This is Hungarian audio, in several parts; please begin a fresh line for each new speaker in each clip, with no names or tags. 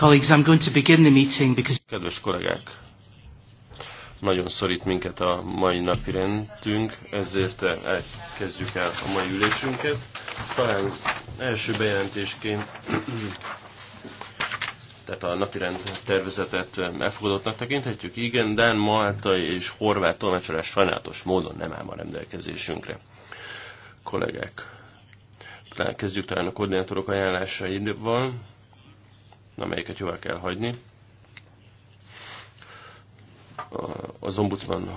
Colleagues, I'm going to
begin the meeting because... Kedves kollégák, nagyon szorít minket a mai napi rendünk, ezért kezdjük el a mai ülésünket. Talán első bejelentésként, tehát a rend tervezetet elfogadottnak tekinthetjük. Igen, Dán, Maltai és Horvát tolmácsolás sajnálatos módon nem áll a rendelkezésünkre. Kollégák, talán kezdjük talán a koordinátorok ajánlásaival amelyeket jóvá kell hagyni. Az ombudsman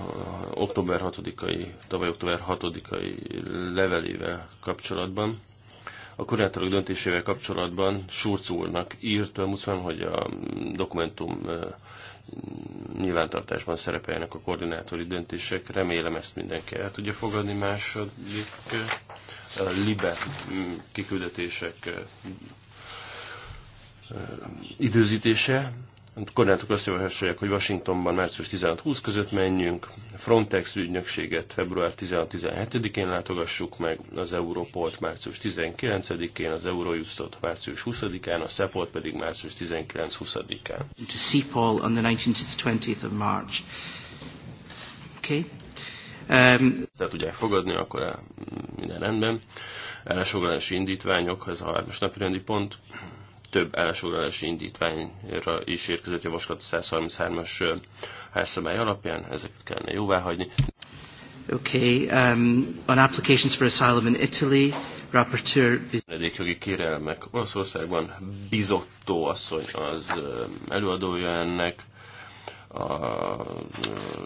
október 6-ai, tavaly október 6-ai levelével kapcsolatban a kurátorok döntésével kapcsolatban Surc úrnak írt, ombudsman, hogy a dokumentum nyilvántartásban szerepeljenek a koordinátori döntések. Remélem ezt mindenki el tudja fogadni. Második a libe mm, kiküldetések időzítése. Korlátok azt javasolják, hogy Washingtonban március 16-20 között menjünk, Frontex ügynökséget február 16-17-én látogassuk meg, az Europolt március 19-én, az Eurojustot március 20-án, a Szepolt pedig március 19-20-án.
To CEPOL on the 19th to 20th of March. Okay.
Um, el tudják fogadni, akkor minden rendben. Elesoglalási indítványok, ez a hármas napi rendi pont több állásfoglalási indítványra is érkezett javaslat a 133-as házszabály alapján, ezeket kellene jóvá hagyni.
Okay, um, on applications for asylum in Italy, rapporteur...
Menedékjogi kérelmek Olaszországban, Bizotto asszony az előadója ennek, a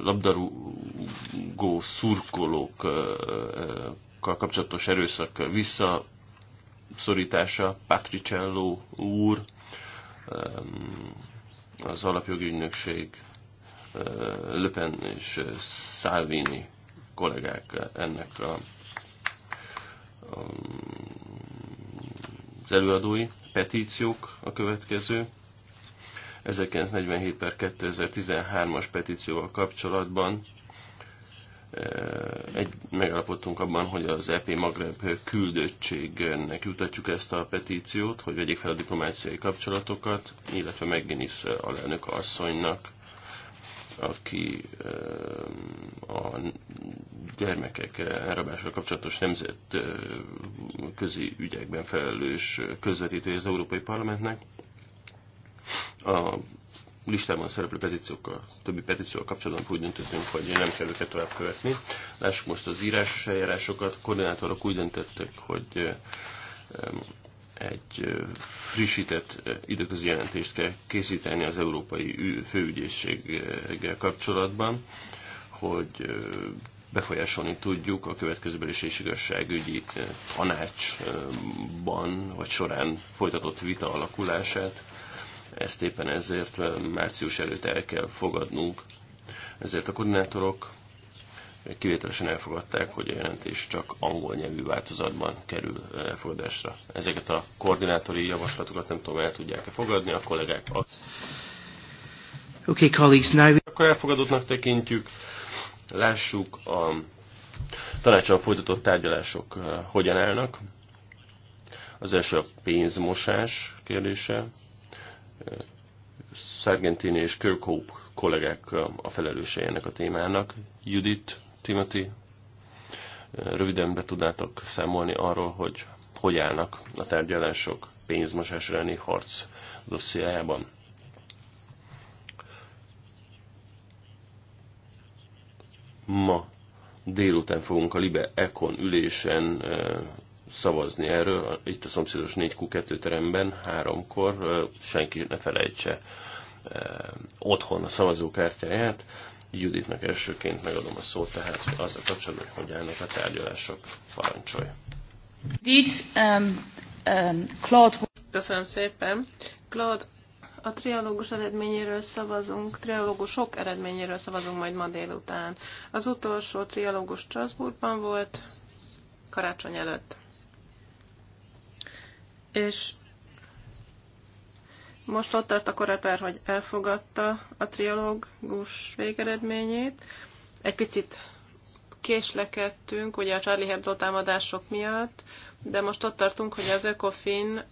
labdarúgó szurkolókkal kapcsolatos erőszak vissza szorítása, Patricello úr, az alapjogi ügynökség, Löpen és Salvini kollégák ennek a, az előadói. Petíciók a következő. 1947 per 2013-as petícióval kapcsolatban egy, megállapodtunk abban, hogy az EP Magreb küldöttségnek jutatjuk ezt a petíciót, hogy vegyék fel a diplomáciai kapcsolatokat, illetve a lelnök asszonynak, aki a gyermekek elrabásra kapcsolatos nemzetközi ügyekben felelős közvetítője az Európai Parlamentnek. A listában szereplő petíciókkal, többi petíciókkal kapcsolatban úgy döntöttünk, hogy nem kell őket tovább követni. Lássuk most az írásos eljárásokat. A koordinátorok úgy döntöttek, hogy egy frissített időközi jelentést kell készíteni az Európai Főügyészséggel kapcsolatban, hogy befolyásolni tudjuk a következő belis és igazságügyi tanácsban vagy során folytatott vita alakulását. Ezt éppen ezért március előtt el kell fogadnunk. Ezért a koordinátorok kivételesen elfogadták, hogy a jelentés csak angol nyelvű változatban kerül elfogadásra. Ezeket a koordinátori javaslatokat nem tudom, el tudják-e fogadni a kollégák. Okay, colleagues, now... Akkor elfogadottnak tekintjük. Lássuk a tanácson folytatott tárgyalások hogyan állnak. Az első a pénzmosás kérdése. Sargentini és Kirkhope kollégák a felelőse ennek a témának. Judith Timothy, röviden be tudnátok számolni arról, hogy hogy állnak a tárgyalások pénzmosás elleni harc dossziájában. Ma délután fogunk a Libe Econ ülésen eh, szavazni erről, itt a szomszédos 4Q2 teremben, háromkor, senki ne felejtse otthon a szavazókártyáját. Juditnak elsőként megadom a szót, tehát az a kapcsolatban, hogy állnak a tárgyalások. Parancsolj!
Um, um, Köszönöm szépen. Claude, a triológus eredményéről szavazunk, triológusok eredményéről szavazunk majd ma délután. Az utolsó triológus Strasbourgban volt, karácsony előtt. És most ott tart a koreper, hogy elfogadta a trialógus végeredményét. Egy picit késlekedtünk, ugye a Charlie Hebdo támadások miatt, de most ott tartunk, hogy az Ökofin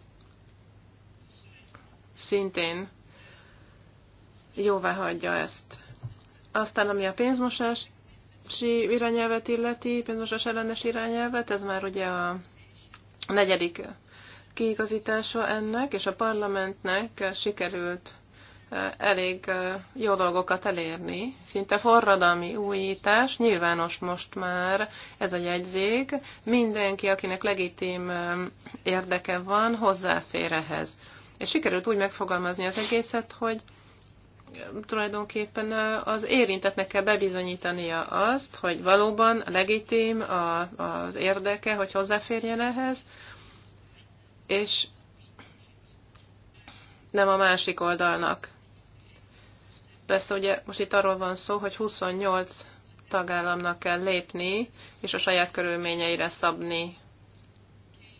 szintén jóvá hagyja ezt. Aztán, ami a pénzmosási irányelvet illeti, pénzmosás ellenes irányelvet, ez már ugye a negyedik kiigazítása ennek, és a parlamentnek sikerült elég jó dolgokat elérni. Szinte forradalmi újítás, nyilvános most már ez a jegyzék. Mindenki, akinek legitim érdeke van, hozzáfér ehhez. És sikerült úgy megfogalmazni az egészet, hogy tulajdonképpen az érintetnek kell bebizonyítania azt, hogy valóban legitim az érdeke, hogy hozzáférjen ehhez, és nem a másik oldalnak. Persze ugye most itt arról van szó, hogy 28 tagállamnak kell lépni, és a saját körülményeire szabni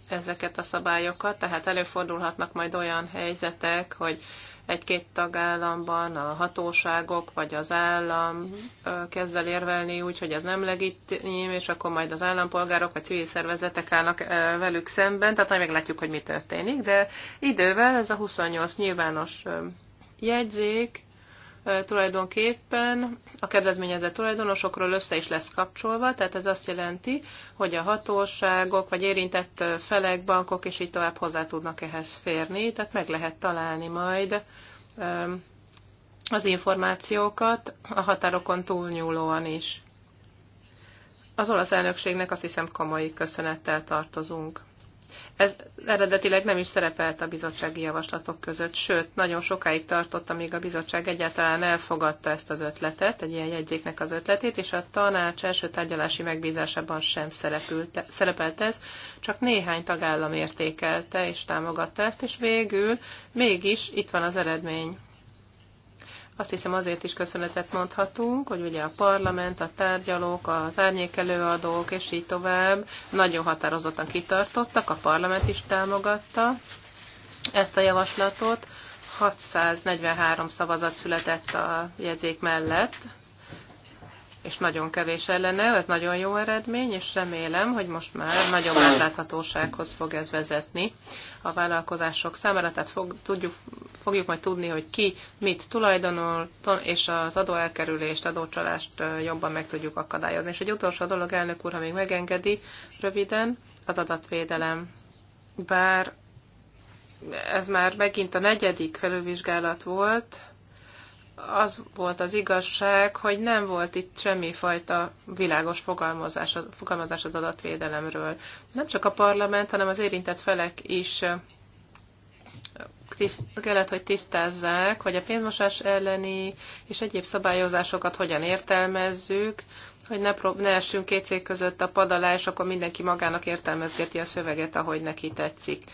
ezeket a szabályokat, tehát előfordulhatnak majd olyan helyzetek, hogy egy-két tagállamban a hatóságok vagy az állam mhm. kezd el érvelni úgy, hogy ez nem legitim, és akkor majd az állampolgárok vagy civil szervezetek állnak velük szemben, tehát majd meglátjuk, hogy mi történik, de idővel ez a 28 nyilvános jegyzék tulajdonképpen a kedvezményezett tulajdonosokról össze is lesz kapcsolva, tehát ez azt jelenti, hogy a hatóságok vagy érintett felek, bankok is így tovább hozzá tudnak ehhez férni, tehát meg lehet találni majd az információkat a határokon túlnyúlóan is. Az olasz elnökségnek azt hiszem komoly köszönettel tartozunk. Ez eredetileg nem is szerepelt a bizottsági javaslatok között, sőt, nagyon sokáig tartott, amíg a bizottság egyáltalán elfogadta ezt az ötletet, egy ilyen jegyzéknek az ötletét, és a tanács első tárgyalási megbízásában sem szerepült, szerepelt ez, csak néhány tagállam értékelte és támogatta ezt, és végül mégis itt van az eredmény. Azt hiszem azért is köszönetet mondhatunk, hogy ugye a parlament, a tárgyalók, az árnyékelőadók és így tovább nagyon határozottan kitartottak, a parlament is támogatta ezt a javaslatot. 643 szavazat született a jegyzék mellett, és nagyon kevés ellene, ez nagyon jó eredmény, és remélem, hogy most már nagyon átláthatósághoz fog ez vezetni a vállalkozások számára, tehát fog, tudjuk, fogjuk majd tudni, hogy ki mit tulajdonol, és az adóelkerülést, adócsalást jobban meg tudjuk akadályozni. És egy utolsó dolog, elnök úr, ha még megengedi, röviden, az adatvédelem. Bár ez már megint a negyedik felülvizsgálat volt, az volt az igazság, hogy nem volt itt semmifajta világos fogalmazás, fogalmazás az adatvédelemről. Nem csak a parlament, hanem az érintett felek is tiszt, kellett, hogy tisztázzák, hogy a pénzmosás elleni és egyéb szabályozásokat hogyan értelmezzük, hogy ne, prób- ne essünk két cég között a padalás, akkor mindenki magának értelmezgeti a szöveget, ahogy neki tetszik.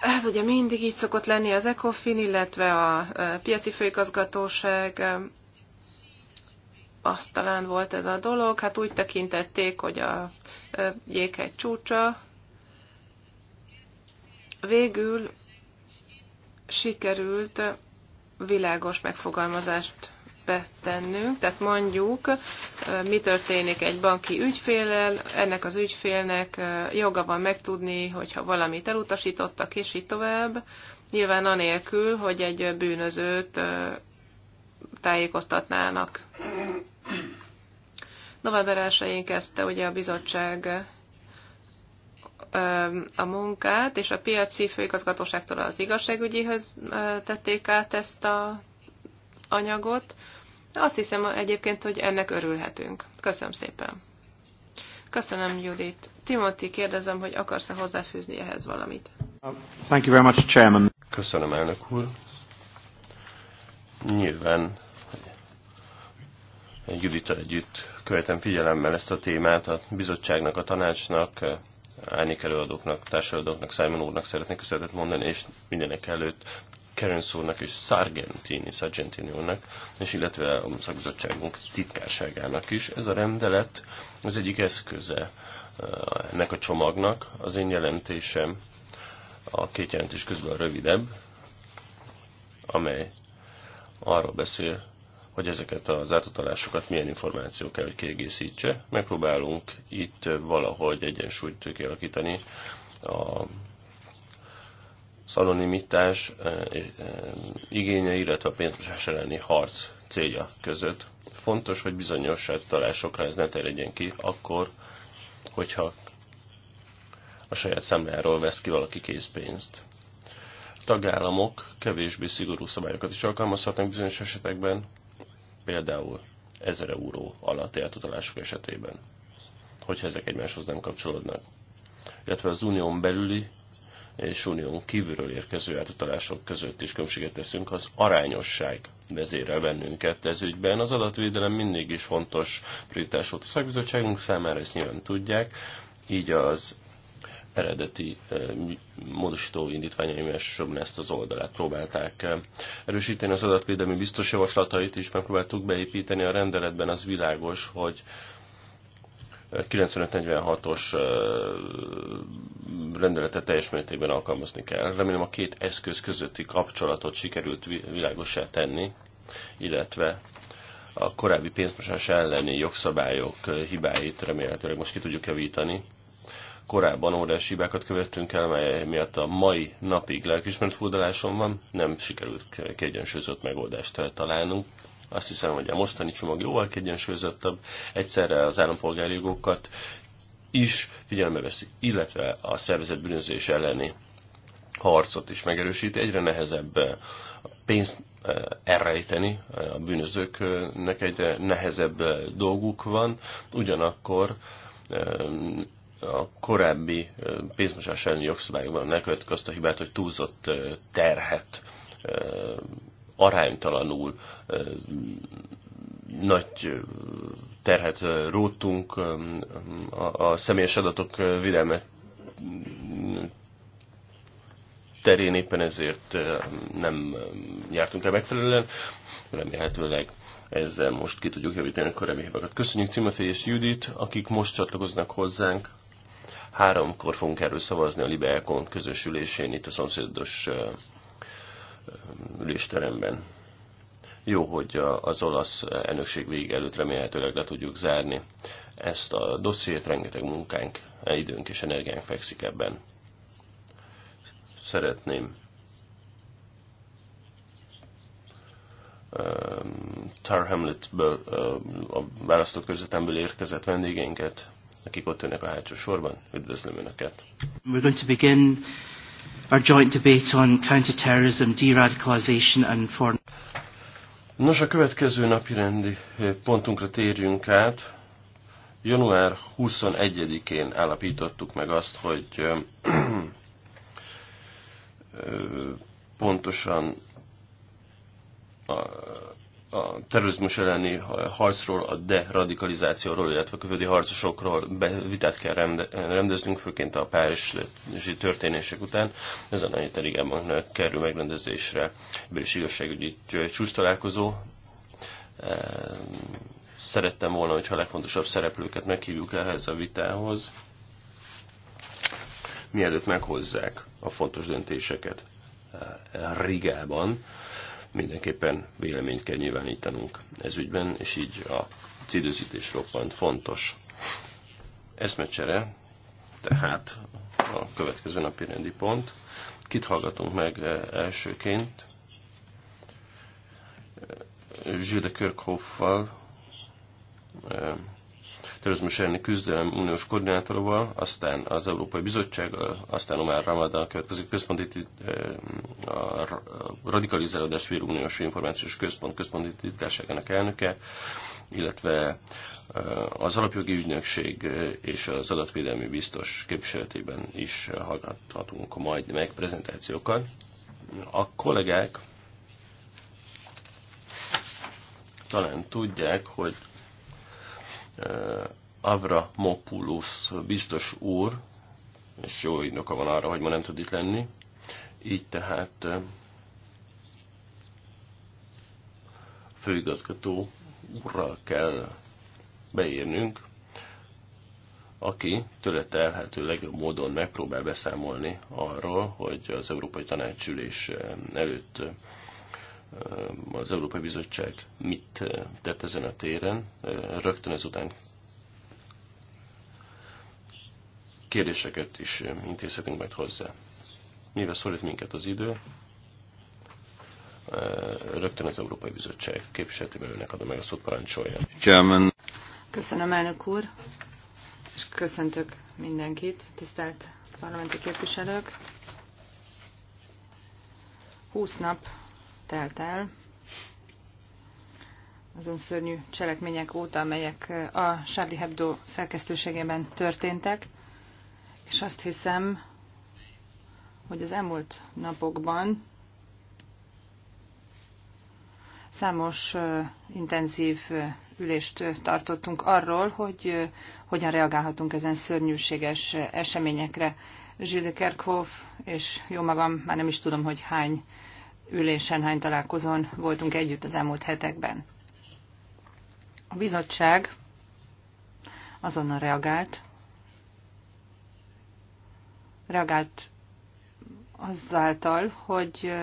Ez hát ugye mindig így szokott lenni az ECOFIN, illetve a e, piaci főigazgatóság, e, azt talán volt ez a dolog, hát úgy tekintették, hogy a e, jéghegy csúcsa végül sikerült világos megfogalmazást képbe tennünk, tehát mondjuk, mi történik egy banki ügyfélel, ennek az ügyfélnek joga van megtudni, hogyha valamit elutasítottak, és így tovább, nyilván anélkül, hogy egy bűnözőt tájékoztatnának. November 1-én kezdte ugye a bizottság a munkát, és a piaci főigazgatóságtól az igazságügyihöz tették át ezt a anyagot, azt hiszem egyébként, hogy ennek örülhetünk. Köszönöm szépen. Köszönöm, Judit. Timothy, kérdezem, hogy akarsz-e hozzáfűzni ehhez valamit?
Thank you very much, Chairman. Köszönöm, elnök úr.
Nyilván Judita együtt követem figyelemmel ezt a témát, a bizottságnak, a tanácsnak, árnyék előadóknak, társadalmaknak, Simon úrnak szeretnék köszönetet mondani, és mindenek előtt Karen Szólnak és Sargentini, Sargentini úrnak, és illetve a szakbizottságunk titkárságának is. Ez a rendelet az egyik eszköze eh, ennek a csomagnak. Az én jelentésem a két jelentés közül a rövidebb, amely arról beszél, hogy ezeket az átutalásokat milyen információ kell, hogy kiegészítse. Megpróbálunk itt eh, valahogy egyensúlyt kialakítani a szalonimitás eh, eh, igénye, illetve a pénzmosás elleni harc célja között. Fontos, hogy bizonyos talásokra ez ne terjedjen ki, akkor, hogyha a saját számlájáról vesz ki valaki készpénzt. Tagállamok kevésbé szigorú szabályokat is alkalmazhatnak bizonyos esetekben, például 1000 euró alatti átutalások esetében, hogyha ezek egymáshoz nem kapcsolódnak. Illetve az unión belüli és unión kívülről érkező átutalások között is különbséget teszünk, az arányosság vezérel bennünket ez ügyben. Az adatvédelem mindig is fontos prioritás volt a szakbizottságunk számára, ezt nyilván tudják, így az eredeti eh, módosító indítványaim elsősorban ezt az oldalát próbálták eh, erősíteni. Az adatvédelmi biztos javaslatait is megpróbáltuk beépíteni a rendeletben, az világos, hogy egy 95-46-os rendeletet teljes mértékben alkalmazni kell. Remélem a két eszköz közötti kapcsolatot sikerült világosá tenni, illetve a korábbi pénzmosás elleni jogszabályok hibáit remélhetőleg most ki tudjuk javítani. Korábban óriási hibákat követtünk el, mely miatt a mai napig lelkismert furdalásom van, nem sikerült kiegyensúlyozott megoldást találnunk. Azt hiszem, hogy a mostani csomag jóval kiegyensúlyozottabb, egyszerre az állampolgári jogokat is figyelembe veszi, illetve a szervezet bűnözés elleni harcot is megerősíti. Egyre nehezebb eh, pénzt eh, elrejteni, eh, a bűnözőknek egyre nehezebb dolguk van, ugyanakkor a korábbi pénzmosás elleni jogszabályokban azt a hibát, hogy túlzott terhet aránytalanul nagy terhet róttunk a személyes adatok védelme terén éppen ezért nem jártunk el megfelelően. Remélhetőleg ezzel most ki tudjuk javítani a korábbi hibákat. Köszönjük Timothy és Judit, akik most csatlakoznak hozzánk. Háromkor fogunk erről szavazni a Libeelkon közösülésén itt a szomszédos ülésteremben. Jó, hogy az olasz elnökség végig előtt remélhetőleg le tudjuk zárni ezt a dossziét, rengeteg munkánk, időnk és energiánk fekszik ebben. Szeretném um, Tar hamlet uh, a választókörzetemből érkezett vendégeinket, akik ott ülnek a hátsó sorban. Üdvözlöm Önöket!
We're going to begin our joint debate on counter-terrorism, de-radicalization and foreign...
Nos, a következő napi rendi eh, pontunkra térjünk át. Január 21-én állapítottuk meg azt, hogy eh, eh, pontosan a terrorizmus elleni harcról, a deradikalizációról, illetve a kövödi harcosokról vitát kell rendeznünk, főként a párizsi történések után. Ez a nagyon terigában eh, kerül megrendezésre bel- és igazságügyi csúcs találkozó. Eh, szerettem volna, hogyha a legfontosabb szereplőket meghívjuk ehhez a vitához, mielőtt meghozzák a fontos döntéseket eh, Rigában mindenképpen véleményt kell nyilvánítanunk ez ügyben, és így a cidőzítés roppant fontos. Eszmecsere, tehát a következő napi rendi pont. Kit hallgatunk meg eh, elsőként? Zsüle eh, Körkhoffal, eh, terrorizmus elleni küzdelem uniós koordinátorával, aztán az Európai Bizottsággal, aztán Omar Ramadan következő központi eh, a radikalizálódás uniós információs központ központi titkárságának elnöke, illetve eh, az alapjogi ügynökség eh, és az adatvédelmi biztos képviseletében is hallgathatunk majd meg prezentációkat. A kollégák talán tudják, hogy Avra Mopulus biztos úr, és jó indoka van arra, hogy ma nem tud itt lenni, így tehát főigazgató úrral kell beírnünk, aki tőle telhető legjobb módon megpróbál beszámolni arról, hogy az Európai Tanácsülés előtt az Európai Bizottság mit tett ezen a téren, rögtön ezután kérdéseket is intézhetünk majd hozzá. Mivel szólít minket az idő, rögtön az Európai Bizottság képviseletében önnek adom meg a szót parancsolja.
German.
Köszönöm, elnök úr, és köszöntök mindenkit, tisztelt parlamenti képviselők. 20 nap telt el azon szörnyű cselekmények óta, amelyek a Charlie Hebdo szerkesztőségében történtek, és azt hiszem, hogy az elmúlt napokban számos intenzív ülést tartottunk arról, hogy hogyan reagálhatunk ezen szörnyűséges eseményekre. Gilles Kerkhoff és jó magam, már nem is tudom, hogy hány ülésen, hány találkozón voltunk együtt az elmúlt hetekben. A bizottság azonnal reagált. Reagált azáltal, hogy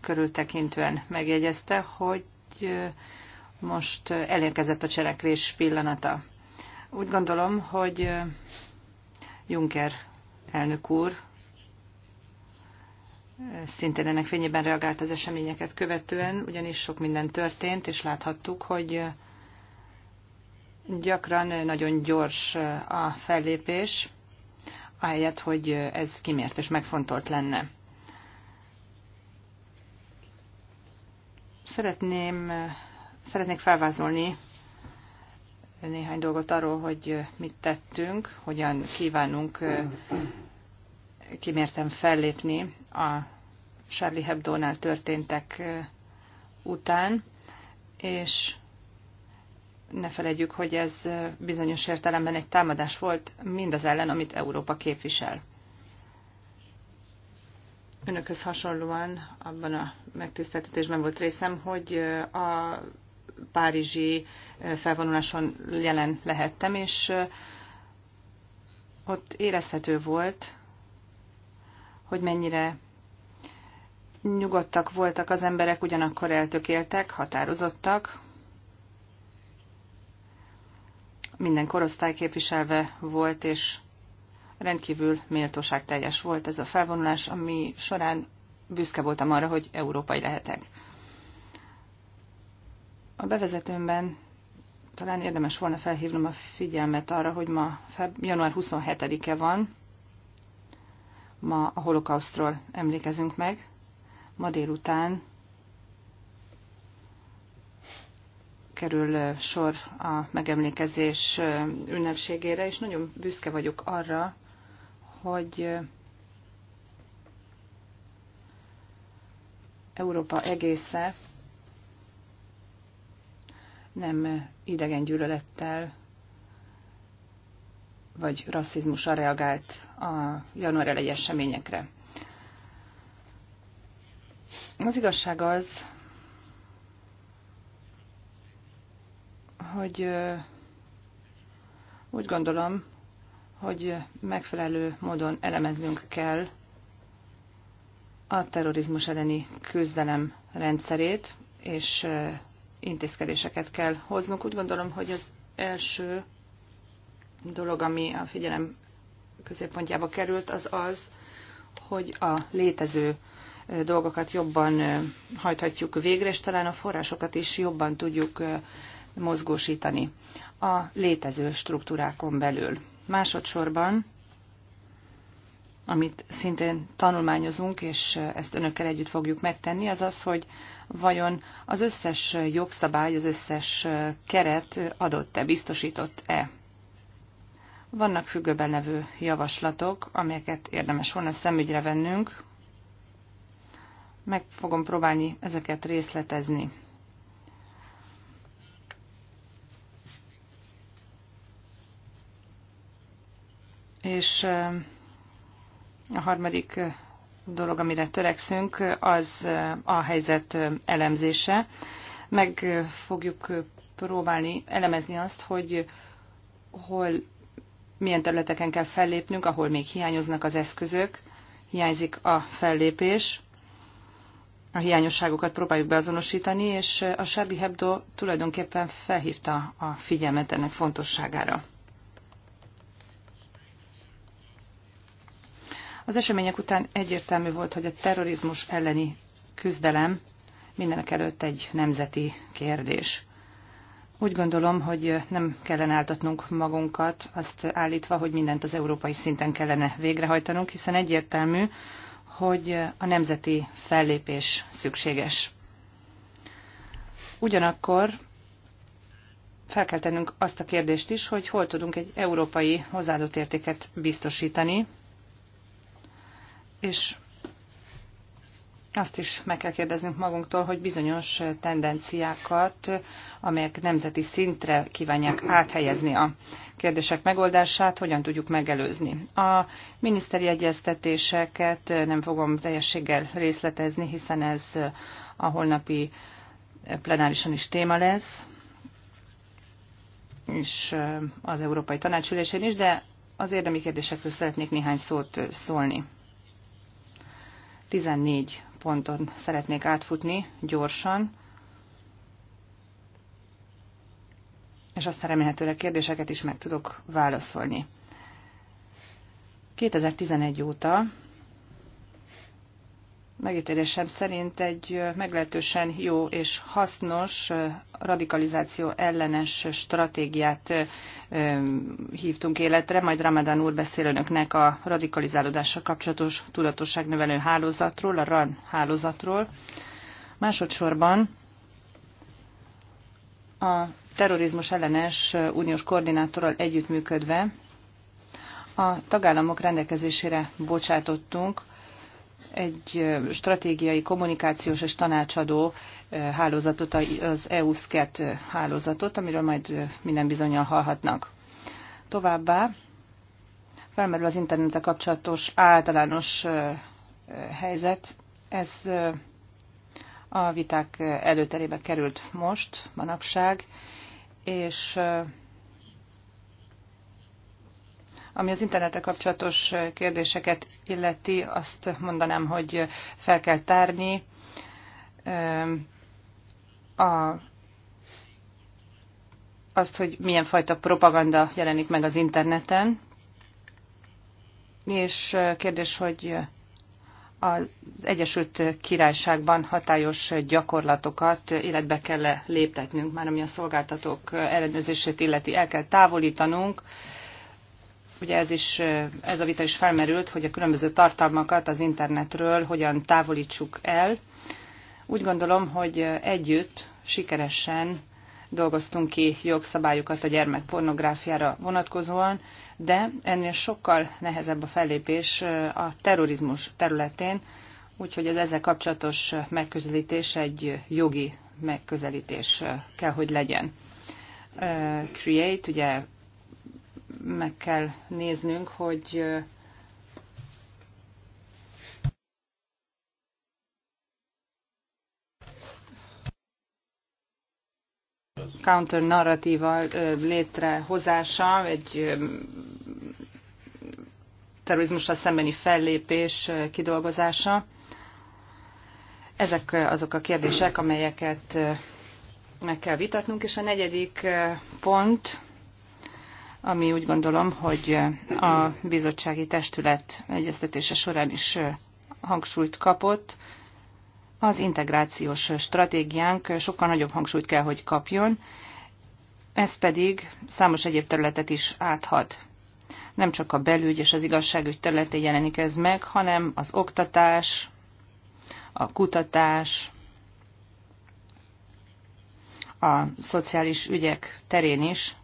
körültekintően megjegyezte, hogy most elérkezett a cselekvés pillanata. Úgy gondolom, hogy Juncker elnök úr szintén ennek fényében reagált az eseményeket követően, ugyanis sok minden történt, és láthattuk, hogy gyakran nagyon gyors a fellépés, ahelyett, hogy ez kimért és megfontolt lenne. Szeretném, szeretnék felvázolni néhány dolgot arról, hogy mit tettünk, hogyan kívánunk kimértem fellépni a Charlie hebdo történtek után, és ne felejtjük, hogy ez bizonyos értelemben egy támadás volt mindaz ellen, amit Európa képvisel. Önökhöz hasonlóan abban a megtiszteltetésben volt részem, hogy a párizsi felvonuláson jelen lehettem, és ott érezhető volt, hogy mennyire nyugodtak voltak az emberek, ugyanakkor eltökéltek, határozottak. Minden korosztály képviselve volt, és rendkívül méltóságteljes volt ez a felvonulás, ami során büszke voltam arra, hogy európai lehetek. A bevezetőmben talán érdemes volna felhívnom a figyelmet arra, hogy ma január 27-e van, Ma a holokausztról emlékezünk meg. Ma délután kerül sor a megemlékezés ünnepségére, és nagyon büszke vagyok arra, hogy Európa egésze nem idegen gyűlölettel vagy rasszizmusra reagált a január elejé eseményekre. Az igazság az, hogy úgy gondolom, hogy megfelelő módon elemeznünk kell a terrorizmus elleni küzdelem rendszerét, és intézkedéseket kell hoznunk. Úgy gondolom, hogy az első dolog, ami a figyelem középpontjába került, az az, hogy a létező dolgokat jobban hajthatjuk végre, és talán a forrásokat is jobban tudjuk mozgósítani a létező struktúrákon belül. Másodszorban, amit szintén tanulmányozunk, és ezt önökkel együtt fogjuk megtenni, az az, hogy vajon az összes jogszabály, az összes keret adott-e, biztosított-e vannak függőben levő javaslatok, amelyeket érdemes volna szemügyre vennünk. Meg fogom próbálni ezeket részletezni. És eh, a harmadik eh, dolog, amire törekszünk, az eh, a helyzet elemzése. Meg fogjuk próbálni elemezni azt, hogy hol milyen területeken kell fellépnünk, ahol még hiányoznak az eszközök, hiányzik a fellépés, a hiányosságokat próbáljuk beazonosítani, és eh, a Sábi Hebdo tulajdonképpen felhívta a figyelmet ennek fontosságára. Az események után egyértelmű volt, hogy a terrorizmus elleni küzdelem mindenek előtt egy nemzeti kérdés. Úgy gondolom, hogy nem kellene áltatnunk magunkat, azt állítva, hogy mindent az európai szinten kellene végrehajtanunk, hiszen egyértelmű, hogy a nemzeti fellépés szükséges. Ugyanakkor fel kell tennünk azt a kérdést is, hogy hol tudunk egy európai hozzáadott értéket biztosítani, és azt is meg kell kérdeznünk magunktól, hogy bizonyos tendenciákat, amelyek nemzeti szintre kívánják áthelyezni a kérdések megoldását, hogyan tudjuk megelőzni. A miniszteri egyeztetéseket nem fogom teljességgel részletezni, hiszen ez a holnapi plenárisan is téma lesz, és az Európai Tanácsülésén is, de az érdemi kérdésekről szeretnék néhány szót szólni. 14 ponton szeretnék átfutni gyorsan, és aztán remélhetőleg kérdéseket is meg tudok válaszolni. 2011 óta megítélésem szerint egy meglehetősen jó és hasznos radikalizáció ellenes stratégiát hívtunk életre, majd Ramadan úr beszél önöknek a radikalizálódással kapcsolatos tudatosságnövelő hálózatról, a RAN hálózatról. Másodszorban a terrorizmus ellenes uniós koordinátorral együttműködve a tagállamok rendelkezésére bocsátottunk egy stratégiai kommunikációs és tanácsadó hálózatot, az EUSZKET hálózatot, amiről majd minden bizonyal hallhatnak. Továbbá felmerül az internete kapcsolatos általános helyzet. Ez a viták előterébe került most, manapság, és ami az internetek kapcsolatos kérdéseket illeti, azt mondanám, hogy fel kell tárni a, azt, hogy milyen fajta propaganda jelenik meg az interneten. És kérdés, hogy az Egyesült Királyságban hatályos gyakorlatokat életbe kell léptetnünk, már ami a szolgáltatók ellenőrzését illeti, el kell távolítanunk ugye ez, is, ez a vita is felmerült, hogy a különböző tartalmakat az internetről hogyan távolítsuk el. Úgy gondolom, hogy együtt sikeresen dolgoztunk ki jogszabályokat a gyermekpornográfiára vonatkozóan, de ennél sokkal nehezebb a fellépés a terrorizmus területén, úgyhogy az ezzel kapcsolatos megközelítés egy jogi megközelítés kell, hogy legyen. Create, ugye meg kell néznünk, hogy counter-narratíva létrehozása, egy terrorizmussal szembeni fellépés kidolgozása. Ezek azok a kérdések, amelyeket meg kell vitatnunk, és a negyedik pont ami úgy gondolom, hogy a bizottsági testület egyeztetése során is hangsúlyt kapott. Az integrációs stratégiánk sokkal nagyobb hangsúlyt kell, hogy kapjon, ez pedig számos egyéb területet is áthat nem csak a belügy és az igazságügy területén jelenik ez meg, hanem az oktatás, a kutatás, a szociális ügyek terén is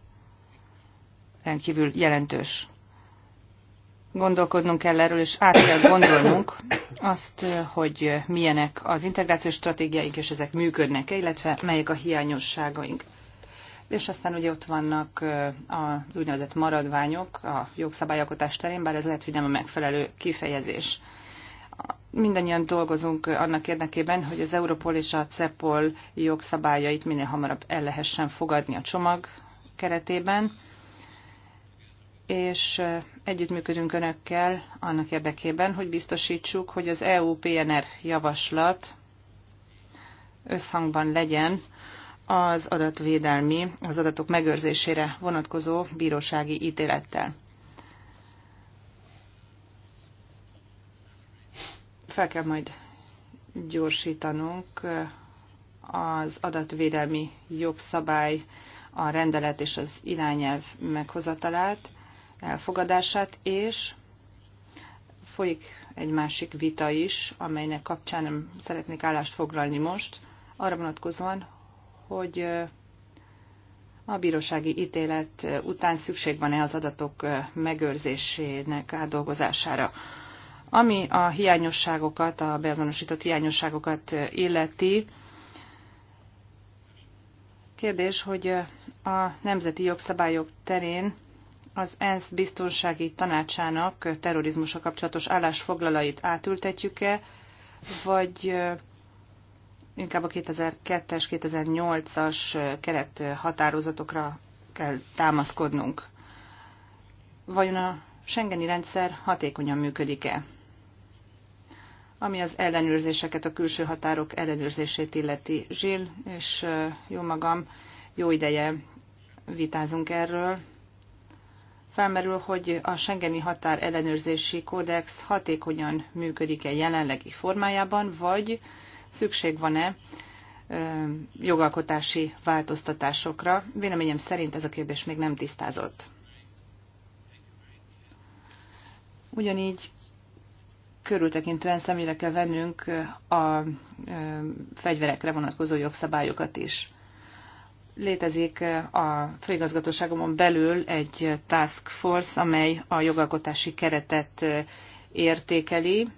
rendkívül jelentős. Gondolkodnunk kell erről, és át kell gondolnunk azt, hogy milyenek az integrációs stratégiáink, és ezek működnek-e, illetve melyek a hiányosságaink. És aztán ugye ott vannak az úgynevezett maradványok a jogszabályalkotás terén, bár ez lehet, hogy nem a megfelelő kifejezés mindannyian dolgozunk annak érdekében, hogy az Europol és a CEPOL jogszabályait minél hamarabb el lehessen fogadni a csomag keretében, és együttműködünk Önökkel annak érdekében, hogy biztosítsuk, hogy az EU-PNR javaslat összhangban legyen az adatvédelmi, az adatok megőrzésére vonatkozó bírósági ítélettel. Fel kell majd gyorsítanunk az adatvédelmi jogszabály, a rendelet és az irányelv meghozatalát, elfogadását, és folyik egy másik vita is, amelynek kapcsán nem szeretnék állást foglalni most, arra vonatkozóan, hogy a bírósági ítélet után szükség van-e az adatok megőrzésének átdolgozására. Ami a hiányosságokat, a beazonosított hiányosságokat illeti, kérdés, hogy a nemzeti jogszabályok terén az ENSZ biztonsági tanácsának terrorizmusa kapcsolatos állásfoglalait átültetjük-e, vagy inkább a 2002-es, 2008-as keret határozatokra kell támaszkodnunk. Vajon a Schengeni rendszer hatékonyan működik-e? Ami az ellenőrzéseket, a külső határok ellenőrzését illeti. Zsill és jó magam, jó ideje vitázunk erről, Felmerül, hogy a Schengeni Határ Ellenőrzési Kódex hatékonyan működik-e jelenlegi formájában, vagy szükség van-e jogalkotási változtatásokra. Véleményem szerint ez a kérdés még nem tisztázott. Ugyanígy körültekintően szemére kell vennünk a fegyverekre vonatkozó jogszabályokat is. Létezik eh, a főigazgatóságomon belül egy task force, amely a jogalkotási keretet eh, értékeli,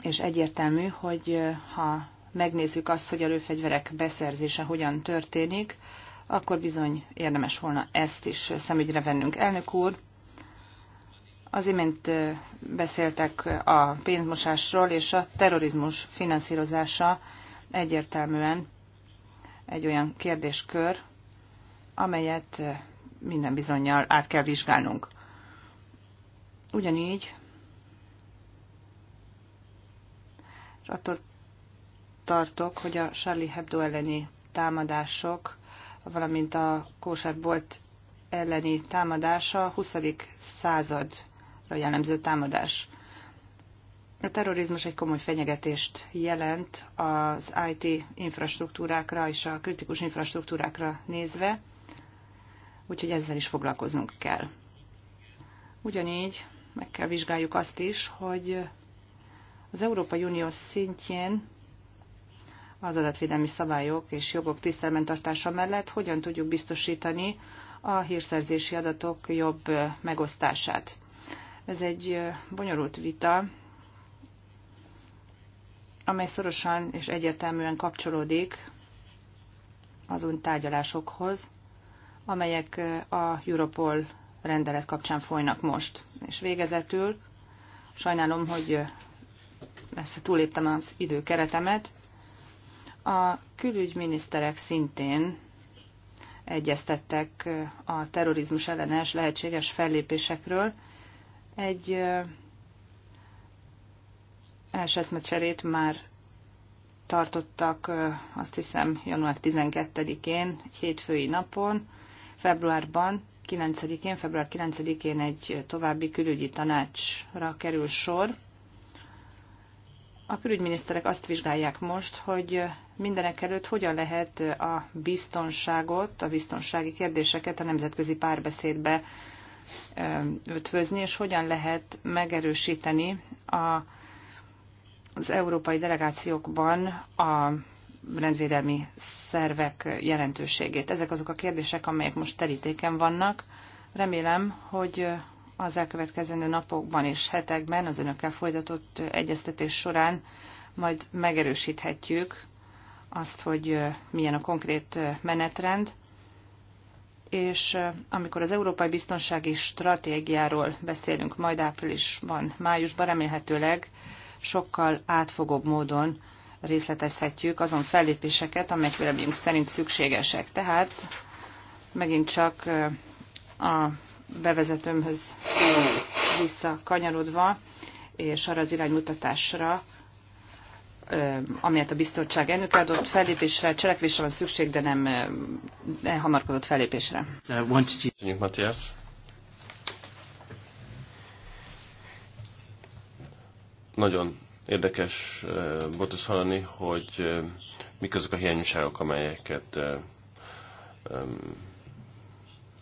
és egyértelmű, hogy eh, ha megnézzük azt, hogy a lőfegyverek beszerzése hogyan történik, akkor bizony érdemes volna ezt is szemügyre vennünk. Elnök úr, az imént beszéltek a pénzmosásról, és a terrorizmus finanszírozása egyértelműen egy olyan kérdéskör, amelyet eh, minden bizonyal át kell vizsgálnunk. Ugyanígy, és attól tartok, hogy a Charlie Hebdo elleni támadások, valamint a Kóserbolt elleni támadása a 20. századra jellemző támadás. A terrorizmus egy komoly fenyegetést jelent az IT infrastruktúrákra és a kritikus infrastruktúrákra nézve, úgyhogy ezzel is foglalkoznunk kell. Ugyanígy meg kell vizsgáljuk azt is, hogy az Európai Unió szintjén az adatvédelmi szabályok és jogok tisztelmen tartása mellett hogyan tudjuk biztosítani a hírszerzési adatok jobb megosztását. Ez egy bonyolult vita, amely szorosan és egyértelműen kapcsolódik azon tárgyalásokhoz, amelyek a Europol rendelet kapcsán folynak most. És végezetül sajnálom, hogy messze túléptem az időkeretemet. A külügyminiszterek szintén egyeztettek a terrorizmus ellenes lehetséges fellépésekről. Egy eszmecserét már tartottak, azt hiszem, január 12-én, egy hétfői napon, februárban, 9-én, február 9-én egy további külügyi tanácsra kerül sor. A külügyminiszterek azt vizsgálják most, hogy mindenek előtt hogyan lehet a biztonságot, a biztonsági kérdéseket a nemzetközi párbeszédbe ötvözni, és hogyan lehet megerősíteni a az európai delegációkban a rendvédelmi szervek jelentőségét. Ezek azok a kérdések, amelyek most terítéken vannak. Remélem, hogy az elkövetkezendő napokban és hetekben az önökkel folytatott egyeztetés során majd megerősíthetjük azt, hogy milyen a konkrét menetrend, és amikor az Európai Biztonsági Stratégiáról beszélünk majd áprilisban, májusban remélhetőleg sokkal átfogóbb módon részletezhetjük azon fellépéseket, amelyek véleményünk szerint szükségesek. Tehát megint csak a bevezetőmhöz visszakanyarodva, és arra az iránymutatásra, amelyet a biztonság elnök adott fellépésre, cselekvésre van szükség, de nem elhamarkodott fellépésre.
Uh, Köszönjük, Matthias.
Nagyon érdekes eh, volt ezt hallani, hogy eh, mik azok a hiányosságok, amelyeket eh,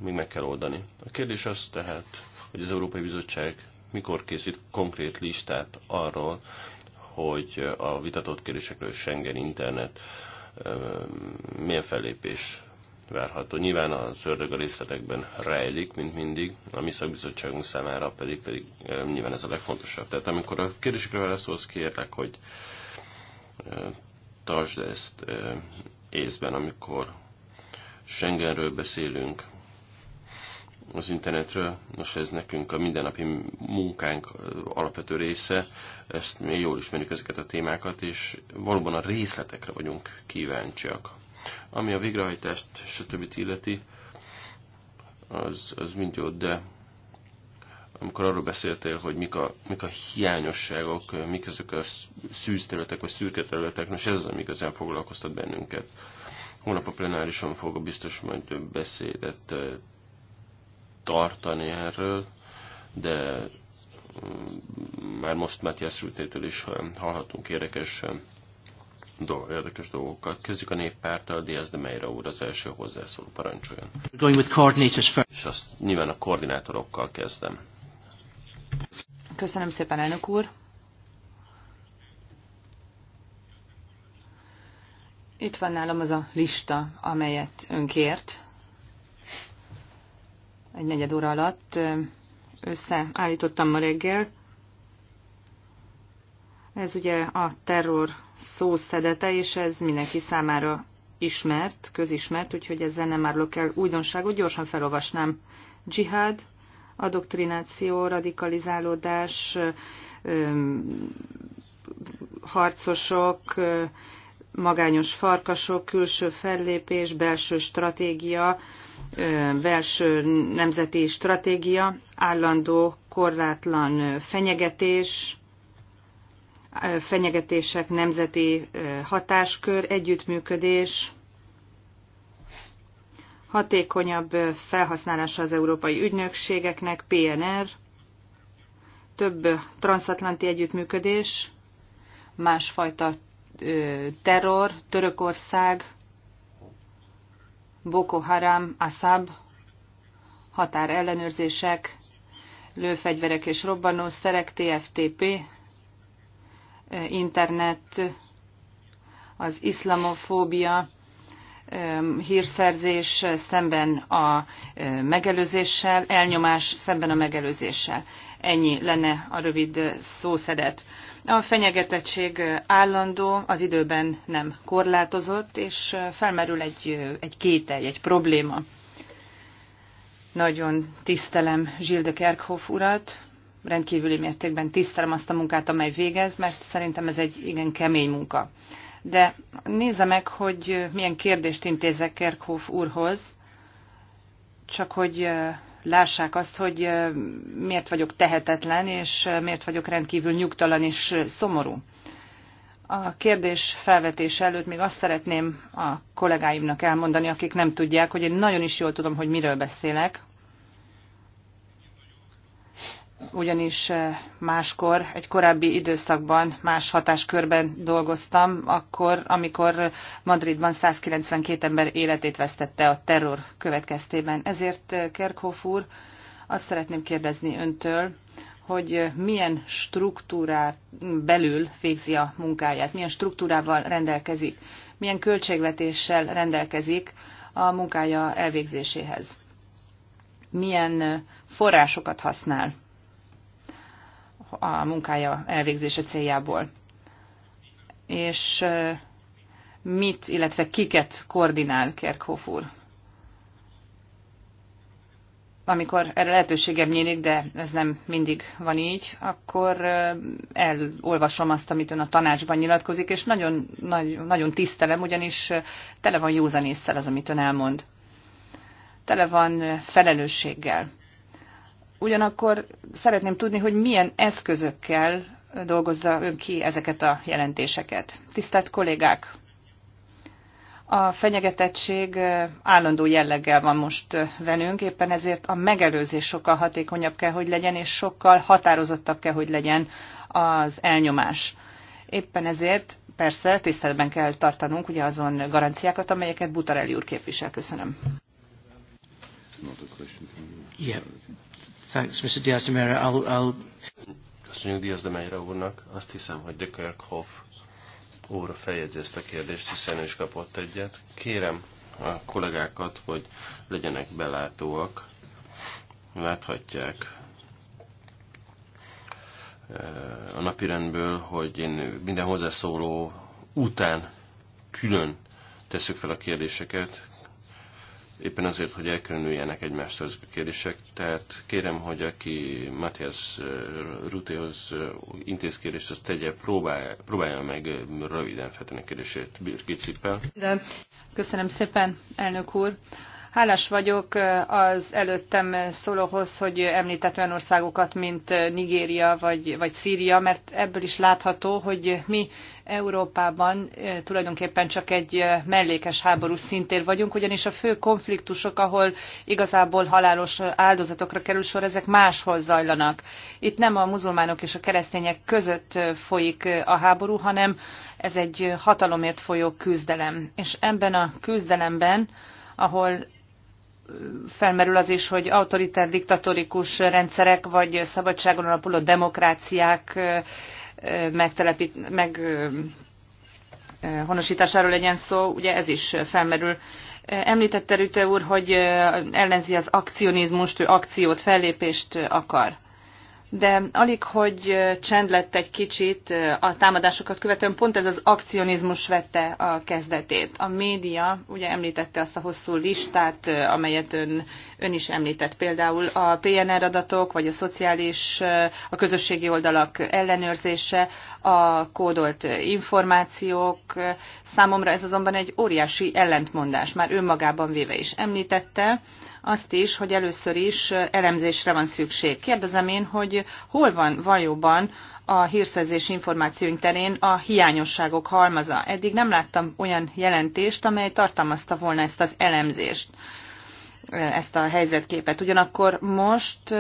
még meg kell oldani. A kérdés az tehát, hogy az Európai Bizottság mikor készít konkrét listát arról, hogy a vitatott kérdésekről Schengen internet milyen fellépés várható. Nyilván a szördög a részletekben rejlik, mint mindig, a mi szakbizottságunk számára pedig, pedig nyilván ez a legfontosabb. Tehát amikor a kérdésekre válaszolsz, kérlek, hogy tartsd ezt észben, amikor Schengenről beszélünk, az internetről, most ez nekünk a mindennapi munkánk alapvető része, ezt mi jól ismerjük ezeket a témákat, és valóban a részletekre vagyunk kíváncsiak. Ami a végrehajtást, stb. illeti, az, az mind jó, de amikor arról beszéltél, hogy mik a, mik a hiányosságok, mik azok a szűz területek, vagy szürke területek, most ez az, ami igazán foglalkoztat bennünket. Holnap a plenárison fog a biztos majd beszédet tartani erről, de mm, már most Matthias Rüttétől is hallhatunk érdekes dolog, érdekes dolgokat. Kezdjük a néppárttal, Diaz de Meira úr az első hozzászóló parancsoljon.
Going with coordinators first. És azt nyilván
a koordinátorokkal kezdem.
Köszönöm szépen, elnök úr. Itt van nálam az a lista, amelyet önkért. Egy negyed óra alatt összeállítottam ma reggel. Ez ugye a terror szószedete, és ez mindenki számára ismert, közismert, úgyhogy ezzel nem árulok el újdonságot, gyorsan felolvasnám. Dzsihád, adoktrináció, radikalizálódás, harcosok, magányos farkasok, külső fellépés, belső stratégia, belső nemzeti stratégia, állandó korlátlan fenyegetés, fenyegetések, nemzeti hatáskör, együttműködés, hatékonyabb felhasználása az európai ügynökségeknek, PNR, több transatlanti együttműködés, másfajta terror, Törökország, Boko Haram, Assab, határellenőrzések, lőfegyverek és robbanószerek, TFTP, internet, az iszlamofóbia, hírszerzés szemben a megelőzéssel, elnyomás szemben a megelőzéssel. Ennyi lenne a rövid szószedet. A fenyegetettség állandó, az időben nem korlátozott, és felmerül egy, egy kételj, egy probléma. Nagyon tisztelem Zsilde Kerkhoff urat, rendkívüli mértékben tisztelem azt a munkát, amely végez, mert szerintem ez egy igen kemény munka. De nézze meg, hogy milyen kérdést intézek Kerkhoff úrhoz, csak hogy lássák azt, hogy miért vagyok tehetetlen, és miért vagyok rendkívül nyugtalan és szomorú. A kérdés felvetése előtt még azt szeretném a kollégáimnak elmondani, akik nem tudják, hogy én nagyon is jól tudom, hogy miről beszélek ugyanis eh, máskor, egy korábbi időszakban más hatáskörben dolgoztam, akkor, amikor Madridban 192 ember életét vesztette a terror következtében. Ezért eh, Kerkhoff úr, azt szeretném kérdezni öntől, hogy eh, milyen struktúrá belül végzi a munkáját, milyen struktúrával rendelkezik, milyen költségvetéssel rendelkezik a munkája elvégzéséhez, milyen forrásokat használ a munkája elvégzése céljából. És mit, illetve kiket koordinál Kerkhoff úr? amikor erre lehetőségem nyílik, de ez nem mindig van így, akkor elolvasom azt, amit ön a tanácsban nyilatkozik, és nagyon, nagyon, nagyon tisztelem, ugyanis tele van józanésszel az, amit ön elmond. Tele van felelősséggel. Ugyanakkor szeretném tudni, hogy milyen eszközökkel dolgozza ön ki ezeket a jelentéseket. Tisztelt kollégák! A fenyegetettség állandó jelleggel van most velünk, éppen ezért a megelőzés sokkal hatékonyabb kell, hogy legyen, és sokkal határozottabb kell, hogy legyen az elnyomás. Éppen ezért persze tiszteletben kell tartanunk ugye azon garanciákat, amelyeket Butarelli úr képvisel. Köszönöm.
Yeah. Thanks, Mr. Diaz de Mera. I'll, I'll... Köszönjük Diaz de Mera úrnak. Azt
hiszem, hogy de Kerkhoff úr feljegyzi ezt a kérdést, hiszen ő is kapott egyet. Kérem a kollégákat, hogy legyenek belátóak. Láthatják eh, a napirendből, hogy én minden hozzászóló után külön tesszük fel a kérdéseket, éppen azért, hogy elkülönüljenek egymást az kérdések. Tehát kérem, hogy aki Matthias eh, Rutéhoz eh, intézkérést, azt tegye, próbálja, próbálja meg eh, röviden feltenni kérdését Birgit
Köszönöm szépen, elnök úr. Hálás vagyok az előttem szólóhoz, hogy említett olyan országokat, mint Nigéria vagy, vagy Szíria, mert ebből is látható, hogy mi Európában tulajdonképpen csak egy mellékes háború szintér vagyunk, ugyanis a fő konfliktusok, ahol igazából halálos áldozatokra kerül sor, ezek máshol zajlanak. Itt nem a muzulmánok és a keresztények között folyik a háború, hanem ez egy hatalomért folyó küzdelem. És ebben a küzdelemben ahol felmerül az is, hogy autoritár diktatórikus rendszerek vagy szabadságon alapuló demokráciák megtelepít, meg honosításáról legyen szó, ugye ez is felmerül. Említette Rütő úr, hogy ellenzi az akcionizmust, ő akciót, fellépést akar de alig, hogy csend lett egy kicsit a támadásokat követően, pont ez az akcionizmus vette a kezdetét. A média ugye említette azt a hosszú listát, amelyet ön, ön is említett, például a PNR adatok, vagy a szociális, a közösségi oldalak ellenőrzése, a kódolt információk. Számomra ez azonban egy óriási ellentmondás, már önmagában véve is említette, azt is, hogy először is elemzésre van szükség. Kérdezem én, hogy hol van valóban a hírszerzés információink terén a hiányosságok halmaza. Eddig nem láttam olyan jelentést, amely tartalmazta volna ezt az elemzést, ezt a helyzetképet. Ugyanakkor most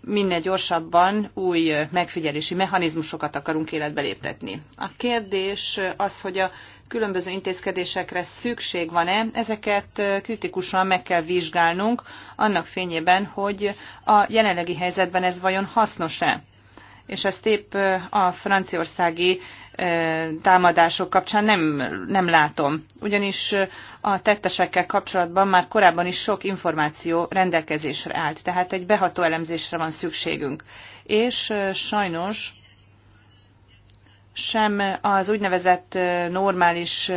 minél gyorsabban új megfigyelési mechanizmusokat akarunk életbe léptetni. A kérdés az, hogy a különböző intézkedésekre szükség van-e, ezeket kritikusan meg kell vizsgálnunk annak fényében, hogy a jelenlegi helyzetben ez vajon hasznos-e. És ezt épp a franciaországi támadások kapcsán nem, nem látom. Ugyanis a tettesekkel kapcsolatban már korábban is sok információ rendelkezésre állt, tehát egy beható elemzésre van szükségünk. És sajnos sem az úgynevezett normális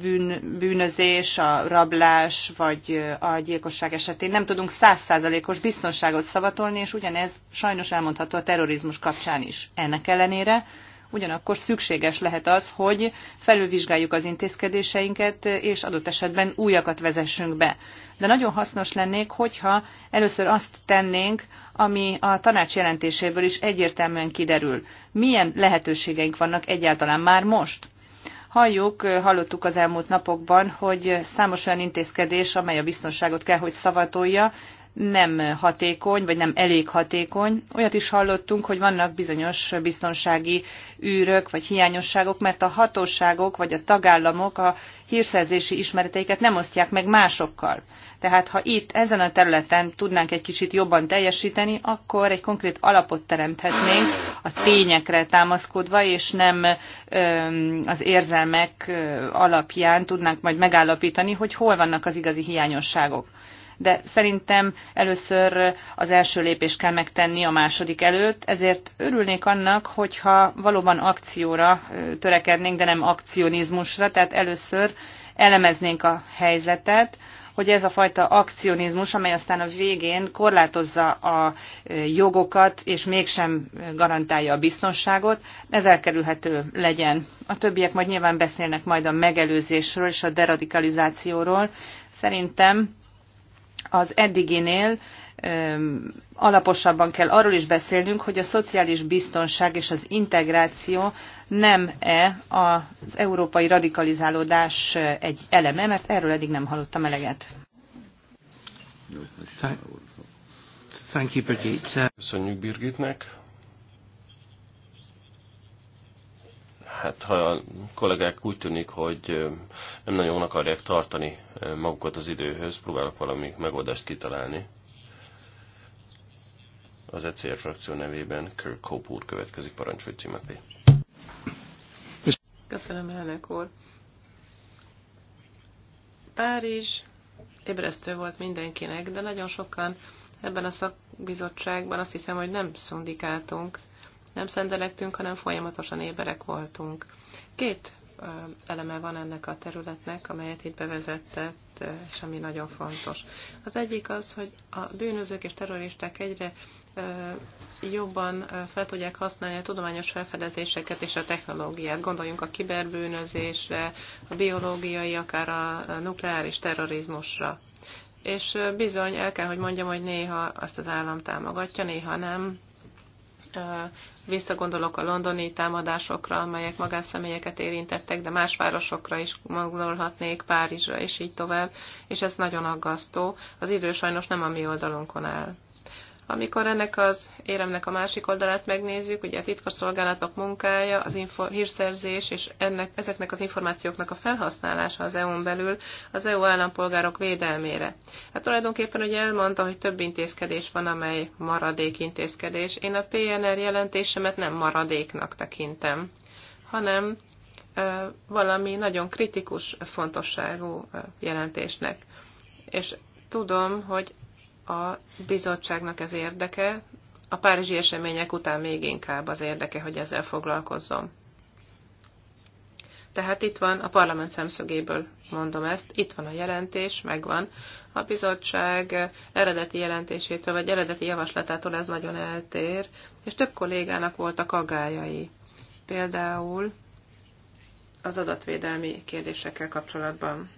bűn, bűnözés, a rablás vagy a gyilkosság esetén nem tudunk százszázalékos biztonságot szavatolni, és ugyanez sajnos elmondható a terrorizmus kapcsán is. Ennek ellenére Ugyanakkor szükséges lehet az, hogy felülvizsgáljuk az intézkedéseinket, és adott esetben újakat vezessünk be. De nagyon hasznos lennék, hogyha először azt tennénk, ami a tanács jelentéséből is egyértelműen kiderül. Milyen lehetőségeink vannak egyáltalán már most? Halljuk, hallottuk az elmúlt napokban, hogy számos olyan intézkedés, amely a biztonságot kell, hogy szavatolja, nem hatékony, vagy nem elég hatékony. Olyat is hallottunk, hogy vannak bizonyos biztonsági űrök, vagy hiányosságok, mert a hatóságok, vagy a tagállamok a hírszerzési ismereteiket nem osztják meg másokkal. Tehát ha itt, ezen a területen tudnánk egy kicsit jobban teljesíteni, akkor egy konkrét alapot teremthetnénk a tényekre támaszkodva, és nem az érzelmek alapján tudnánk majd megállapítani, hogy hol vannak az igazi hiányosságok de szerintem először az első lépést kell megtenni a második előtt, ezért örülnék annak, hogyha valóban akcióra törekednénk, de nem akcionizmusra, tehát először elemeznénk a helyzetet, hogy ez a fajta akcionizmus, amely aztán a végén korlátozza a jogokat, és mégsem garantálja a biztonságot, ez elkerülhető legyen. A többiek majd nyilván beszélnek majd a megelőzésről és a deradikalizációról. Szerintem az eddiginél alaposabban kell arról is beszélnünk, hogy a szociális biztonság és az integráció nem-e az európai radikalizálódás egy eleme, mert erről eddig nem hallottam eleget.
Köszönjük Birgitnek. hát ha a kollégák úgy tűnik, hogy nem nagyon akarják tartani magukat az időhöz, próbálok valami megoldást kitalálni. Az ECR frakció nevében Kirk Hope úr következik, parancsolj Cimeti.
Köszönöm, elnök úr. Párizs ébresztő volt mindenkinek, de nagyon sokan ebben a szakbizottságban azt hiszem, hogy nem szundikáltunk nem szendelegtünk, hanem folyamatosan éberek voltunk. Két eleme van ennek a területnek, amelyet itt bevezetett, és ami nagyon fontos. Az egyik az, hogy a bűnözők és terroristák egyre jobban fel tudják használni a tudományos felfedezéseket és a technológiát. Gondoljunk a kiberbűnözésre, a biológiai, akár a nukleáris terrorizmusra. És bizony, el kell, hogy mondjam, hogy néha azt az állam támogatja, néha nem, visszagondolok a londoni támadásokra, amelyek magánszemélyeket érintettek, de más városokra is gondolhatnék, Párizsra és így tovább, és ez nagyon aggasztó. Az idő sajnos nem a mi oldalunkon áll. Amikor ennek az éremnek a másik oldalát megnézzük, ugye a titkosszolgálatok munkája, az info, hírszerzés és ennek, ezeknek az információknak a felhasználása az EU-n belül az EU állampolgárok védelmére. Hát tulajdonképpen ugye elmondta, hogy több intézkedés van, amely maradék intézkedés. Én a PNR jelentésemet nem maradéknak tekintem, hanem valami nagyon kritikus fontosságú jelentésnek. És tudom, hogy a bizottságnak ez érdeke, a párizsi események után még inkább az érdeke, hogy ezzel foglalkozzon. Tehát itt van, a parlament szemszögéből mondom ezt, itt van a jelentés, megvan. A bizottság eredeti jelentésétől, vagy eredeti javaslatától ez nagyon eltér, és több kollégának voltak agályai. Például az adatvédelmi kérdésekkel kapcsolatban.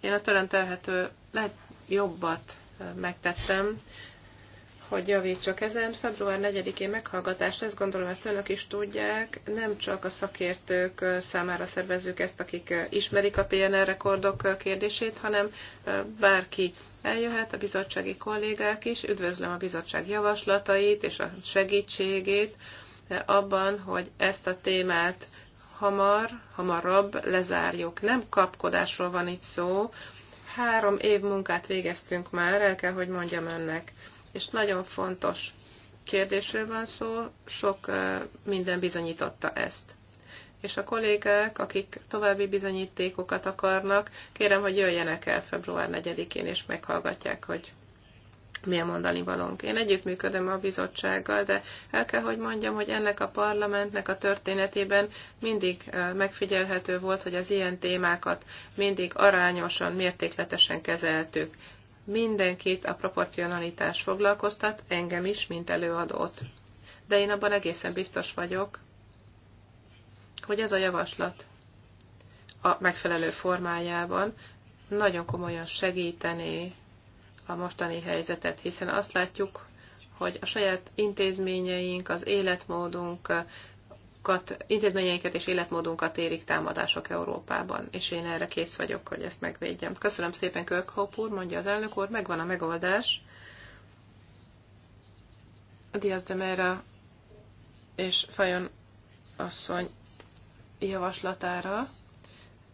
Én a tőlem telhető jobbat megtettem, hogy javítsak ezen. Február 4-én meghallgatást, ezt gondolom ezt önök is tudják, nem csak a szakértők számára szervezzük ezt, akik ismerik a PNR rekordok kérdését, hanem bárki eljöhet, a bizottsági kollégák is. Üdvözlöm a bizottság javaslatait és a segítségét abban, hogy ezt a témát hamar, hamarabb lezárjuk. Nem kapkodásról van itt szó, Három év munkát végeztünk már, el kell, hogy mondjam önnek. És nagyon fontos kérdésről van szó, sok minden bizonyította ezt. És a kollégák, akik további bizonyítékokat akarnak, kérem, hogy jöjjenek el február 4-én, és meghallgatják, hogy mi a mondani valónk. Én együttműködöm a bizottsággal, de el kell, hogy mondjam, hogy ennek a parlamentnek a történetében mindig megfigyelhető volt, hogy az ilyen témákat mindig arányosan, mértékletesen kezeltük. Mindenkit a proporcionalitás foglalkoztat, engem is, mint előadót. De én abban egészen biztos vagyok, hogy ez a javaslat a megfelelő formájában nagyon komolyan segítené a mostani helyzetet, hiszen azt látjuk, hogy a saját intézményeink, az életmódunk, intézményeinket és életmódunkat érik támadások Európában, és én erre kész vagyok, hogy ezt megvédjem. Köszönöm szépen, Kölkhop úr, mondja az elnök úr, megvan a megoldás. Diaz de Mera és Fajon asszony javaslatára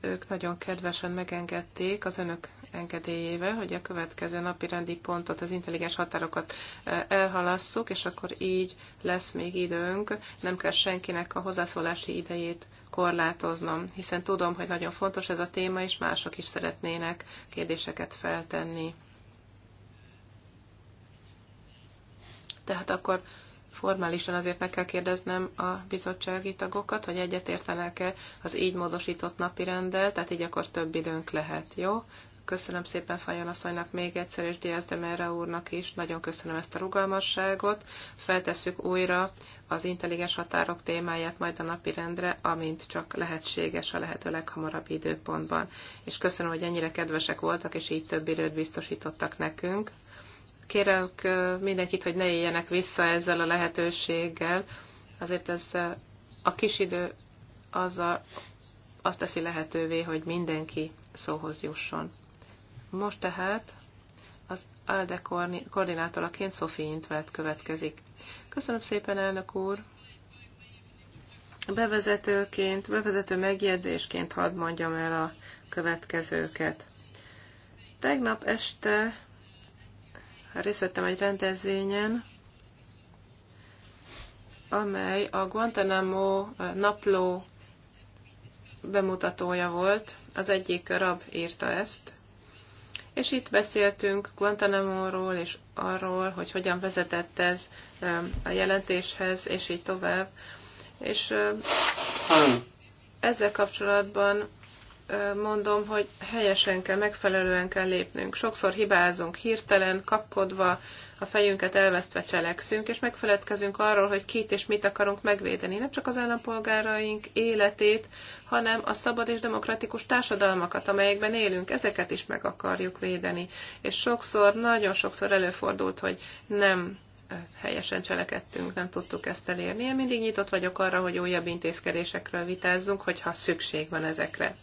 ők nagyon kedvesen megengedték az önök engedélyével, hogy a következő napi rendi pontot, az intelligens határokat e, elhalasszuk, és akkor így lesz még időnk. Nem kell senkinek a hozzászólási idejét korlátoznom, hiszen tudom, hogy nagyon fontos ez a téma, és mások is szeretnének kérdéseket feltenni. Tehát akkor formálisan azért meg kell kérdeznem a bizottsági tagokat, hogy egyetértenek-e az így módosított napi rendel, tehát így akkor több időnk lehet, jó? Köszönöm szépen Fajon asszonynak még egyszer, és Diaz de Merra úrnak is. Nagyon köszönöm ezt a rugalmasságot. Feltesszük újra az intelligens határok témáját majd a napi rendre, amint csak lehetséges a lehető leghamarabb időpontban. És köszönöm, hogy ennyire kedvesek voltak, és így több időt biztosítottak nekünk. Kérek mindenkit, hogy ne éljenek vissza ezzel a lehetőséggel. Azért ez a kis idő az a, azt teszi lehetővé, hogy mindenki szóhoz jusson. Most tehát az ALDE koordinátoraként Szofi Intvelt következik. Köszönöm szépen, elnök úr! Bevezetőként, bevezető megjegyzésként hadd mondjam el a következőket. Tegnap este részt vettem egy rendezvényen, amely a Guantanamo napló bemutatója volt. Az egyik rab írta ezt, és itt beszéltünk Guantanamo-ról és arról, hogy hogyan vezetett ez a jelentéshez, és így tovább. És ezzel kapcsolatban mondom, hogy helyesen kell, megfelelően kell lépnünk. Sokszor hibázunk hirtelen, kapkodva, a fejünket elvesztve cselekszünk, és megfeledkezünk arról, hogy kit és mit akarunk megvédeni. Nem csak az állampolgáraink életét, hanem a szabad és demokratikus társadalmakat, amelyekben élünk, ezeket is meg akarjuk védeni. És sokszor, nagyon sokszor előfordult, hogy nem helyesen cselekedtünk, nem tudtuk ezt elérni. Én mindig nyitott vagyok arra, hogy újabb intézkedésekről vitázzunk, hogyha szükség van ezekre.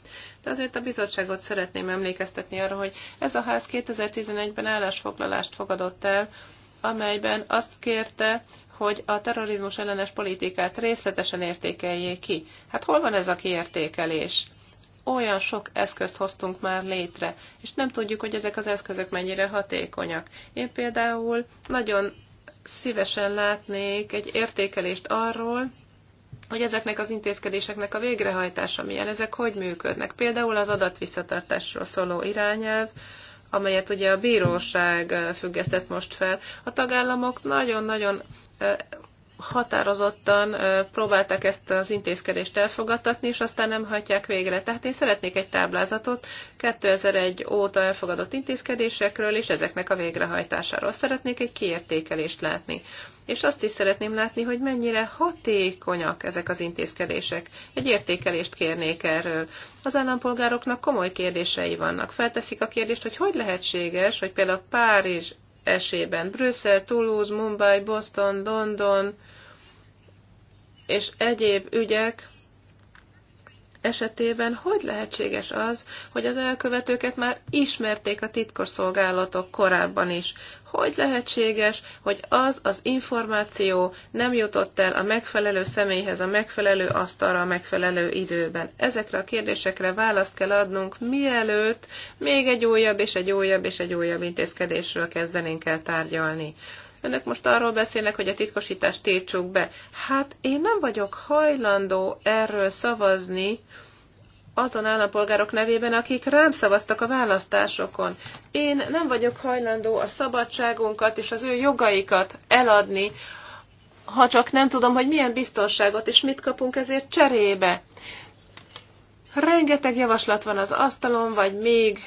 De azért a bizottságot szeretném emlékeztetni arra, hogy ez a ház 2011-ben állásfoglalást fogadott el, amelyben azt kérte, hogy a terrorizmus ellenes politikát részletesen értékeljék ki. Hát hol van ez a kiértékelés? olyan sok eszközt hoztunk már létre, és nem tudjuk, hogy ezek az eszközök mennyire hatékonyak. Én például nagyon szívesen látnék egy értékelést arról, hogy ezeknek az intézkedéseknek a végrehajtása milyen, ezek hogy működnek. Például az adatvisszatartásról szóló irányelv, amelyet ugye a bíróság függesztett most fel. A tagállamok nagyon-nagyon határozottan próbálták ezt az intézkedést elfogadtatni, és aztán nem hagyják végre. Tehát én szeretnék egy táblázatot 2001 óta elfogadott intézkedésekről, és ezeknek a végrehajtásáról. Szeretnék egy kiértékelést látni. És azt is szeretném látni, hogy mennyire hatékonyak ezek az intézkedések. Egy értékelést kérnék erről. Az állampolgároknak komoly kérdései vannak. Felteszik a kérdést, hogy hogy lehetséges, hogy például Párizs esében. Brüsszel, Toulouse, Mumbai, Boston, London és egyéb ügyek esetében hogy lehetséges az, hogy az elkövetőket már ismerték a titkosszolgálatok korábban is? Hogy lehetséges, hogy az az információ nem jutott el a megfelelő személyhez, a megfelelő asztalra, a megfelelő időben? Ezekre a kérdésekre választ kell adnunk, mielőtt még egy újabb és egy újabb és egy újabb intézkedésről kezdenénk el tárgyalni. Önök most arról beszélnek, hogy a titkosítást tiltsuk be. Hát én nem vagyok hajlandó erről szavazni, azon állampolgárok nevében, akik rám szavaztak a választásokon. Én nem vagyok hajlandó a szabadságunkat és az ő jogaikat eladni, ha csak nem tudom, hogy milyen biztonságot és mit kapunk ezért cserébe. Rengeteg javaslat van az asztalon, vagy még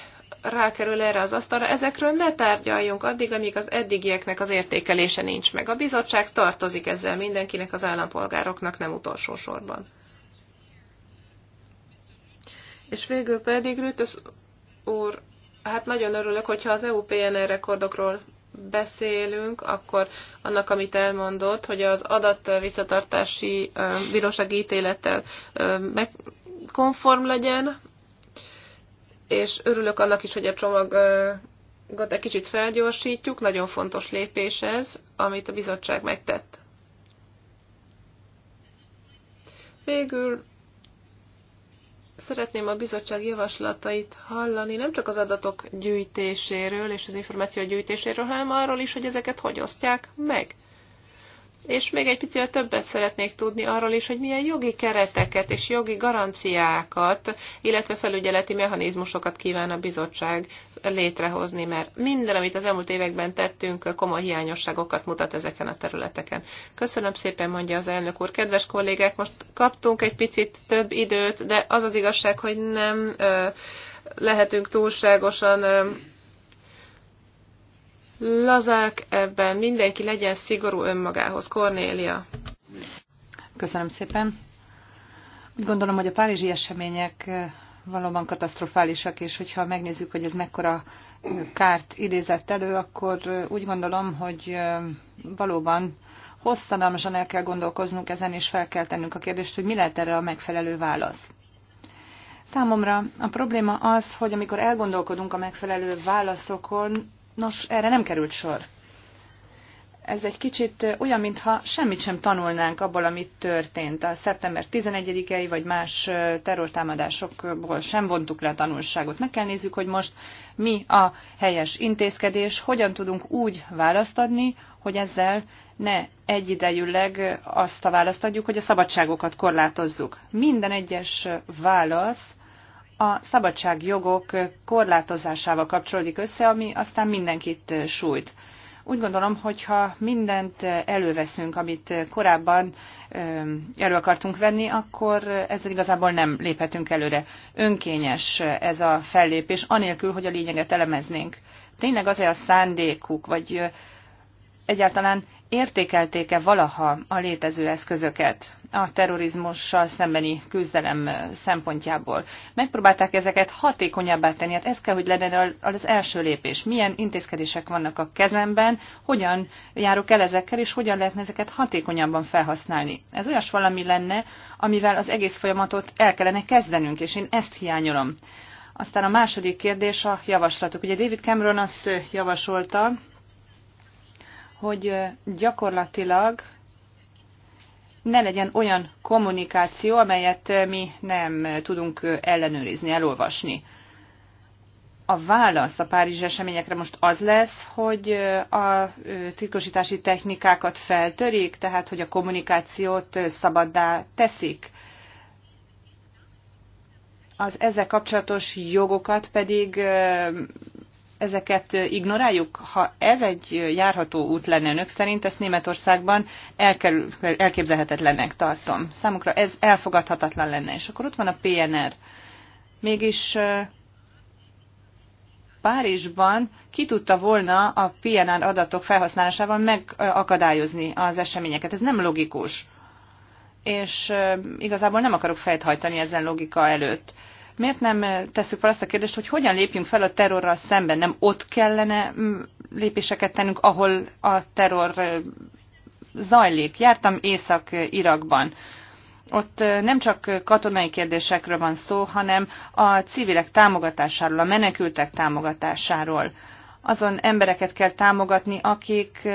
rákerül erre az asztalra, ezekről ne tárgyaljunk addig, amíg az eddigieknek az értékelése nincs meg. A bizottság tartozik ezzel mindenkinek, az állampolgároknak nem utolsó sorban. És végül pedig Rütös úr, hát nagyon örülök, hogyha az EU-PNR rekordokról beszélünk, akkor annak, amit elmondott, hogy az adat visszatartási bírósági ítélettel meg konform legyen, és örülök annak is, hogy a csomagot egy kicsit felgyorsítjuk. Nagyon fontos lépés ez, amit a bizottság megtett. Végül szeretném a bizottság javaslatait hallani nem csak az adatok gyűjtéséről és az információ gyűjtéséről, hanem arról is, hogy ezeket hogy osztják meg. És még egy picit többet szeretnék tudni arról is, hogy milyen jogi kereteket és jogi garanciákat, illetve felügyeleti mechanizmusokat kíván a bizottság létrehozni, mert minden, amit az elmúlt években tettünk, komoly hiányosságokat mutat ezeken a területeken. Köszönöm szépen, mondja az elnök úr. Kedves kollégák, most kaptunk egy picit több időt, de az az igazság, hogy nem lehetünk túlságosan lazák, ebben mindenki legyen szigorú önmagához. Kornélia.
Köszönöm szépen. Úgy gondolom, hogy a párizsi események eh, valóban katasztrofálisak, és hogyha megnézzük, hogy ez mekkora eh, kárt idézett elő, akkor eh, úgy gondolom, hogy valóban hosszadalmasan el kell gondolkoznunk ezen, és fel kell tennünk a kérdést, hogy mi lehet erre a megfelelő válasz. Számomra a probléma az, hogy amikor elgondolkodunk a megfelelő válaszokon, Nos, erre nem került sor. Ez egy kicsit olyan, mintha semmit sem tanulnánk abból, amit történt. A szeptember 11-ei vagy más terrortámadásokból sem vontuk le a tanulságot. Meg kell nézzük, hogy most mi a helyes intézkedés, hogyan tudunk úgy választ adni, hogy ezzel ne egyidejűleg azt a választ adjuk, hogy a szabadságokat korlátozzuk. Minden egyes válasz a szabadságjogok korlátozásával kapcsolódik össze, ami aztán mindenkit sújt. Úgy gondolom, hogyha mindent előveszünk, amit korábban elő akartunk venni, akkor ezzel igazából nem léphetünk előre. Önkényes ez a fellépés, anélkül, hogy a lényeget elemeznénk. Tényleg az-e a szándékuk, vagy egyáltalán értékelték-e valaha a létező eszközöket a terrorizmussal szembeni küzdelem szempontjából? Megpróbálták ezeket hatékonyabbá tenni, hát ez kell, hogy legyen az első lépés. Milyen intézkedések vannak a kezemben, hogyan járok el ezekkel, és hogyan lehetne ezeket hatékonyabban felhasználni? Ez olyas valami lenne, amivel az egész folyamatot el kellene kezdenünk, és én ezt hiányolom. Aztán a második kérdés a javaslatok. Ugye David Cameron azt javasolta, hogy gyakorlatilag ne legyen olyan kommunikáció, amelyet mi nem tudunk ellenőrizni, elolvasni. A válasz a párizsi eseményekre most az lesz, hogy a titkosítási technikákat feltörik, tehát hogy a kommunikációt szabaddá teszik. Az ezzel kapcsolatos jogokat pedig ezeket ignoráljuk? Ha ez egy járható út lenne önök szerint, ezt Németországban elkerül, elképzelhetetlennek tartom. Számukra ez elfogadhatatlan lenne. És akkor ott van a PNR. Mégis Párizsban ki tudta volna a PNR adatok felhasználásával megakadályozni az eseményeket. Ez nem logikus. És igazából nem akarok fejthajtani ezen logika előtt. Miért nem eh, tesszük fel azt a kérdést, hogy hogyan lépjünk fel a terrorral szemben? Nem ott kellene mm, lépéseket tennünk, ahol a terror eh, zajlik. Jártam Észak-Irakban. Ott eh, nem csak katonai kérdésekről van szó, hanem a civilek támogatásáról, a menekültek támogatásáról azon embereket kell támogatni, akik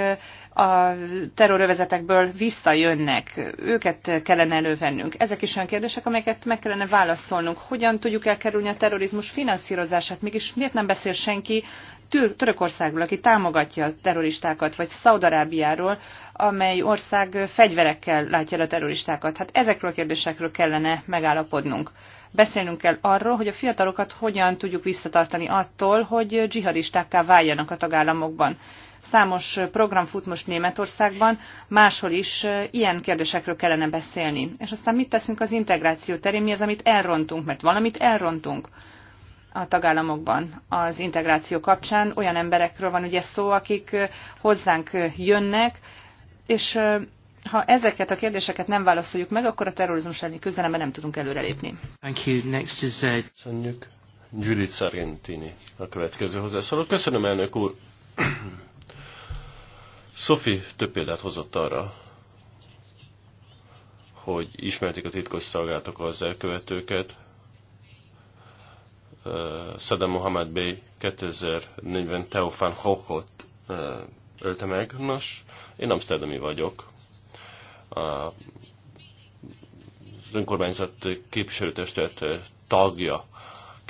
a terrorövezetekből visszajönnek, őket kellene elővennünk. Ezek is olyan kérdések, amelyeket meg kellene válaszolnunk. Hogyan tudjuk elkerülni a terrorizmus finanszírozását? Mégis miért nem beszél senki Tür- Törökországról, aki támogatja a terroristákat, vagy Szaudarábiáról, amely ország fegyverekkel látja el a terroristákat? Hát ezekről a kérdésekről kellene megállapodnunk. Beszélnünk kell arról, hogy a fiatalokat hogyan tudjuk visszatartani attól, hogy dzsihadistákká váljanak a tagállamokban Számos program fut most Németországban, máshol is ilyen kérdésekről kellene beszélni. És aztán mit teszünk az integráció terén, mi az, amit elrontunk, mert valamit elrontunk a tagállamokban az integráció kapcsán. Olyan emberekről van ugye szó, akik hozzánk jönnek, és ha ezeket a kérdéseket nem válaszoljuk meg, akkor a terrorizmus elleni küzdelemben nem tudunk előrelépni.
Thank you. Next is a uh, Köszönjük.
Judith Sargentini a következő hozzászóló. Köszönöm, elnök úr. Sophie több példát hozott arra, hogy ismerték a titkos szolgálatok az elkövetőket. Saddam Mohammed Bey 2040 ben Teofan Hokot ölte meg. Nos, én Amsterdami vagyok. A az önkormányzat képviselőtestet tagja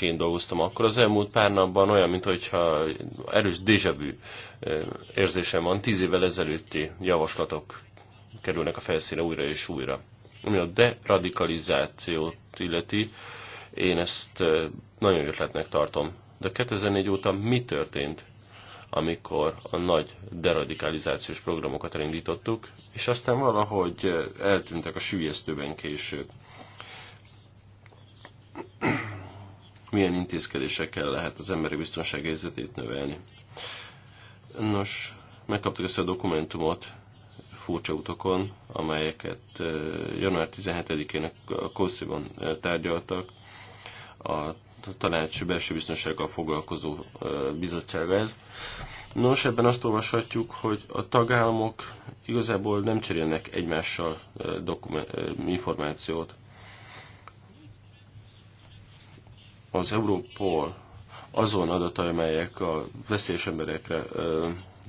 ként dolgoztam, akkor az elmúlt pár napban olyan, mintha erős déjavű érzésem van, tíz évvel ezelőtti javaslatok kerülnek a felszíne újra és újra. Ami a deradikalizációt illeti, én ezt nagyon ötletnek tartom. De 2004 óta mi történt, amikor a nagy deradikalizációs programokat elindítottuk, és aztán valahogy eltűntek a sűjesztőben később milyen intézkedésekkel lehet az emberi biztonság érzetét növelni. Nos, megkaptuk ezt a dokumentumot furcsa utokon, amelyeket január 17-én a Kosszívon tárgyaltak. A tanács belső biztonsággal foglalkozó bizottsága ez. Nos, ebben azt olvashatjuk, hogy a tagállamok igazából nem cserélnek egymással információt. az Európol azon adatai, amelyek a veszélyes emberekre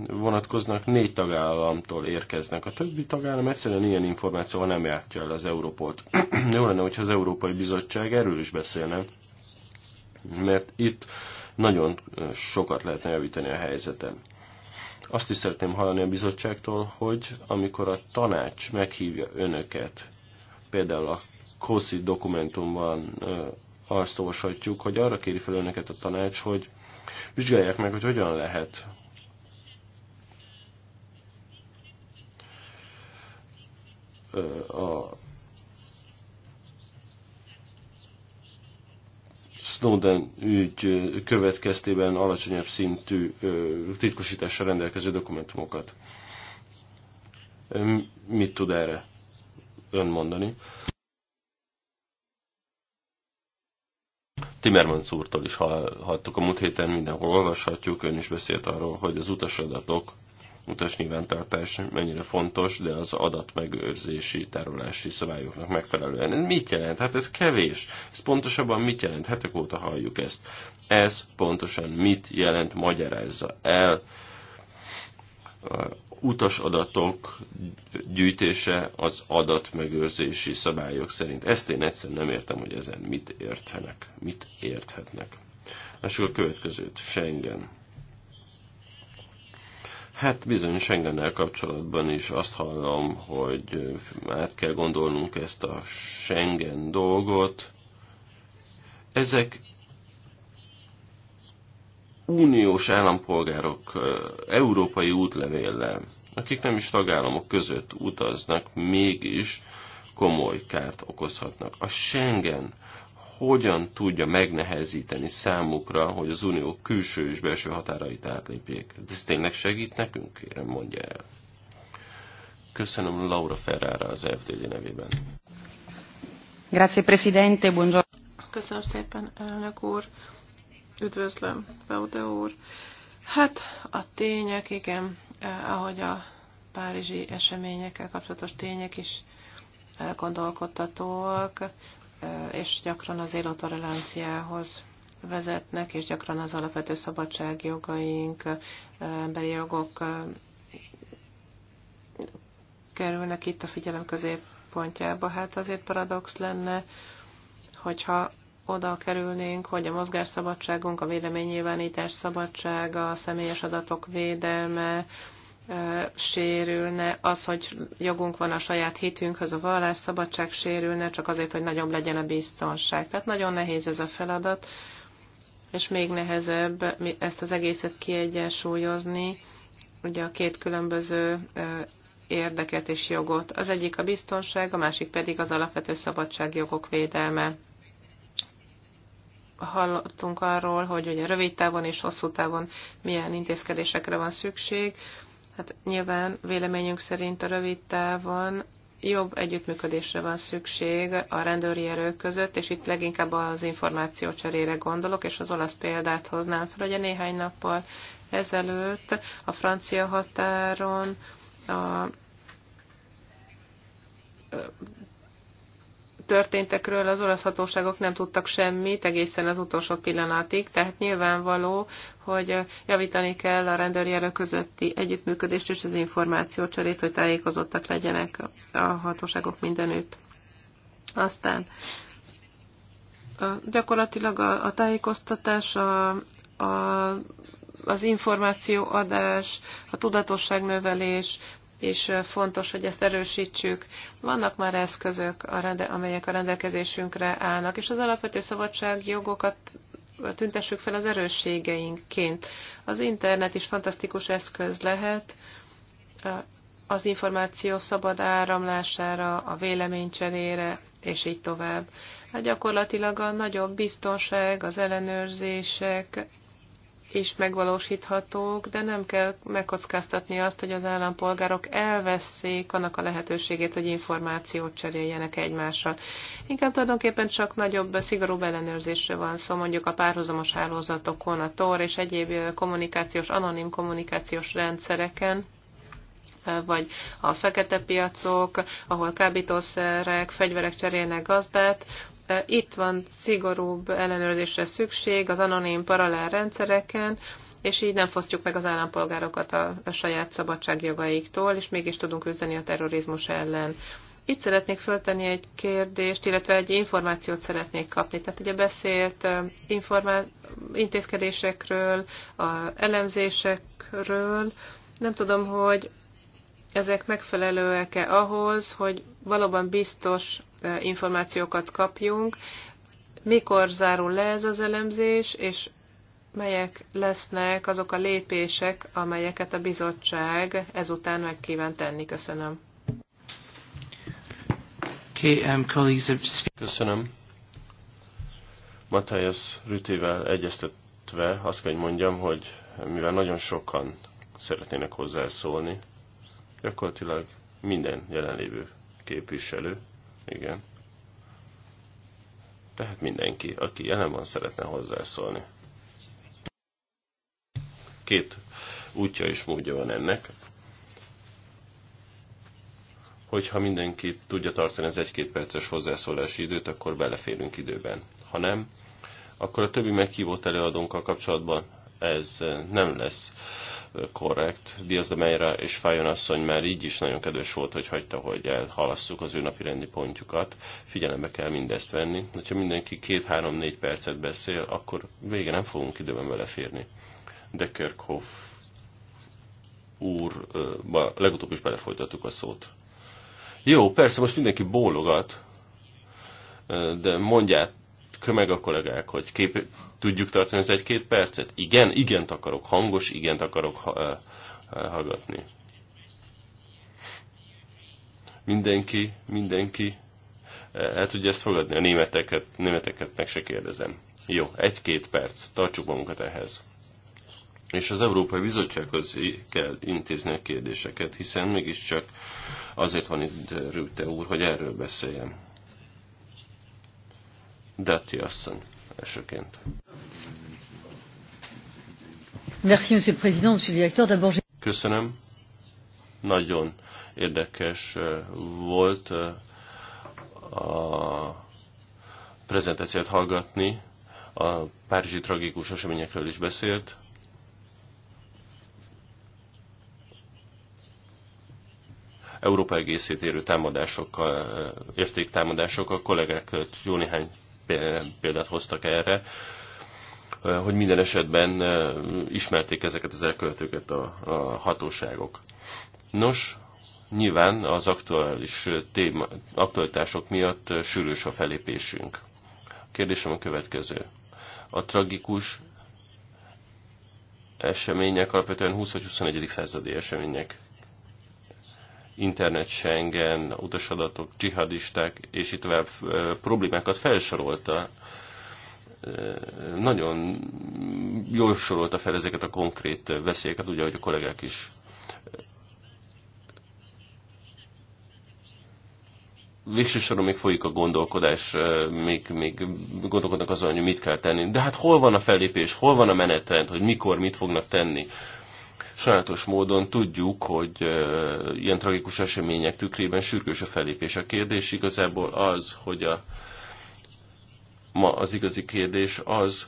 vonatkoznak, négy tagállamtól érkeznek. A többi tagállam egyszerűen ilyen információval nem jártja el az Európolt. Jó lenne, hogyha az Európai Bizottság erről is beszélne, mert itt nagyon sokat lehetne javítani a helyzetem. Azt is szeretném hallani a bizottságtól, hogy amikor a tanács meghívja önöket, például a COSI dokumentumban azt olvashatjuk, hogy arra kéri fel önöket a tanács, hogy vizsgálják meg, hogy hogyan lehet a Snowden ügy következtében alacsonyabb szintű titkosítással rendelkező dokumentumokat. Mit tud erre ön mondani? Timmermans úrtól is hallhattuk a múlt héten, mindenhol olvashatjuk, ön is beszélt arról, hogy az utasadatok, utas nyilvántartás mennyire fontos, de az adatmegőrzési tárolási szabályoknak megfelelően. Ez mit jelent? Hát ez kevés. Ez pontosabban mit jelent? Hetek óta halljuk ezt. Ez pontosan mit jelent, magyarázza el utasadatok gyűjtése az adatmegőrzési szabályok szerint. Ezt én egyszerűen nem értem, hogy ezen mit érthenek, mit érthetnek. Lássuk a következőt, Schengen. Hát bizony Schengennel kapcsolatban is azt hallom, hogy át kell gondolnunk ezt a Schengen dolgot. Ezek uniós állampolgárok európai útlevéllel, akik nem is tagállamok között utaznak, mégis komoly kárt okozhatnak. A Schengen hogyan tudja megnehezíteni számukra, hogy az unió külső és belső határait átlépjék. Ez tényleg segít nekünk? Kérem, mondja el. Köszönöm Laura Ferrara az FDD nevében.
Grazie Presidente, buongiorno.
Köszönöm szépen, elnök úr. Üdvözlöm, Beude úr. Hát a tények, igen, eh, ahogy a párizsi eseményekkel kapcsolatos tények is elgondolkodtatóak, eh, és gyakran az élotoleranciához vezetnek, és gyakran az alapvető szabadságjogaink, eh, emberi jogok kerülnek itt a figyelem középpontjába. Hát azért paradox lenne, hogyha oda kerülnénk, hogy a mozgásszabadságunk, a véleménynyilvánítás szabadsága, a személyes adatok védelme sérülne, az, hogy jogunk van a saját hitünkhöz, a szabadság sérülne, csak azért, hogy nagyobb legyen a biztonság. Tehát nagyon nehéz ez a feladat, és még nehezebb ezt az egészet kiegyensúlyozni, ugye a két különböző érdeket és jogot. Az egyik a biztonság, a másik pedig az alapvető szabadságjogok védelme hallottunk arról, hogy ugye rövid távon és hosszú távon milyen intézkedésekre van szükség. Hát nyilván véleményünk szerint a rövid távon jobb együttműködésre van szükség a rendőri erők között, és itt leginkább az információ cserére gondolok, és az olasz példát hoznám fel, ugye néhány nappal ezelőtt a francia határon a történtekről az olasz hatóságok nem tudtak semmit egészen az utolsó pillanatig, tehát nyilvánvaló, hogy javítani kell a rendőrjelő közötti együttműködést és az információcserét, hogy tájékozottak legyenek a hatóságok mindenütt. Aztán gyakorlatilag a, a tájékoztatás, a, a, az információadás, a tudatosságnövelés, és fontos, hogy ezt erősítsük. Vannak már eszközök, amelyek a rendelkezésünkre állnak, és az alapvető szabadságjogokat tüntessük fel az erősségeinkként. Az internet is fantasztikus eszköz lehet az információ szabad áramlására, a véleménycserére, és így tovább. Hát gyakorlatilag a nagyobb biztonság, az ellenőrzések is megvalósíthatók, de nem kell megkockáztatni azt, hogy az állampolgárok elveszik annak a lehetőségét, hogy információt cseréljenek egymással. Inkább tulajdonképpen csak nagyobb, szigorúbb ellenőrzésre van szó, szóval mondjuk a párhuzamos hálózatokon, a TOR és egyéb kommunikációs, anonim kommunikációs rendszereken vagy a fekete piacok, ahol kábítószerek, fegyverek cserélnek gazdát, itt van szigorúbb ellenőrzésre szükség az anonim paralel rendszereken, és így nem fosztjuk meg az állampolgárokat a, a saját szabadságjogaiktól, és mégis tudunk üzeni a terrorizmus ellen. Itt szeretnék föltenni egy kérdést, illetve egy információt szeretnék kapni. Tehát ugye beszélt informá- intézkedésekről, a elemzésekről. Nem tudom, hogy ezek megfelelőek-e ahhoz, hogy valóban biztos információkat kapjunk, mikor zárul le ez az elemzés, és melyek lesznek azok a lépések, amelyeket a bizottság ezután meg kíván tenni. Köszönöm.
Um, uh, Köszönöm.
Matthias Rütével egyeztetve azt kell, hogy mondjam, hogy mivel nagyon sokan szeretnének hozzászólni, gyakorlatilag minden jelenlévő képviselő igen. Tehát mindenki, aki jelen van, szeretne hozzászólni. Két útja és módja van ennek. Hogyha mindenki tudja tartani az egy-két perces hozzászólási időt, akkor beleférünk időben. Ha nem, akkor a többi meghívott előadónkkal kapcsolatban ez nem lesz korrekt. Diaz de Meira és Fájon asszony már így is nagyon kedves volt, hogy hagyta, hogy elhalasszuk az ő napi rendi pontjukat. Figyelembe kell mindezt venni. Ha mindenki két-három-négy percet beszél, akkor vége nem fogunk időben beleférni. De Kirchhoff úr, legutóbb is belefolytattuk a szót. Jó, persze most mindenki bólogat, de mondját, kömeg a kollégák, hogy kép, tudjuk tartani az egy-két percet? Igen, igent akarok, hangos igent akarok ha, ha, eh, eh, hallgatni. Mindenki, mindenki eh, el tudja ezt fogadni. A németeket, németeket meg se kérdezem. Jó, egy-két perc, tartsuk magunkat ehhez. És az Európai Bizottsághoz kell intézni a kérdéseket, hiszen mégiscsak azért van itt Rüte úr, hogy erről beszéljen Dati asszony elsőként. Merci, monsieur le président, monsieur le directeur. D'abord, Köszönöm. Nagyon érdekes volt a prezentációt hallgatni. A párizsi tragikus eseményekről is beszélt. Európa egészét érő támadások, értéktámadások, a kollégák jó néhány példát hoztak erre, hogy minden esetben ismerték ezeket az elkövetőket a, a hatóságok. Nos, nyilván az aktuális téma, aktualitások miatt sűrűs a felépésünk. A kérdésem a következő. A tragikus események alapvetően 20 vagy 21. századi események internet Schengen, utasadatok, dzsihadisták, és itt tovább problémákat felsorolta. Nagyon jól sorolta fel ezeket a konkrét veszélyeket, ugye, ahogy a kollégák is végső soron még folyik a gondolkodás, még, még gondolkodnak azon, hogy mit kell tenni. De hát hol van a fellépés, hol van a menetrend, hogy mikor mit fognak tenni Sajátos módon tudjuk, hogy ilyen tragikus események tükrében sürgős a felépés. A kérdés igazából az, hogy a, ma az igazi kérdés az,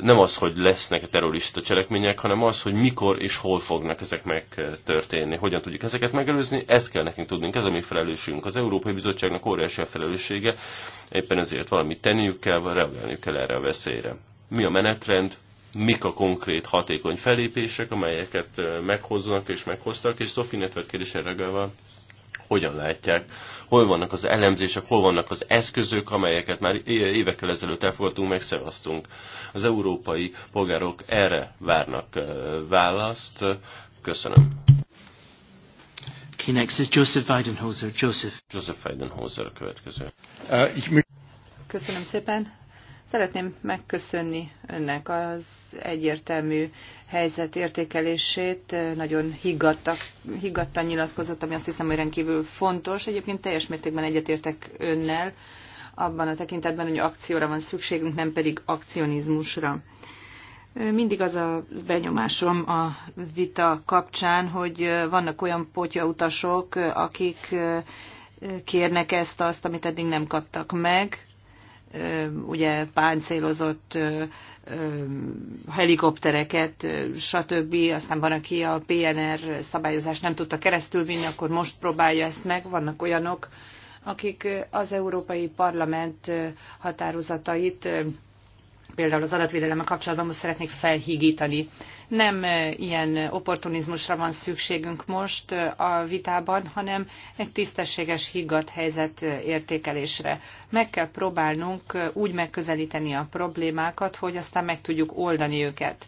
nem az, hogy lesznek terrorista cselekmények, hanem az, hogy mikor és hol fognak ezek megtörténni. Hogyan tudjuk ezeket megelőzni, ezt kell nekünk tudnunk, ez a mi felelősségünk. Az Európai Bizottságnak óriási a felelőssége, éppen ezért valamit tenniük kell, reagálniuk kell erre a veszélyre. Mi a menetrend, mik a konkrét hatékony felépések, amelyeket meghoznak és meghoztak, és Sophie Network kérdése reagálva, hogyan látják, hol vannak az elemzések, hol vannak az eszközök, amelyeket már évekkel ezelőtt elfogadtunk, megszevasztunk. Az európai polgárok erre várnak választ. Köszönöm. Okay, next is
Joseph Weidenhoser. Joseph. Joseph Weidenhoser a következő.
Uh, Köszönöm
szépen. Szeretném megköszönni önnek az egyértelmű helyzet értékelését. Nagyon higgadtak, higgadtan nyilatkozott, ami azt hiszem, hogy rendkívül fontos. Egyébként teljes mértékben egyetértek önnel abban a tekintetben, hogy akcióra van szükségünk, nem pedig akcionizmusra. Mindig az a benyomásom a vita kapcsán, hogy vannak olyan potyautasok, akik kérnek ezt, azt, amit eddig nem kaptak meg, ugye páncélozott helikoptereket, stb. Aztán van, aki a PNR szabályozást nem tudta keresztül vinni, akkor most próbálja ezt meg. Vannak olyanok, akik az Európai Parlament határozatait például az adatvédelemmel kapcsolatban most szeretnék felhígítani. Nem ilyen opportunizmusra van szükségünk most a vitában, hanem egy tisztességes higgadt helyzet értékelésre. Meg kell próbálnunk úgy megközelíteni a problémákat, hogy aztán meg tudjuk oldani őket.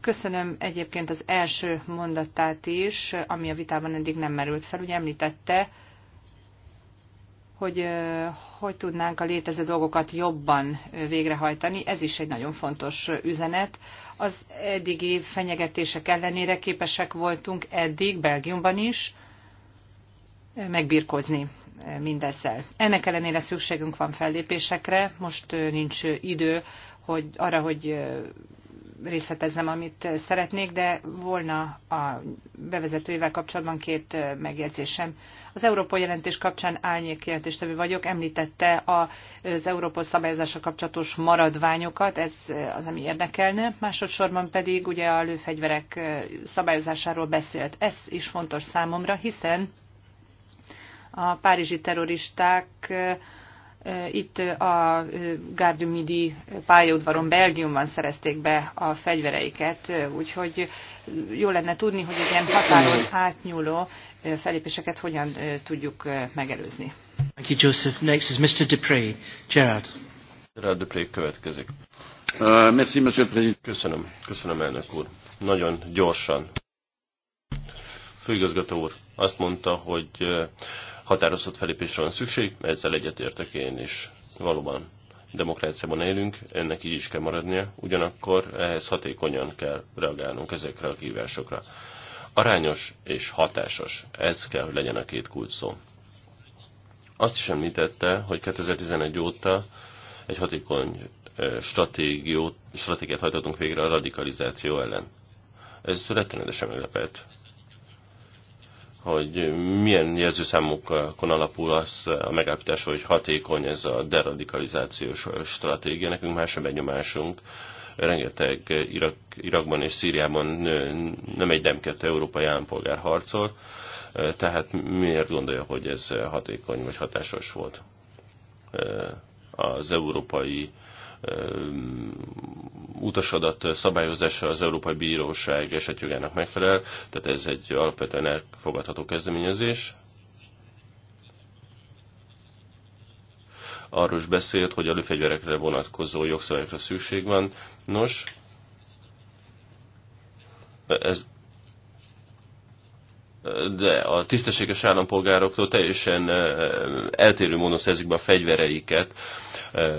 Köszönöm egyébként az első mondatát is, ami a vitában eddig nem merült fel. Ugye említette, hogy hogy tudnánk a létező dolgokat jobban végrehajtani. Ez is egy nagyon fontos üzenet, az eddigi fenyegetések ellenére képesek voltunk eddig Belgiumban is megbírkozni mindezzel. Ennek ellenére szükségünk van fellépésekre, most nincs idő hogy arra, hogy részleteznem, amit szeretnék, de volna a bevezetőivel kapcsolatban két megjegyzésem. Az Európa jelentés kapcsán álnyék jelentéstevő vagyok, említette az Európa szabályozása kapcsolatos maradványokat, ez az, ami érdekelne. Másodszorban pedig ugye a lőfegyverek szabályozásáról beszélt. Ez is fontos számomra, hiszen a párizsi terroristák itt a Gardumidi pályaudvaron Belgiumban szerezték be a fegyvereiket, úgyhogy jó lenne tudni, hogy egy ilyen határon átnyúló felépéseket hogyan tudjuk megelőzni.
Thank you, Joseph. Next is Mr. Dupré. Gerard.
Gerard Dupré következik. Uh, merci, Monsieur le Président. Köszönöm, köszönöm elnök úr. Nagyon gyorsan. Főigazgató úr azt mondta, hogy uh, határozott felépésre van szükség, ezzel egyetértek én is. Valóban demokráciában élünk, ennek így is kell maradnia, ugyanakkor ehhez hatékonyan kell reagálnunk ezekre a kívásokra. Arányos és hatásos, ez kell, hogy legyen a két kulcs szó. Azt is említette, hogy 2011 óta egy hatékony stratégiát hajtottunk végre a radikalizáció ellen. Ez rettenetesen meglepett hogy milyen jelzőszámokon alapul az a megállapítás, hogy hatékony ez a deradikalizációs stratégia. Nekünk más a benyomásunk. Rengeteg Irak, Irakban és Szíriában nem egy, nem kettő európai állampolgár harcol, tehát miért gondolja, hogy ez hatékony vagy hatásos volt? Az európai utasadat szabályozása az Európai Bíróság esetjogának megfelel, tehát ez egy alapvetően elfogadható kezdeményezés. Arról is beszélt, hogy a lőfegyverekre vonatkozó jogszabályokra szükség van. Nos, ez, de a tisztességes állampolgároktól teljesen eltérő módon szerzik be a fegyvereiket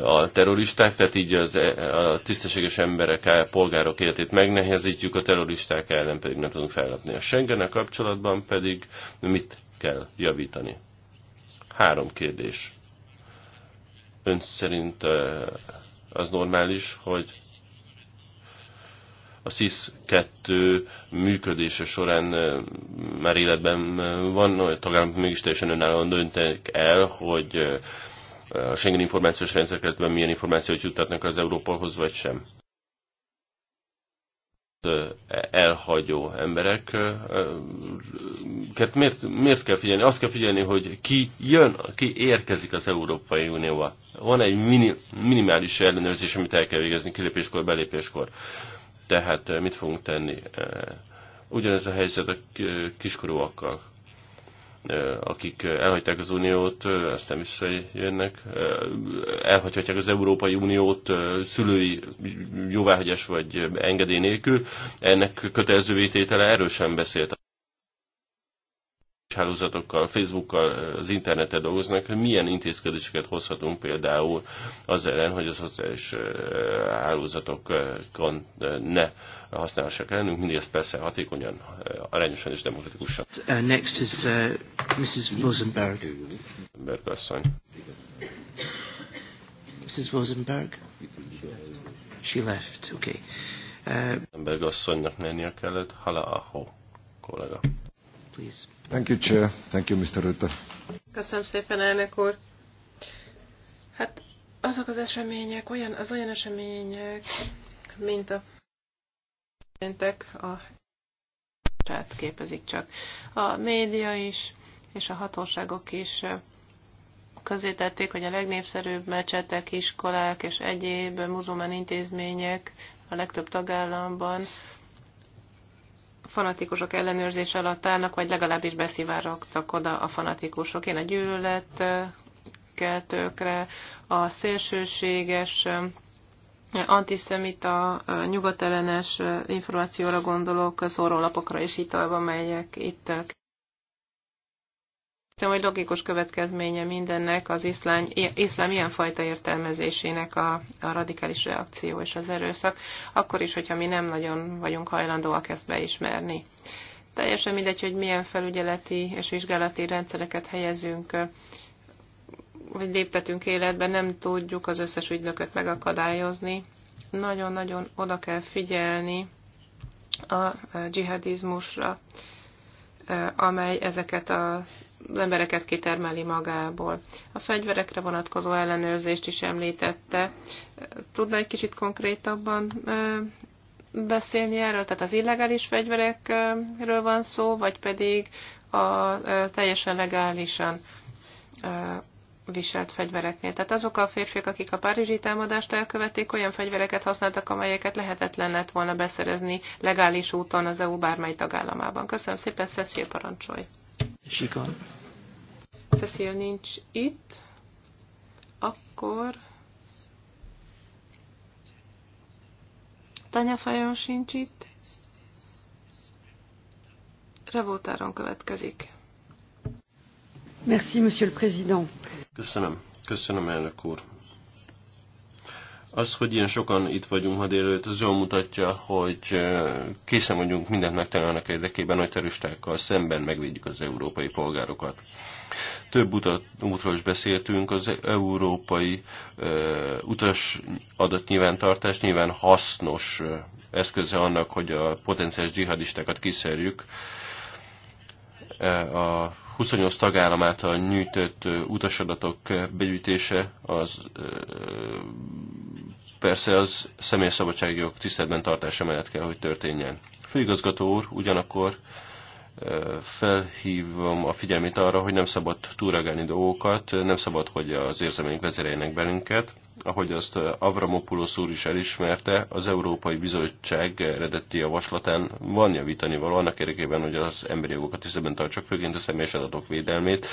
a terroristák, tehát így az, a tisztességes emberek, a polgárok életét megnehezítjük, a terroristák ellen pedig nem tudunk fellapni. A schengen kapcsolatban pedig mit kell javítani? Három kérdés. Ön szerint az normális, hogy a SIS-2 működése során már életben van, a tagállamok mégis teljesen önállóan döntek el, hogy a Schengen információs rendszerekben milyen információt juttatnak az Európolhoz, vagy sem. Elhagyó embereket hát miért, miért kell figyelni? Azt kell figyelni, hogy ki jön, ki érkezik az Európai Unióba. Van egy minimális ellenőrzés, amit el kell végezni kilépéskor, belépéskor. Tehát mit fogunk tenni? Ugyanez a helyzet a kiskorúakkal akik elhagyták az Uniót, aztán visszajönnek, elhagyhatják az Európai Uniót szülői jóváhagyás vagy engedély nélkül, ennek kötelező erősen beszélt hálózatokkal, Facebookkal, az interneten dolgoznak, hogy milyen intézkedéseket hozhatunk például az ellen, hogy a szociális hálózatokon ne használhassak ellenünk, ezt persze hatékonyan, arányosan és demokratikusan.
Uh, next is uh, Mrs. Rosenberg.
Rosenberg asszony.
Mrs. Rosenberg?
She left, okay. Uh, Rosenberg asszonynak mennie kellett, hala ahó kollega please.
Thank you, Chair. Thank you, Mr. Rutte.
Köszönöm szépen, elnök úr. Hát azok az események, olyan, az olyan események, mint a a csát képezik csak. A média is, és a hatóságok is közé tették, hogy a legnépszerűbb mecsetek, iskolák és egyéb muzulmán intézmények a legtöbb tagállamban fanatikusok ellenőrzés alatt állnak, vagy legalábbis beszivárogtak oda a fanatikusok. Én a gyűlölet keltőkre, a szélsőséges antiszemita, nyugatellenes információra gondolok, szórólapokra és italba, melyek itt Szerintem, hogy logikus következménye mindennek az iszlám, iszlám fajta értelmezésének a, a radikális reakció és az erőszak, akkor is, hogyha mi nem nagyon vagyunk hajlandóak ezt beismerni. Teljesen mindegy, hogy milyen felügyeleti és vizsgálati rendszereket helyezünk vagy léptetünk életbe, nem tudjuk az összes ügynököt megakadályozni. Nagyon-nagyon oda kell figyelni a dzsihadizmusra amely ezeket az embereket kitermeli magából. A fegyverekre vonatkozó ellenőrzést is említette. Tudna egy kicsit konkrétabban beszélni erről? Tehát az illegális fegyverekről van szó, vagy pedig a teljesen legálisan viselt fegyvereknél. Tehát azok a férfiak, akik a párizsi támadást elkövették, olyan fegyvereket használtak, amelyeket lehetetlen lett volna beszerezni legális úton az EU bármely tagállamában. Köszönöm szépen, Cecil parancsolj. Sikon. Cecil nincs itt. Akkor... Tanya Fajon sincs itt. Revoltáron következik.
Merci, Monsieur le Président. Köszönöm. Köszönöm, elnök úr. Az, hogy ilyen sokan itt vagyunk ma délőtt, az jól mutatja, hogy készen vagyunk mindent megtalálnak érdekében, hogy terüstákkal szemben megvédjük az európai polgárokat. Több utat, útról is beszéltünk, az európai ö, utas adatnyilvántartás nyilván hasznos ö, eszköze annak, hogy a potenciális dzsihadistákat kiszerjük. E, a 28 tagállam által nyújtott utasadatok begyűjtése az persze az személyszabadságjog tiszteletben tartása mellett kell, hogy történjen. Főigazgató úr ugyanakkor felhívom a figyelmét arra, hogy nem szabad túragálni dolgokat, nem szabad, hogy az érzelmeink vezéreljenek bennünket. Ahogy azt Avramopoulos úr is elismerte, az Európai Bizottság eredeti javaslatán van javítani való annak érdekében, hogy az emberi jogokat tisztában tartsak, főként a személyes adatok védelmét,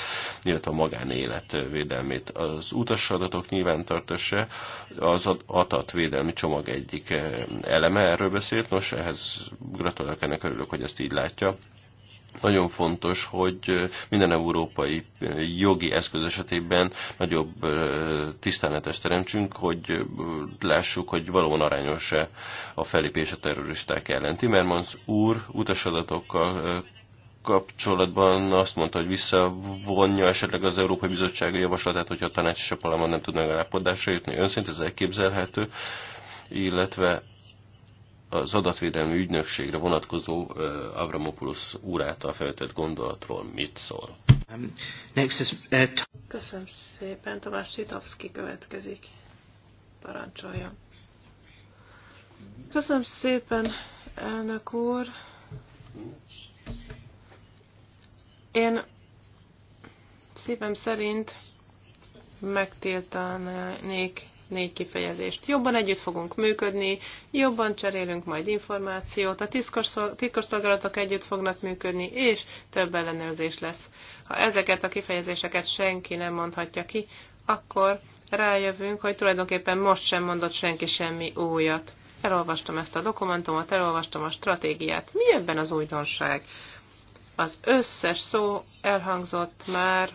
illetve a magánélet védelmét. Az utas adatok nyilvántartása az adatvédelmi csomag egyik eleme, erről beszélt, nos, ehhez gratulálok ennek, örülök, hogy ezt így látja nagyon fontos, hogy minden európai jogi eszköz esetében nagyobb tiszteletes teremtsünk, hogy lássuk, hogy valóban arányos-e a felépés a terroristák ellen. Timmermans úr utasadatokkal kapcsolatban azt mondta, hogy visszavonja esetleg az Európai Bizottság javaslatát, hogyha a tanács és a nem tud megállapodásra jutni. Önszint ez elképzelhető, illetve az adatvédelmi ügynökségre vonatkozó Avramopoulos úr által felvetett gondolatról mit szól.
Um, uh,
Köszönöm szépen, Tomás Sitovszki következik. Parancsolja. Köszönöm szépen, elnök úr. Én szívem szerint megtiltanék négy kifejezést. Jobban együtt fogunk működni, jobban cserélünk majd információt, a titkosszolgálatok együtt fognak működni, és több ellenőrzés lesz. Ha ezeket a kifejezéseket senki nem mondhatja ki, akkor rájövünk, hogy tulajdonképpen most sem mondott senki semmi újat. Elolvastam ezt a dokumentumot, elolvastam a stratégiát. Mi ebben az újdonság? Az összes szó elhangzott már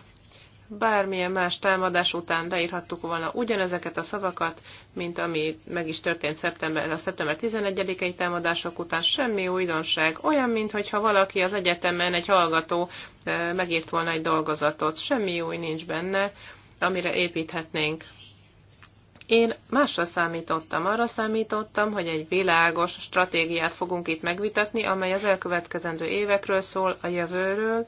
bármilyen más támadás után beírhattuk volna ugyanezeket a szavakat, mint ami meg is történt szeptember, a szeptember 11-i támadások után, semmi újdonság. Olyan, mintha valaki az egyetemen, egy hallgató megírt volna egy dolgozatot. Semmi új nincs benne, amire építhetnénk. Én másra számítottam, arra számítottam, hogy egy világos stratégiát fogunk itt megvitatni, amely az elkövetkezendő évekről szól, a jövőről,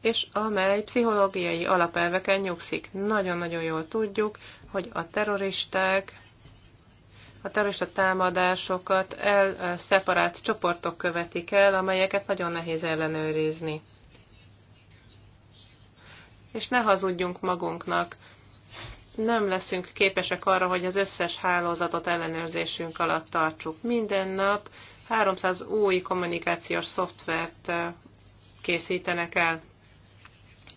és amely pszichológiai alapelveken nyugszik. Nagyon-nagyon jól tudjuk, hogy a terroristák a terrorista támadásokat el szeparált csoportok követik el, amelyeket nagyon nehéz ellenőrizni. És ne hazudjunk magunknak, nem leszünk képesek arra, hogy az összes hálózatot ellenőrzésünk alatt tartsuk. Minden nap 300 új kommunikációs szoftvert készítenek el.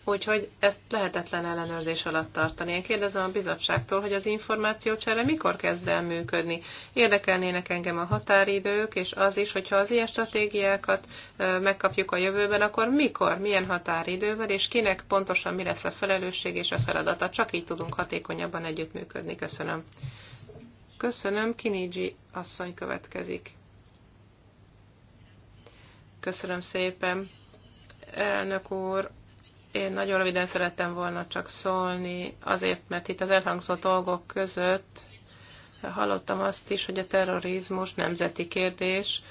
Úgyhogy ezt lehetetlen ellenőrzés alatt tartani. Én kérdezem a bizottságtól, hogy az információcsere mikor kezd el működni. Érdekelnének engem a határidők, és az is, hogyha az ilyen stratégiákat megkapjuk a jövőben, akkor mikor, milyen határidővel, és kinek pontosan mi lesz a felelősség és a feladata. Csak így tudunk hatékonyabban együttműködni. Köszönöm. Köszönöm. Kinigi asszony következik. Köszönöm szépen. Elnök úr, én nagyon röviden szerettem volna csak szólni, azért, mert itt az elhangzott dolgok között hallottam azt is, hogy a terrorizmus nemzeti kérdés,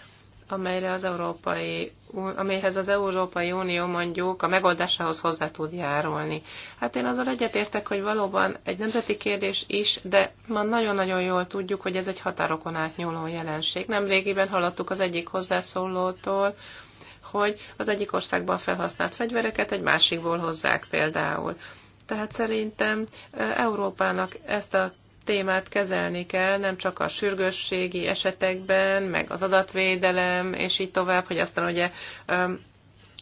amelyre az Európai, amelyhez az Európai Unió mondjuk a megoldásához hozzá tud járulni. Hát én azzal egyetértek, hogy valóban egy nemzeti kérdés is, de ma nagyon-nagyon jól tudjuk, hogy ez egy határokon átnyúló jelenség. Nem régiben hallottuk az egyik hozzászólótól, hogy az egyik országban felhasznált fegyvereket egy másikból hozzák például. Tehát szerintem Európának ezt a témát kezelni kell, nem csak a sürgősségi esetekben, meg az adatvédelem, és így tovább, hogy aztán ugye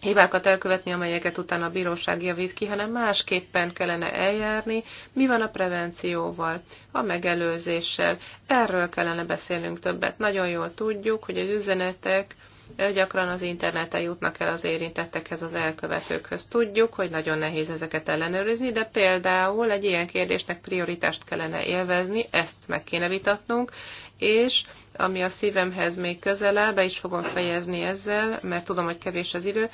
hibákat elkövetni, amelyeket utána a bíróság javít ki, hanem másképpen kellene eljárni, mi van a prevencióval, a megelőzéssel. Erről kellene beszélnünk többet. Nagyon jól tudjuk, hogy az üzenetek gyakran az interneten jutnak el az érintettekhez, az elkövetőkhöz. Tudjuk, hogy nagyon nehéz ezeket ellenőrizni, de például egy ilyen kérdésnek prioritást kellene élvezni, ezt meg kéne vitatnunk, és ami a szívemhez még közel áll, be is fogom fejezni ezzel, mert tudom, hogy kevés az idő,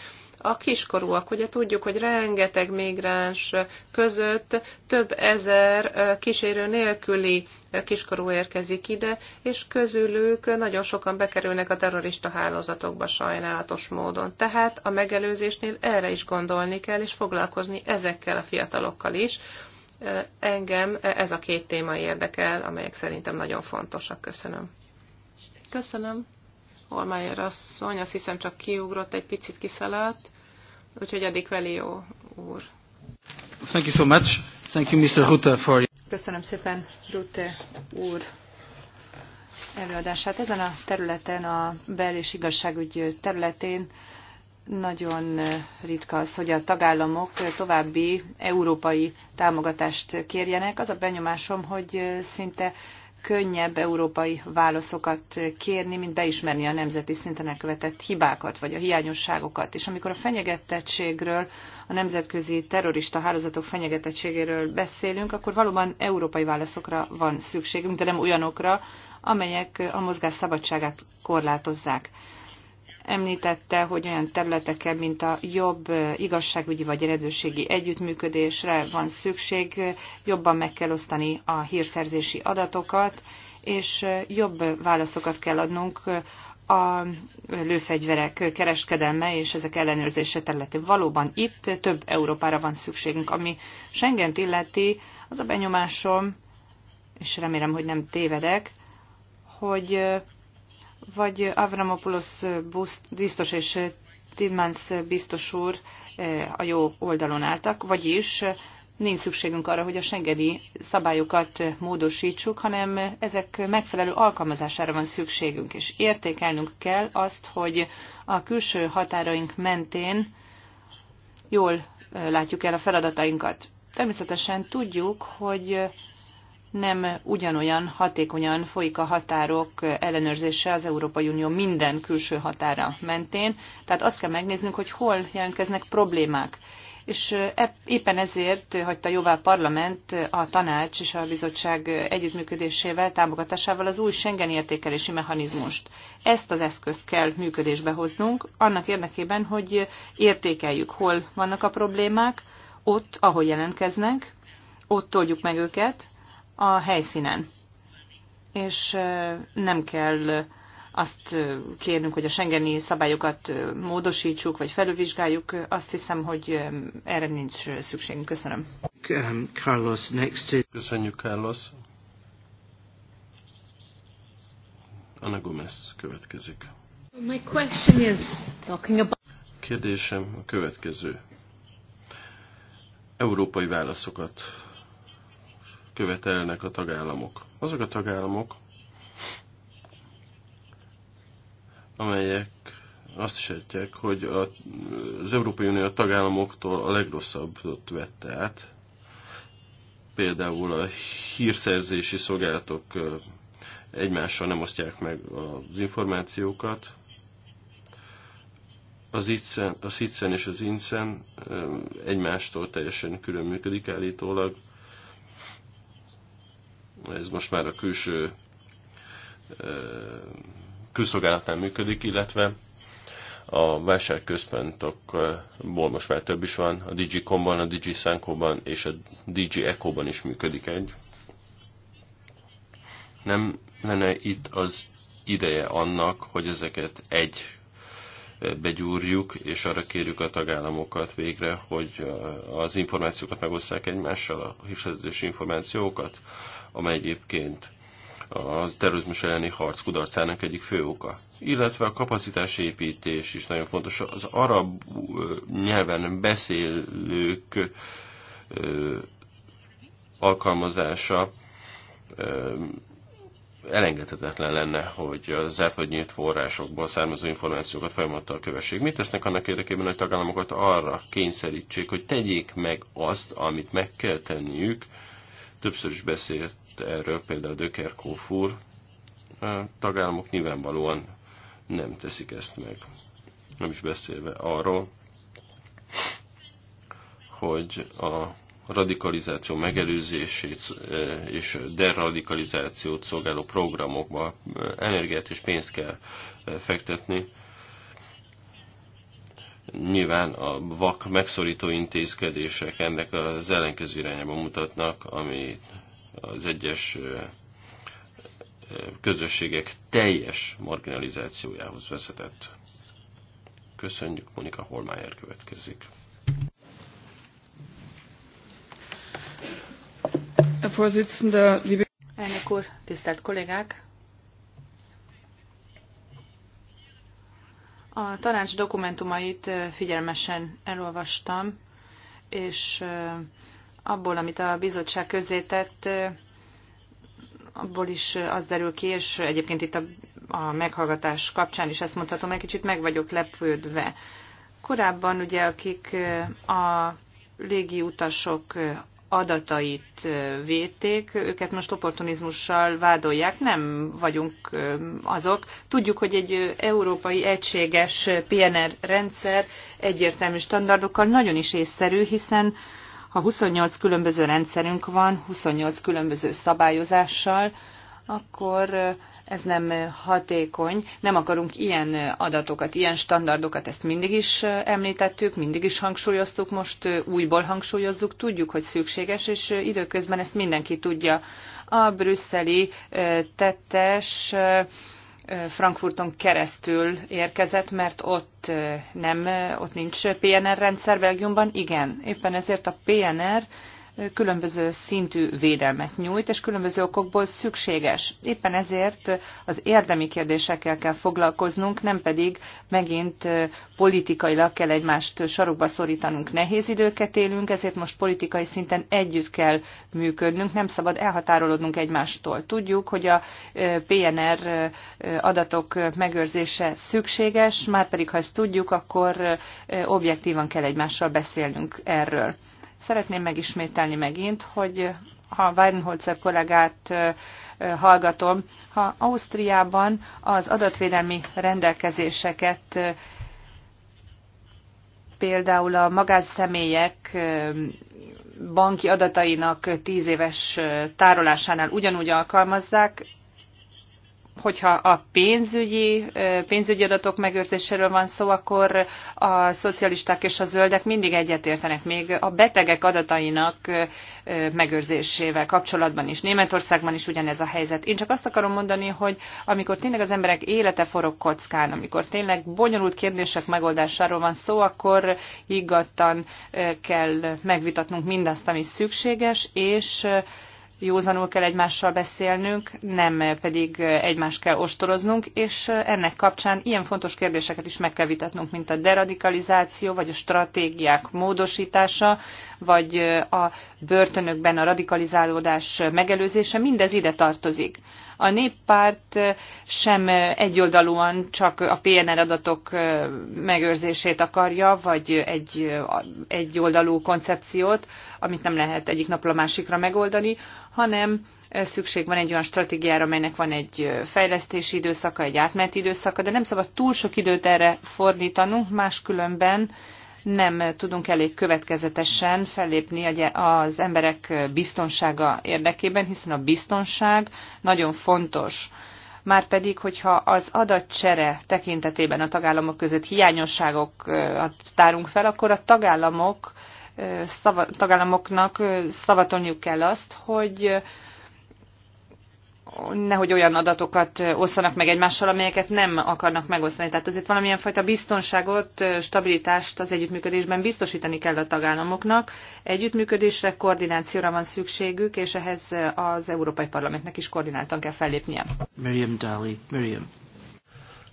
a kiskorúak. Ugye tudjuk, hogy rengeteg migráns között több ezer kísérő nélküli kiskorú érkezik ide, és közülük nagyon sokan bekerülnek a terrorista hálózatokba sajnálatos módon. Tehát a megelőzésnél erre is gondolni kell, és foglalkozni ezekkel a fiatalokkal is. Engem ez a két téma érdekel, amelyek szerintem nagyon fontosak. Köszönöm. Köszönöm. Olmájer asszony, azt hiszem csak kiugrott, egy picit kiszaladt. Úgyhogy addig jó úr.
Thank you so much. Thank you, Mr. Rutte, for
Köszönöm szépen, Rutte úr
előadását. Ezen a területen, a bel- és igazságügy területén nagyon ritka az, hogy a tagállamok további európai támogatást kérjenek. Az a benyomásom, hogy szinte könnyebb európai válaszokat kérni, mint beismerni a nemzeti szinten elkövetett hibákat, vagy a hiányosságokat. És amikor a fenyegetettségről, a nemzetközi terrorista hálózatok fenyegetettségéről beszélünk, akkor valóban európai válaszokra van szükségünk, de nem olyanokra, amelyek a mozgás szabadságát korlátozzák. Említette, hogy olyan területeken, mint a jobb igazságügyi vagy eredőségi együttműködésre van szükség, jobban meg kell osztani a hírszerzési adatokat, és jobb válaszokat kell adnunk a lőfegyverek kereskedelme és ezek ellenőrzése területén. Valóban itt több Európára van szükségünk, ami schengen illeti, az a benyomásom, és remélem, hogy nem tévedek, hogy vagy Avramopoulos biztos és Timmans biztos úr eh, a jó oldalon álltak, vagyis nincs szükségünk arra, hogy a sengedi szabályokat módosítsuk, hanem ezek megfelelő alkalmazására van szükségünk, és értékelnünk kell azt, hogy a külső határaink mentén jól eh, látjuk el a feladatainkat. Természetesen tudjuk, hogy nem ugyanolyan hatékonyan folyik a határok ellenőrzése az Európai Unió minden külső határa mentén. Tehát azt kell megnéznünk, hogy hol jelentkeznek problémák. És e- éppen ezért hagyta jóvá a parlament a tanács és a bizottság együttműködésével, támogatásával az új Schengen értékelési mechanizmust. Ezt az eszközt kell működésbe hoznunk, annak érdekében, hogy értékeljük, hol vannak a problémák, ott, ahol jelentkeznek, ott oldjuk meg őket, a helyszínen. És nem kell azt kérnünk, hogy a Schengeni szabályokat módosítsuk, vagy felülvizsgáljuk. Azt hiszem, hogy erre nincs szükségünk. Köszönöm.
Um, Carlos, next Köszönjük, Carlos. Anna Gomez következik.
My question is talking about...
Kérdésem a következő. Európai válaszokat követelnek a tagállamok. Azok a tagállamok, amelyek azt is ejtják, hogy a, az Európai Unió a tagállamoktól a legrosszabbat vette át, például a hírszerzési szolgálatok egymással nem osztják meg az információkat. Az ICEN, az SICEN és az INSEN egymástól teljesen külön működik állítólag ez most már a külső külszolgálatán működik, illetve a vásárközpontokból most már több is van, a Digicomban, a Digisankoban és a Digi echo ban is működik egy. Nem lenne itt az ideje annak, hogy ezeket egy begyúrjuk, és arra kérjük a tagállamokat végre, hogy az információkat megosszák egymással, a hírszerződési információkat, amely egyébként a terrorizmus elleni harc kudarcának egyik fő oka. Illetve a kapacitásépítés is nagyon fontos. Az arab nyelven beszélők alkalmazása elengedhetetlen lenne, hogy a zárt vagy nyílt forrásokból származó információkat folyamattal kövessék. Mit tesznek annak érdekében, hogy tagállamokat arra kényszerítsék, hogy tegyék meg azt, amit meg kell tenniük? Többször is beszélt szólt erről, például döker Kófúr, a tagállamok nyilvánvalóan nem teszik ezt meg. Nem is beszélve arról, hogy a radikalizáció megelőzését e, és deradikalizációt szolgáló programokba e, energiát és pénzt kell e, fektetni. Nyilván a vak megszorító intézkedések ennek az ellenkező irányába mutatnak, ami az egyes közösségek teljes marginalizációjához vezetett. Köszönjük, Monika Holmájer következik.
Elnök úr, tisztelt kollégák! A tanács dokumentumait figyelmesen elolvastam, és abból, amit a bizottság tett, abból is az derül ki, és egyébként itt a, a meghallgatás kapcsán is ezt mondhatom, egy kicsit meg vagyok lepődve. Korábban ugye, akik a légi utasok adatait védték, őket most opportunizmussal vádolják, nem vagyunk azok. Tudjuk, hogy egy európai egységes PNR rendszer egyértelmű standardokkal nagyon is észszerű, hiszen ha 28 különböző rendszerünk van, 28 különböző szabályozással, akkor ez nem hatékony. Nem akarunk ilyen adatokat, ilyen standardokat, ezt mindig is említettük, mindig is hangsúlyoztuk, most újból hangsúlyozzuk, tudjuk, hogy szükséges, és időközben ezt mindenki tudja. A brüsszeli tettes Frankfurton keresztül érkezett, mert ott nem, ott nincs PNR rendszer Belgiumban. Igen, éppen ezért a PNR különböző szintű védelmet nyújt, és különböző okokból szükséges. Éppen ezért az érdemi kérdésekkel kell foglalkoznunk, nem pedig megint politikailag kell egymást sarokba szorítanunk. Nehéz időket élünk, ezért most politikai szinten együtt kell működnünk, nem szabad elhatárolódnunk egymástól. Tudjuk, hogy a PNR adatok megőrzése szükséges, már pedig ha ezt tudjuk, akkor objektívan kell egymással beszélnünk erről. Szeretném megismételni megint, hogy ha Weidenholzer kollégát hallgatom, ha Ausztriában az adatvédelmi rendelkezéseket például a magánszemélyek banki adatainak tíz éves tárolásánál ugyanúgy alkalmazzák, hogyha a pénzügyi, pénzügyi adatok megőrzéséről van szó, akkor a szocialisták és a zöldek mindig egyetértenek, még a betegek adatainak megőrzésével kapcsolatban is. Németországban is ugyanez a helyzet. Én csak azt akarom mondani, hogy amikor tényleg az emberek élete forog kockán, amikor tényleg bonyolult kérdések megoldásáról van szó, akkor higgadtan kell megvitatnunk mindazt, ami szükséges, és józanul kell egymással beszélnünk, nem pedig egymást kell ostoroznunk, és ennek kapcsán ilyen fontos kérdéseket is meg kell vitatnunk, mint a deradikalizáció, vagy a stratégiák módosítása, vagy a börtönökben a radikalizálódás megelőzése, mindez ide tartozik. A néppárt sem egyoldalúan csak a PNR adatok megőrzését akarja, vagy egy egyoldalú koncepciót, amit nem lehet egyik napra a másikra megoldani, hanem eh, szükség van egy olyan stratégiára, amelynek van egy eh, fejlesztési időszaka, egy átmeneti időszaka, de nem szabad túl sok időt erre fordítanunk, máskülönben nem tudunk elég következetesen fellépni az emberek eh, biztonsága érdekében, hiszen a biztonság nagyon fontos. Márpedig, hogyha az adatcsere tekintetében a tagállamok között hiányosságokat tárunk fel, akkor a tagállamok tagállamoknak szavatolniuk kell azt, hogy nehogy olyan adatokat osszanak meg egymással, amelyeket nem akarnak megosztani. Tehát azért valamilyen fajta biztonságot, stabilitást az együttműködésben biztosítani kell a tagállamoknak. Együttműködésre, koordinációra van szükségük, és ehhez az Európai Parlamentnek is koordináltan kell fellépnie.
Miriam Dali, Miriam.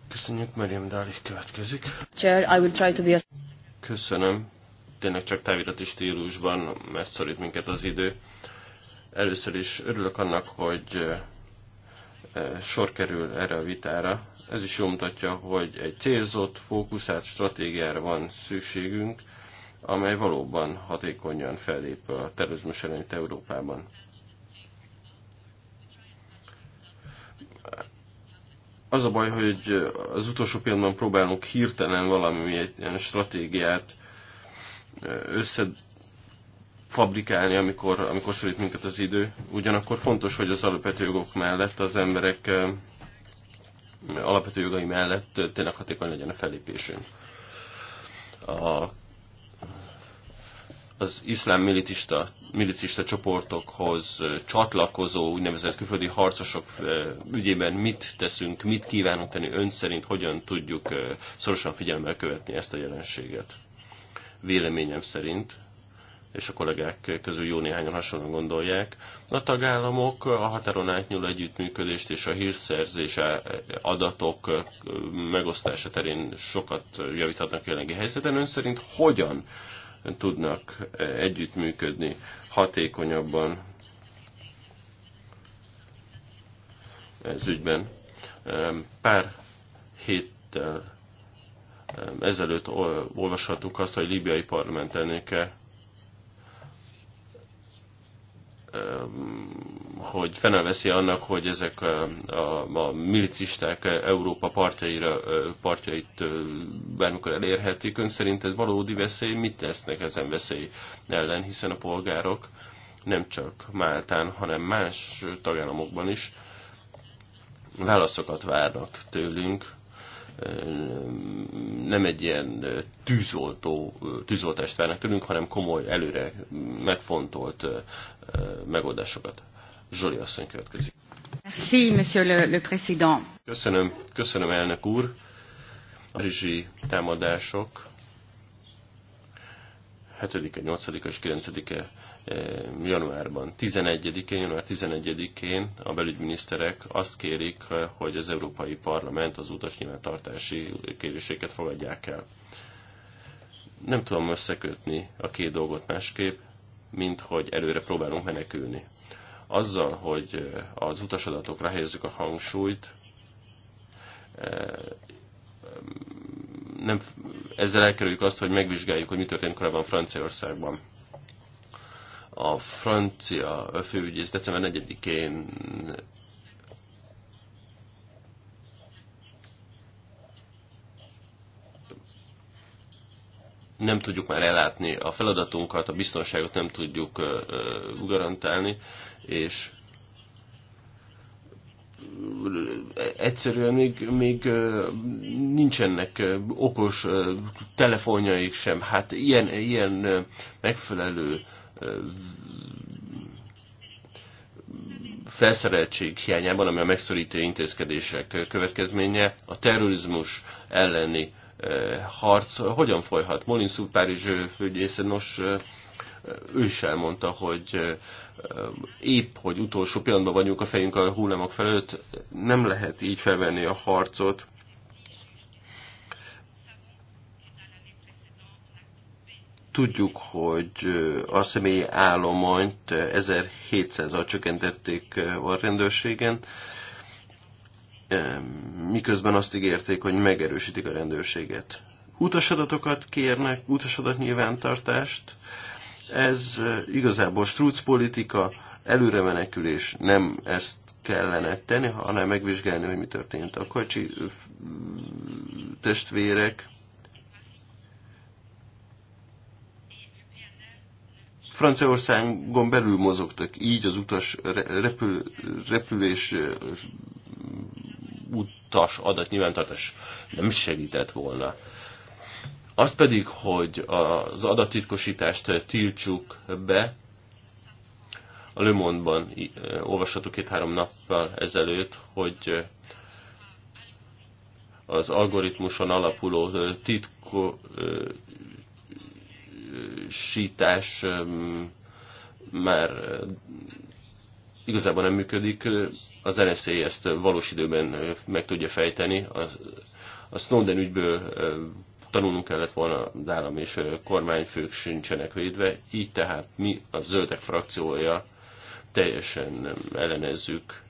Köszönjük, Miriam Dali következik.
Chair, I will try to be a... Köszönöm, tényleg csak távirati stílusban, mert szorít minket az idő. Először is örülök annak, hogy sor kerül erre a vitára. Ez is jól mutatja, hogy egy célzott, fókuszált stratégiára van szükségünk, amely valóban hatékonyan fellép a terrorizmus ellenit Európában. Az a baj, hogy az utolsó pillanatban próbálunk hirtelen ilyen stratégiát összefabrikálni, amikor, amikor szorít minket az idő. Ugyanakkor fontos, hogy az alapvető jogok mellett az emberek alapvető jogai mellett tényleg hatékony legyen a fellépésünk. A, az iszlám militista, milicista csoportokhoz csatlakozó úgynevezett külföldi harcosok ügyében mit teszünk, mit kívánunk tenni ön szerint, hogyan tudjuk szorosan figyelemmel követni ezt a jelenséget? véleményem szerint, és a kollégák közül jó néhányan hasonlóan gondolják, a tagállamok a határon átnyúló együttműködést és a hírszerzés adatok megosztása terén sokat javíthatnak jelenlegi helyzeten. Ön szerint hogyan tudnak együttműködni hatékonyabban ez ügyben? Pár héttel ezelőtt olvashattuk azt, hogy libiai parlament elnöke hogy fenelveszi annak, hogy ezek a, a, a milicisták Európa partjaira, partjait bármikor elérhetik. Ön szerint ez valódi veszély? Mit tesznek ezen veszély ellen? Hiszen a polgárok nem csak Máltán, hanem más tagállamokban is válaszokat várnak tőlünk, nem egy ilyen tűzoltó, tűzoltást várnak tőlünk, hanem komoly, előre megfontolt megoldásokat. Zsoli asszony következik.
Merci, monsieur le, le président.
Köszönöm, köszönöm elnök úr. A rizsi támadások 7-e, 8 e és 9-e eh, januárban. 11-én, január 11-én a belügyminiszterek azt kérik, eh, hogy az Európai Parlament az utas nyilvántartási kérdéseket fogadják el. Nem tudom összekötni a két dolgot másképp, mint hogy előre próbálunk menekülni. Azzal, hogy eh, az utasadatokra helyezzük a hangsúlyt, nem, ezzel elkerüljük azt, hogy megvizsgáljuk, hogy mi történt korábban Franciaországban. A francia főügyész december 4-én nem tudjuk már ellátni a feladatunkat, a biztonságot nem tudjuk garantálni, és egyszerűen még, még nincsenek okos telefonjaik sem. Hát ilyen, ilyen megfelelő felszereltség hiányában, ami a megszorító intézkedések következménye, a terrorizmus elleni harc hogyan folyhat? Molinszú Párizs főgyésze, nos, ő is elmondta, hogy épp, hogy utolsó pillanatban vagyunk a fejünk a hullámok felőtt, nem lehet így felvenni a harcot. Tudjuk, hogy a személyi állományt 1700-al csökkentették a rendőrségen, miközben azt ígérték, hogy megerősítik a rendőrséget. Utasadatokat kérnek, utasadat nyilvántartást, ez igazából strúc politika, menekülés, nem ezt kellene tenni, hanem megvizsgálni, hogy mi történt. A kacsi testvérek Franciaországon belül mozogtak, így az utas repül, repülés utas adatnyilvántartás nem segített volna az pedig, hogy az adattitkosítást tiltsuk be, a Le Monde-ban olvasható két-három nappal ezelőtt, hogy az algoritmuson alapuló titkosítás már igazából nem működik. Az NSA ezt valós időben meg tudja fejteni. A Snowden ügyből tanulnunk kellett volna, az állam és kormányfők sincsenek védve, így tehát mi a zöldek frakciója teljesen ellenezzük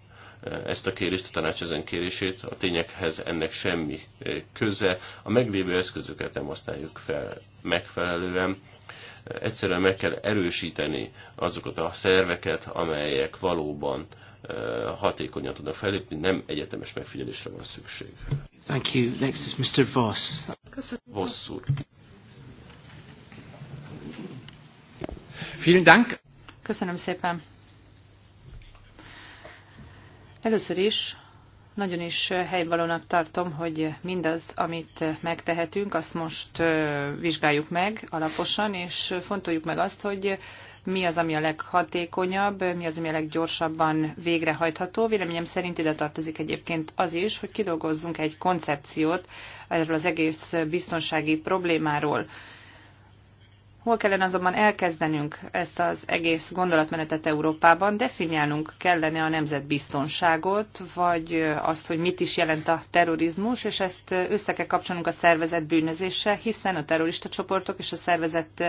ezt a kérést, a tanács ezen kérését, a tényekhez ennek semmi köze, a meglévő eszközöket nem használjuk fel megfelelően, egyszerűen meg kell erősíteni azokat a szerveket, amelyek valóban hatékonyan tudnak felépni, nem egyetemes megfigyelésre van szükség.
Thank you. Next is Mr. Voss. Köszönöm.
Voss
úr. Vielen Dank.
Köszönöm szépen. Először is nagyon is helyvalónak tartom, hogy mindaz, amit megtehetünk, azt most vizsgáljuk meg alaposan, és fontoljuk meg azt, hogy mi az, ami a leghatékonyabb, mi az, ami a leggyorsabban végrehajtható. Véleményem szerint ide tartozik egyébként az is, hogy kidolgozzunk egy koncepciót erről az egész biztonsági problémáról Hol kellene azonban elkezdenünk ezt az egész gondolatmenetet Európában, definiálnunk kellene a nemzetbiztonságot, vagy azt, hogy mit is jelent a terrorizmus, és ezt össze kell kapcsolnunk a szervezet bűnözéssel, hiszen a terrorista csoportok és a szervezett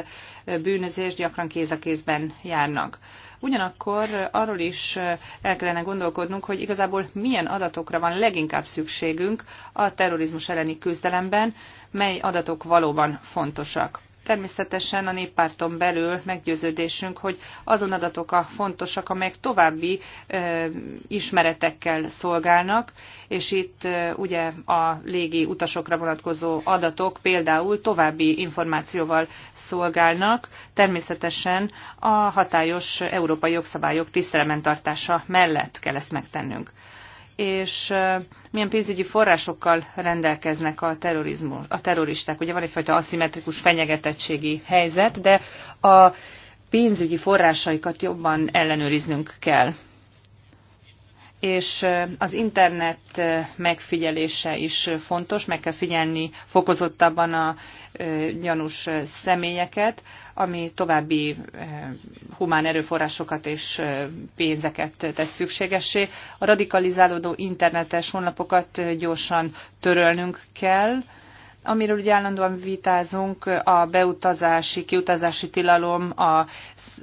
bűnözés gyakran kéz a kézben járnak. Ugyanakkor arról is el kellene gondolkodnunk, hogy igazából milyen adatokra van leginkább szükségünk a terrorizmus elleni küzdelemben, mely adatok valóban fontosak Természetesen a néppárton belül meggyőződésünk, hogy azon adatok a fontosak, amelyek további ö, ismeretekkel szolgálnak, és itt ö, ugye a légi utasokra vonatkozó adatok például további információval szolgálnak, természetesen a hatályos európai jogszabályok tisztelemen tartása mellett kell ezt megtennünk és milyen pénzügyi forrásokkal rendelkeznek a, terrorizmus, a terroristák. Ugye van egyfajta aszimmetrikus fenyegetettségi helyzet, de a pénzügyi forrásaikat jobban ellenőriznünk kell és az internet megfigyelése is fontos, meg kell figyelni fokozottabban a gyanús személyeket, ami további humán erőforrásokat és pénzeket tesz szükségessé. A radikalizálódó internetes honlapokat gyorsan törölnünk kell, amiről ugye állandóan vitázunk, a beutazási, kiutazási tilalom, a,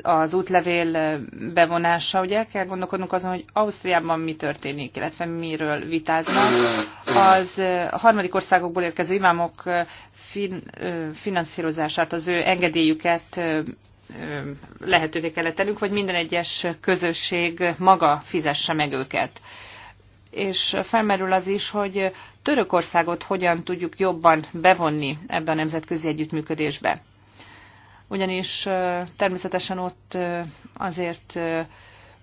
az útlevél bevonása, ugye el kell gondolkodnunk azon, hogy Ausztriában mi történik, illetve miről vitáznak. Az a harmadik országokból érkező imámok fin, finanszírozását, az ő engedélyüket lehetővé kellett tennünk, vagy minden egyes közösség maga fizesse meg őket és felmerül az is, hogy Törökországot hogyan tudjuk jobban bevonni ebbe a nemzetközi együttműködésbe. Ugyanis természetesen ott azért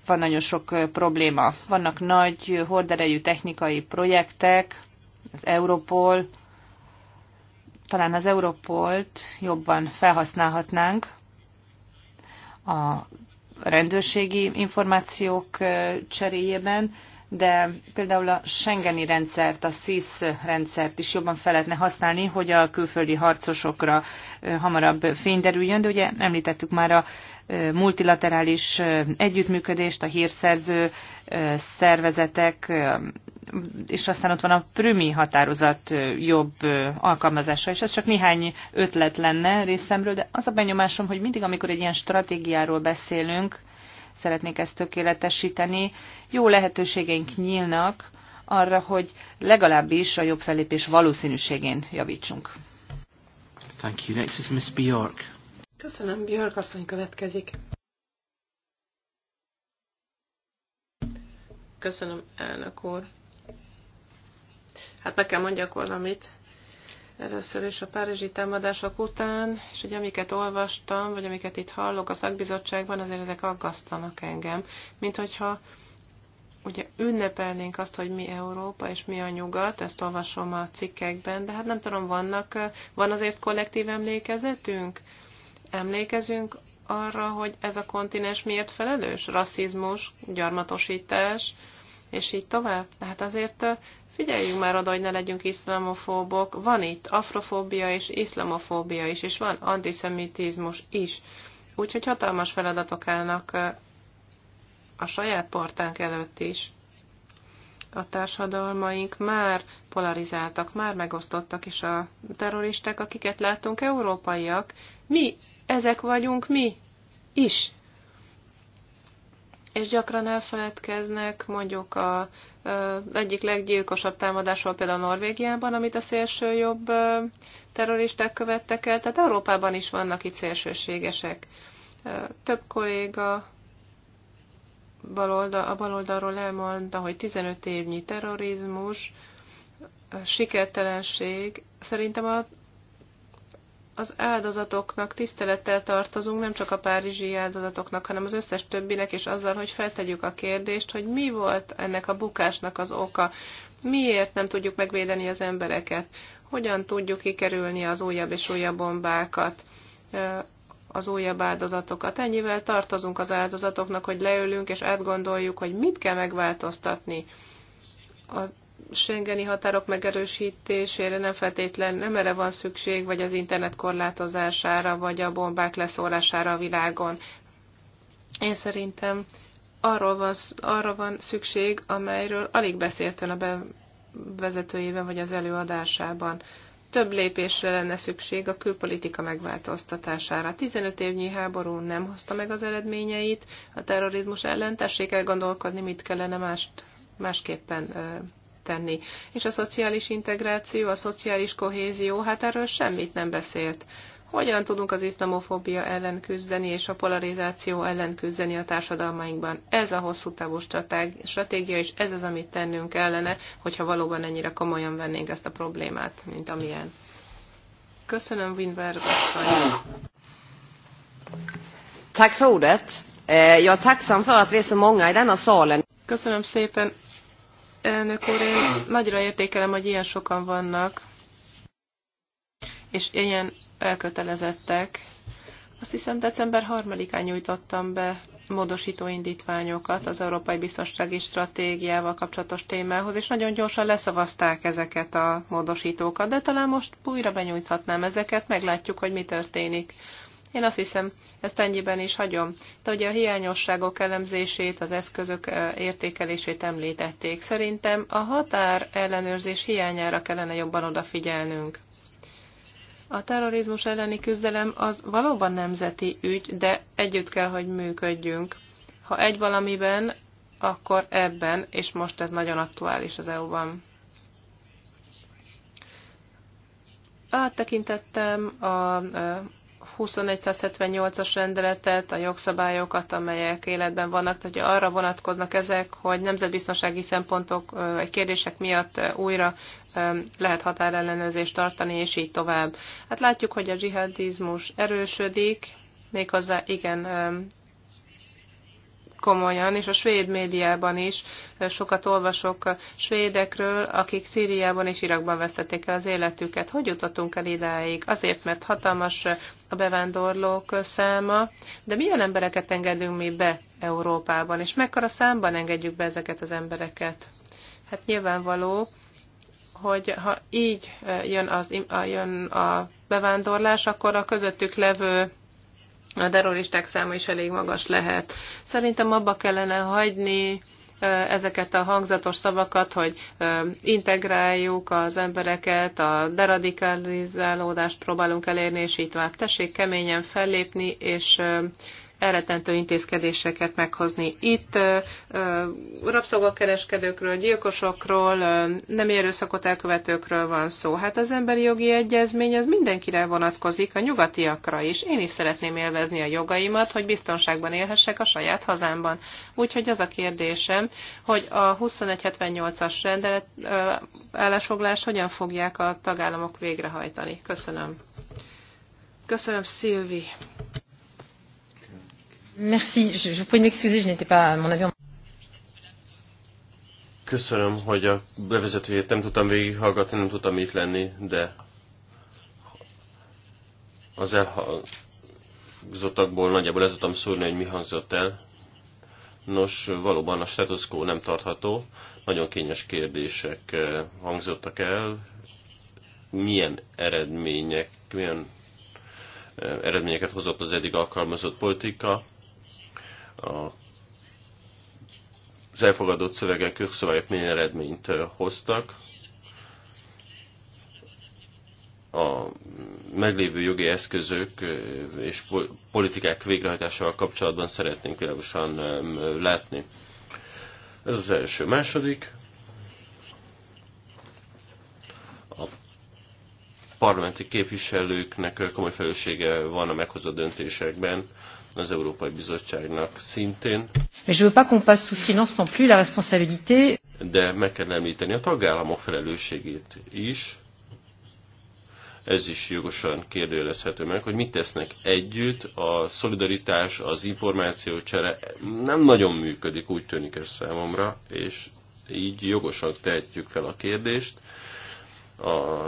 van nagyon sok probléma. Vannak nagy horderejű technikai projektek, az Europol, talán az Europolt jobban felhasználhatnánk a rendőrségi információk cseréjében, de például a Schengeni rendszert, a SIS rendszert is jobban fel lehetne használni, hogy a külföldi harcosokra hamarabb fény derüljön, de ugye említettük már a multilaterális együttműködést, a hírszerző szervezetek, és aztán ott van a prümi határozat jobb alkalmazása, és ez csak néhány ötlet lenne részemről, de az a benyomásom, hogy mindig, amikor egy ilyen stratégiáról beszélünk, szeretnék ezt tökéletesíteni. Jó lehetőségeink nyílnak arra, hogy legalábbis a jobb felépés valószínűségén javítsunk.
Thank you. Next is Miss Bjork.
Köszönöm, Björk asszony következik. Köszönöm, elnök úr. Hát meg kell mondjak valamit. Először is a párizsi támadások után, és ugye amiket olvastam, vagy amiket itt hallok a szakbizottságban, azért ezek aggasztanak engem. Mint hogyha ugye ünnepelnénk azt, hogy mi Európa és mi a nyugat, ezt olvasom a cikkekben, de hát nem tudom, vannak, van azért kollektív emlékezetünk? Emlékezünk arra, hogy ez a kontinens miért felelős? Rasszizmus, gyarmatosítás, és így tovább. Tehát azért figyeljünk már oda, hogy ne legyünk iszlamofóbok. Van itt afrofóbia és iszlamofóbia is, és van antiszemitizmus is. Úgyhogy hatalmas feladatok állnak a saját portánk előtt is. A társadalmaink már polarizáltak, már megosztottak, és a terroristák, akiket látunk, európaiak, mi ezek vagyunk mi is és gyakran elfeledkeznek mondjuk a egyik leggyilkosabb támadásról például Norvégiában, amit a szélső jobb terroristák követtek el, tehát Európában is vannak itt szélsőségesek. Több kolléga baloldal, a baloldalról elmondta, hogy 15 évnyi terrorizmus, sikertelenség. Szerintem a az áldozatoknak tisztelettel tartozunk, nem csak a párizsi áldozatoknak, hanem az összes többinek, és azzal, hogy feltegyük a kérdést, hogy mi volt ennek a bukásnak az oka, miért nem tudjuk megvédeni az embereket, hogyan tudjuk kikerülni az újabb és újabb bombákat, az újabb áldozatokat. Ennyivel tartozunk az áldozatoknak, hogy leülünk és átgondoljuk, hogy mit kell megváltoztatni az Schengeni határok megerősítésére nem feltétlen, nem erre van szükség, vagy az internet korlátozására, vagy a bombák leszórására a világon. Én szerintem arról van, arra van szükség, amelyről alig beszéltem a bevezetőjében, vagy az előadásában. Több lépésre lenne szükség a külpolitika megváltoztatására. 15 évnyi háború nem hozta meg az eredményeit a terrorizmus ellen. Tessék elgondolkodni, mit kellene mást, másképpen tenni. És a szociális integráció, a szociális kohézió, hát erről semmit nem beszélt. Hogyan tudunk az iszlamofóbia ellen küzdeni és a polarizáció ellen küzdeni a társadalmainkban? Ez a hosszú távú stratégia, és ez az, amit tennünk kellene, hogyha valóban ennyire komolyan vennénk ezt a problémát, mint amilyen. Köszönöm, Winberg asszony. Tack för ordet. Eh, jag är tacksam för att vi är så många i denna salen. Köszönöm szépen, Elnök úr, én nagyra értékelem, hogy ilyen sokan vannak, és ilyen elkötelezettek. Azt hiszem, december 3-án nyújtottam be módosító indítványokat az Európai Biztonsági Stratégiával kapcsolatos témához, és nagyon gyorsan leszavazták ezeket a módosítókat, de talán most újra benyújthatnám ezeket, meglátjuk, hogy mi történik. Én azt hiszem, ezt ennyiben is hagyom. De ugye a hiányosságok elemzését, az eszközök értékelését említették. Szerintem a határ ellenőrzés hiányára kellene jobban odafigyelnünk. A terrorizmus elleni küzdelem az valóban nemzeti ügy, de együtt kell, hogy működjünk. Ha egy valamiben, akkor ebben, és most ez nagyon aktuális az EU-ban. Áttekintettem a 2178-as rendeletet, a jogszabályokat, amelyek életben vannak, tehát arra vonatkoznak ezek, hogy nemzetbiztonsági szempontok egy kérdések miatt újra lehet határellenőrzést tartani, és így tovább. Hát látjuk, hogy a zsihadizmus erősödik, méghozzá igen komolyan, és a svéd médiában is sokat olvasok svédekről, akik Szíriában és Irakban vesztették el az életüket. Hogy jutottunk el idáig? Azért, mert hatalmas a bevándorlók száma, de milyen embereket engedünk mi be Európában, és mekkora számban engedjük be ezeket az embereket? Hát nyilvánvaló, hogy ha így jön, az, jön a bevándorlás, akkor a közöttük levő a terroristák száma is elég magas lehet. Szerintem abba kellene hagyni, ezeket a hangzatos szavakat, hogy integráljuk az embereket, a deradikalizálódást próbálunk elérni, és így tovább. Tessék keményen fellépni, és elretentő intézkedéseket meghozni. Itt rabszolgakereskedőkről, gyilkosokról, nem erőszakot elkövetőkről van szó. Hát az emberi jogi egyezmény az mindenkire vonatkozik, a nyugatiakra is. Én is szeretném élvezni a jogaimat, hogy biztonságban élhessek a saját hazámban. Úgyhogy az a kérdésem, hogy a 2178-as rendelet állásfoglalás hogyan fogják a tagállamok végrehajtani. Köszönöm. Köszönöm, Szilvi.
Köszönöm, hogy a bevezetőjét nem tudtam végighallgatni, nem tudtam itt lenni, de az elhangzottakból nagyjából le tudtam szúrni, hogy mi hangzott el. Nos, valóban a status quo nem tartható, nagyon kényes kérdések eh, hangzottak el, milyen eredmények, milyen eh, eredményeket hozott az eddig alkalmazott politika, az elfogadott szövegek, közszövegek milyen eredményt hoztak. A meglévő jogi eszközök és politikák végrehajtásával kapcsolatban szeretnénk világosan látni. Ez az első. Második. A parlamenti képviselőknek komoly felelőssége van a meghozott döntésekben az Európai Bizottságnak szintén.
Mais je veux pas qu'on passe sous silence non plus la responsabilité.
De meg kell említeni a tagállamok felelősségét is. Ez is jogosan kérdőjelezhető meg, hogy mit tesznek együtt. A szolidaritás, az információcsere nem nagyon működik, úgy tűnik ez számomra, és így jogosan tehetjük fel a kérdést. A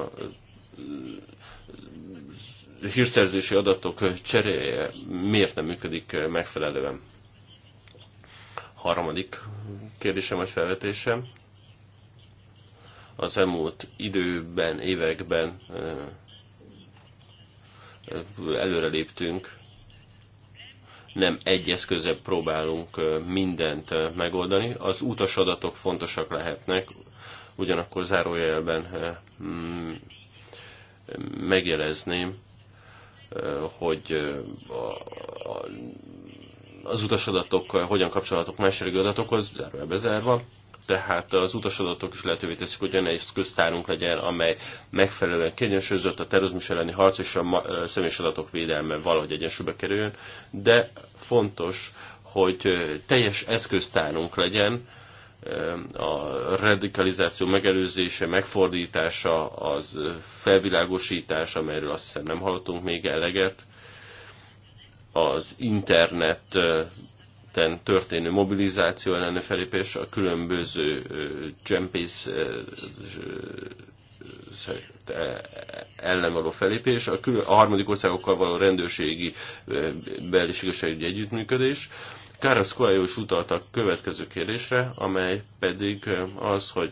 hírszerzési adatok cseréje miért nem működik megfelelően? Harmadik kérdésem vagy felvetésem. Az elmúlt időben, években előreléptünk. Nem egy eszközzel próbálunk mindent megoldani. Az utas adatok fontosak lehetnek, ugyanakkor zárójelben mm, megjelezném, hogy az utasadatok hogyan kapcsolatok más adatokhoz, zárva bezárva, tehát az utasadatok is lehetővé teszik, hogy olyan egy köztárunk legyen, amely megfelelően kényesözött a terrorizmus elleni harc és a személyes adatok védelme valahogy egyensúlybe kerüljön, de fontos, hogy teljes eszköztárunk legyen, a radikalizáció megelőzése, megfordítása, az felvilágosítás, amelyről azt hiszem nem hallottunk még eleget, az interneten történő mobilizáció elleni felépés, a különböző csempész ellen való felépés, a, külön, a harmadik országokkal való rendőrségi belisigasságügyi együttműködés, Káros Koelyó is utalt a következő kérdésre, amely pedig az, hogy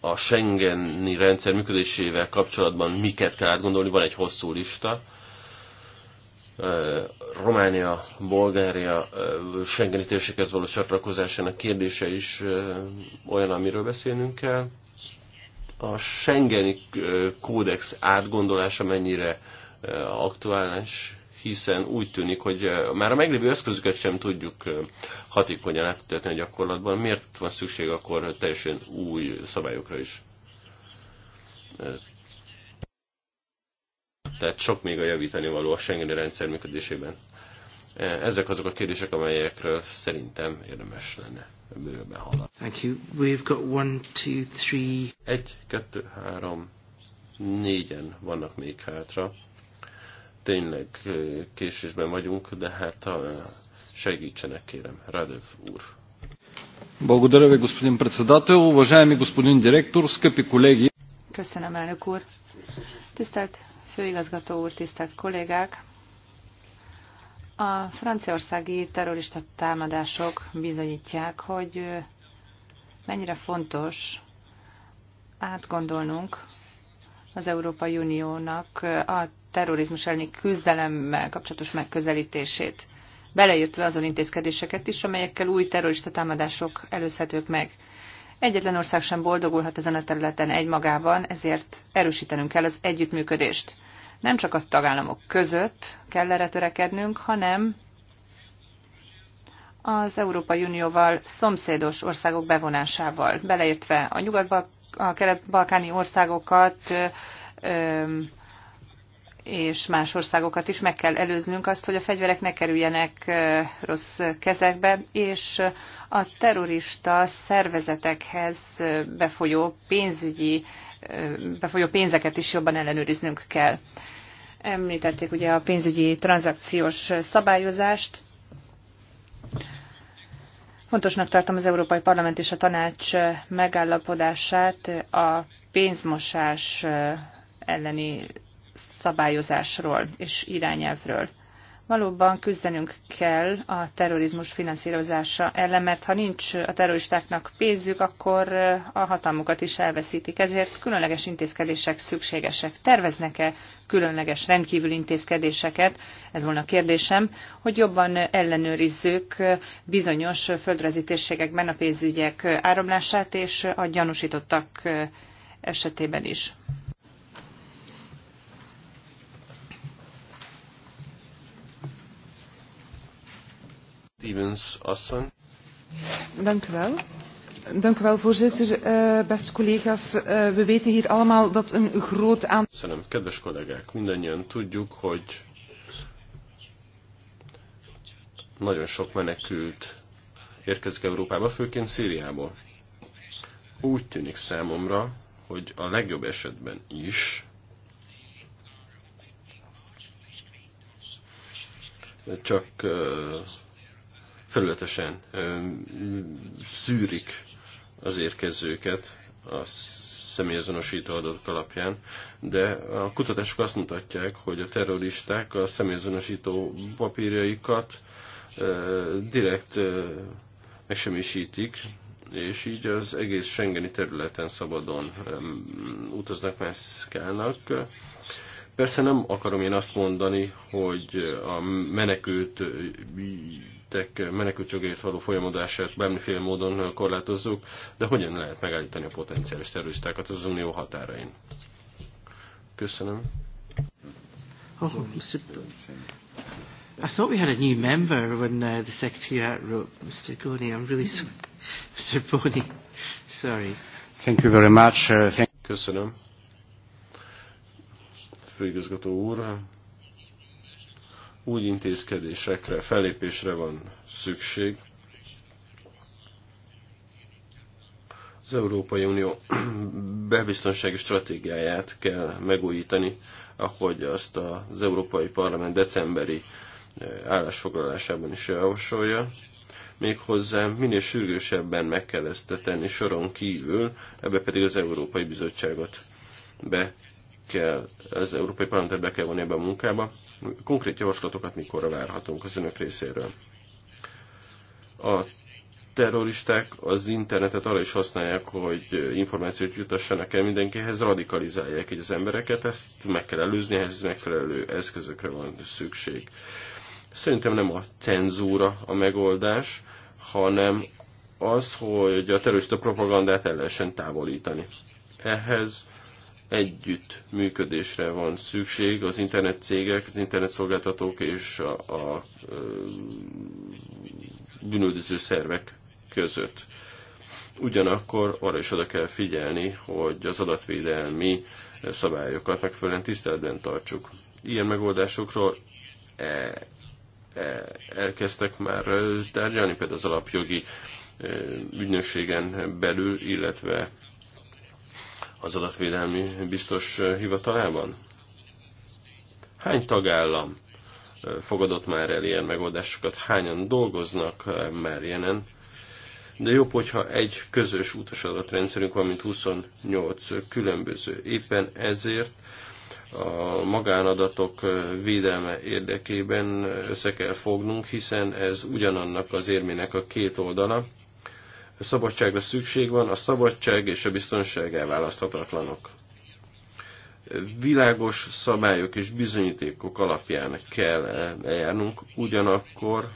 a Schengeni rendszer működésével kapcsolatban miket kell átgondolni, van egy hosszú lista. Románia, Bulgária Schengeni térséghez való csatlakozásának kérdése is olyan, amiről beszélnünk kell. A Schengeni kódex átgondolása mennyire aktuális, hiszen úgy tűnik, hogy már a meglévő eszközöket sem tudjuk hatékonyan áttetni a gyakorlatban. Miért van szükség akkor teljesen új szabályokra is? Tehát sok még a javítani való a Schengeni rendszer működésében. Ezek azok a kérdések, amelyekről szerintem érdemes lenne bővebben
hallani. Thank you. We've got one, two, three. Egy,
kettő, három, négyen vannak még hátra tényleg késésben vagyunk, de hát segítsenek kérem, Radev úr.
Благодаря ви, господин председател. Уважаеми господин директор, скъпи колеги.
Köszönöm, elnök úr. Tisztelt főigazgató úr, tisztelt kollégák! A franciaországi terrorista támadások bizonyítják, hogy mennyire fontos átgondolnunk az Európai Uniónak a terrorizmus elleni küzdelemmel kapcsolatos megközelítését, beleértve azon intézkedéseket is, amelyekkel új terrorista támadások előzhetők meg. Egyetlen ország sem boldogulhat ezen a területen egymagában, ezért erősítenünk kell az együttműködést. Nem csak a tagállamok között kell erre törekednünk, hanem az Európai Unióval szomszédos országok bevonásával, beleértve a nyugat-balkáni országokat, és más országokat is meg kell előznünk azt, hogy a fegyverek ne kerüljenek rossz kezekbe, és a terrorista szervezetekhez befolyó pénzügyi, befolyó pénzeket is jobban ellenőriznünk kell. Említették ugye a pénzügyi tranzakciós szabályozást. Fontosnak tartom az Európai Parlament és a Tanács megállapodását a pénzmosás elleni szabályozásról és irányelvről. Valóban küzdenünk kell a terrorizmus finanszírozása ellen, mert ha nincs a terroristáknak pénzük, akkor eh, a hatalmukat is elveszítik. Ezért különleges intézkedések szükségesek. Terveznek-e különleges rendkívül intézkedéseket, ez volna a kérdésem, hogy jobban ellenőrizzük eh, bizonyos földrajzi térségekben a pénzügyek áramlását és a gyanúsítottak eh, esetében is.
Stevens asszony.
Dank u wel. Dank u wel, voorzitter. Uh, beste collega's, uh, we weten hier allemaal dat een groot aantal...
Köszönöm, kedves kollégák, mindannyian tudjuk, hogy nagyon sok menekült érkezik Európába, főként Szíriából. Úgy tűnik számomra, hogy a legjobb esetben is csak uh, felületesen szűrik az érkezőket a személyazonosító adatok alapján, de a kutatások azt mutatják, hogy a terroristák a személyazonosító papírjaikat direkt megsemmisítik, és így az egész Schengeni területen szabadon utaznak, mászkálnak. Persze nem akarom én azt mondani, hogy a menekült menekültek menekültjogért való folyamodását bármiféle módon korlátozzuk, de hogyan lehet megállítani a potenciális terroristákat az
unió határain? Köszönöm. Oh, I thought we had a new member when uh, the Secretariat wrote Mr. Goni. I'm really sorry. Mr. Boni. Sorry. Thank you very much. Uh, thank Köszönöm. Főigazgató úr,
új intézkedésekre, fellépésre van szükség. Az Európai Unió bebiztonsági stratégiáját kell megújítani, ahogy azt az Európai Parlament decemberi eh, állásfoglalásában is javasolja. Méghozzá minél sürgősebben meg kell ezt tenni soron kívül, ebbe pedig az Európai Bizottságot be kell, az Európai Parlamentet be kell vonni ebbe a munkába konkrét javaslatokat mikorra várhatunk az önök részéről. A terroristák az internetet arra is használják, hogy információt jutassanak el mindenkihez, radikalizálják így az embereket, ezt meg kell előzni, ehhez megfelelő eszközökre van szükség. Szerintem nem a cenzúra a megoldás, hanem az, hogy a terrorista propagandát el lehessen távolítani. Ehhez együttműködésre van szükség az internet cégek, az internet szolgáltatók és a, a, a bűnöldöző szervek között. Ugyanakkor arra is oda kell figyelni, hogy az adatvédelmi szabályokat megfelelően tiszteletben tartsuk. Ilyen megoldásokról e, e, elkezdtek már tárgyalni, például az alapjogi ügynökségen belül, illetve az adatvédelmi biztos hivatalában? Hány tagállam fogadott már el ilyen megoldásokat, hányan dolgoznak már ilyenen, de jobb, hogyha egy közös adatrendszerünk van, mint 28 különböző. Éppen ezért a magánadatok védelme érdekében össze kell fognunk, hiszen ez ugyanannak az érmének a két oldala. A szabadságra szükség van, a szabadság és a biztonság elválaszthatatlanok. Világos szabályok és bizonyítékok alapján kell eljárnunk, ugyanakkor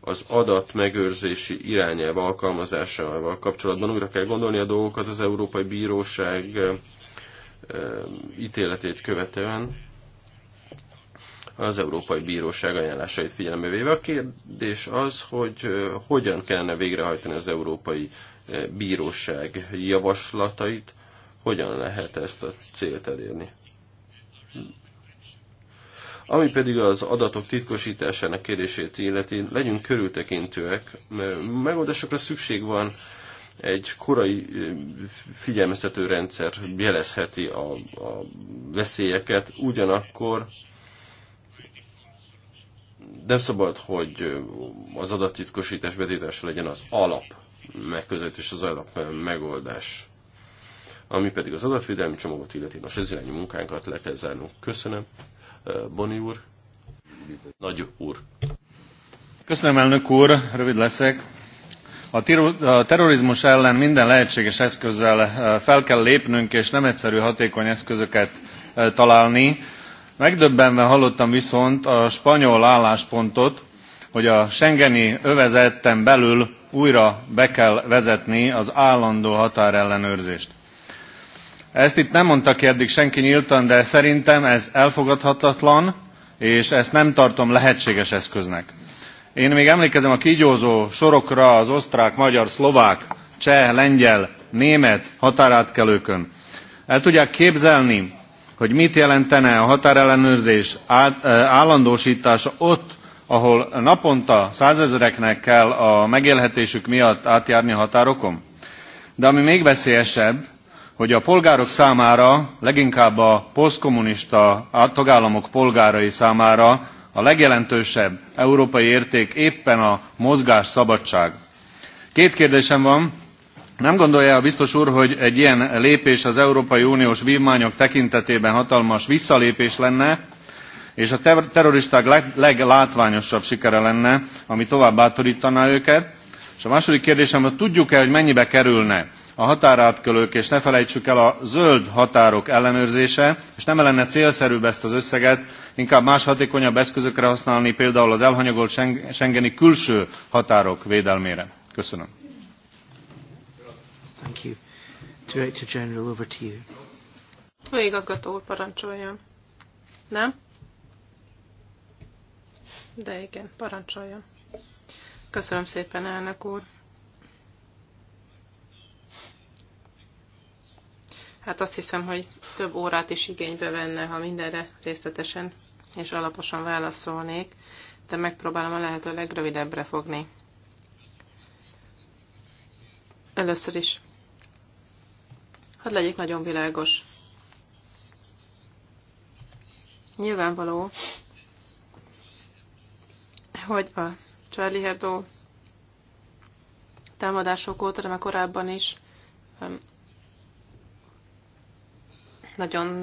az megőrzési irányelv alkalmazásával kapcsolatban újra kell gondolni a dolgokat az Európai Bíróság ítéletét követően az Európai Bíróság ajánlásait figyelembe véve. A kérdés az, hogy hogyan kellene végrehajtani az Európai Bíróság javaslatait, hogyan lehet ezt a célt elérni. Ami pedig az adatok titkosításának kérdését illeti, legyünk körültekintőek. Megoldásokra szükség van, egy korai figyelmeztető rendszer jelezheti a, a veszélyeket, ugyanakkor nem szabad, hogy az adattitkosítás betétása legyen az alap megközelítés, az alap megoldás. Ami pedig az adatvédelmi csomagot illeti, most ez irányú munkánkat le kell zárnunk. Köszönöm, Boni úr. Nagy úr.
Köszönöm, elnök úr, rövid leszek. A terrorizmus ellen minden lehetséges eszközzel fel kell lépnünk, és nem egyszerű hatékony eszközöket találni Megdöbbenve hallottam viszont a spanyol álláspontot, hogy a Schengeni övezetten belül újra be kell vezetni az állandó határellenőrzést. Ezt itt nem mondta ki eddig senki nyíltan, de szerintem ez elfogadhatatlan, és ezt nem tartom lehetséges eszköznek. Én még emlékezem a kígyózó sorokra az osztrák, magyar, szlovák, cseh, lengyel, német határátkelőkön. El tudják képzelni, hogy mit jelentene a határellenőrzés állandósítása ott ahol naponta százezereknek kell a megélhetésük miatt átjárni a határokon? De ami még veszélyesebb, hogy a polgárok számára, leginkább a posztkommunista tagállamok polgárai számára a legjelentősebb európai érték éppen a mozgás szabadság. Két kérdésem van, nem gondolja a biztos úr hogy egy ilyen lépés az európai uniós vvmányok tekintetében hatalmas visszalépés lenne és a terroristák leglátványosabb sikere lenne ami tovább bátortaná őket? és a második kérdésem hogy tudjuk e hogy mennyibe kerülne a határátkelők és ne felejtsük el a zöld határok ellenőrzése és nem lenne célszerűbb ezt az összeget inkább más hatékonyabb eszközökre használni például az elhanyagolt schengeni külső határok védelmére? köszönöm.
Thank you. Director General, over to you.
Főigazgató úr, parancsoljon. Nem? De igen, parancsoljon. Köszönöm szépen, elnök úr. Hát azt hiszem, hogy több órát is igénybe venne, ha mindenre részletesen és alaposan válaszolnék, de megpróbálom a lehető legrövidebbre fogni. Először is Hadd hát legyek nagyon világos. Nyilvánvaló, hogy a Charlie Hebdo támadások óta, de már korábban is nagyon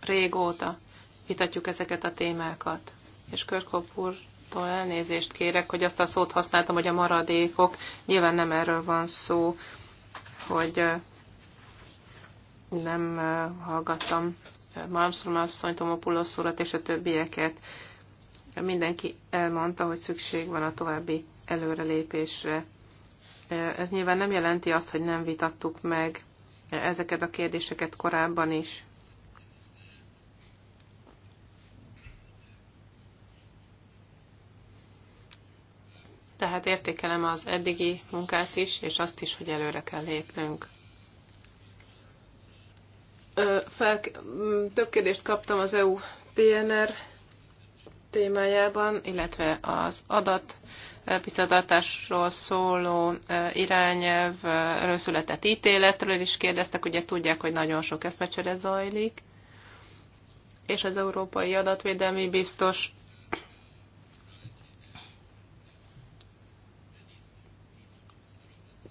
régóta vitatjuk ezeket a témákat. És Körkop úrtól elnézést kérek, hogy azt a szót használtam, hogy a maradékok, nyilván nem erről van szó, hogy nem eh, hallgattam eh, Malmström asszonyt, Tomopulos és a többieket. Mindenki elmondta, hogy szükség van a további előrelépésre. Eh, ez nyilván nem jelenti azt, hogy nem vitattuk meg ezeket a kérdéseket korábban is. Tehát értékelem az eddigi munkát is, és azt is, hogy előre kell lépnünk fel, mm, több kérdést kaptam az EU PNR témájában, illetve az adat visszatartásról szóló irányelvről született ítéletről is kérdeztek, ugye tudják, hogy nagyon sok eszmecsere zajlik, és az Európai Adatvédelmi Biztos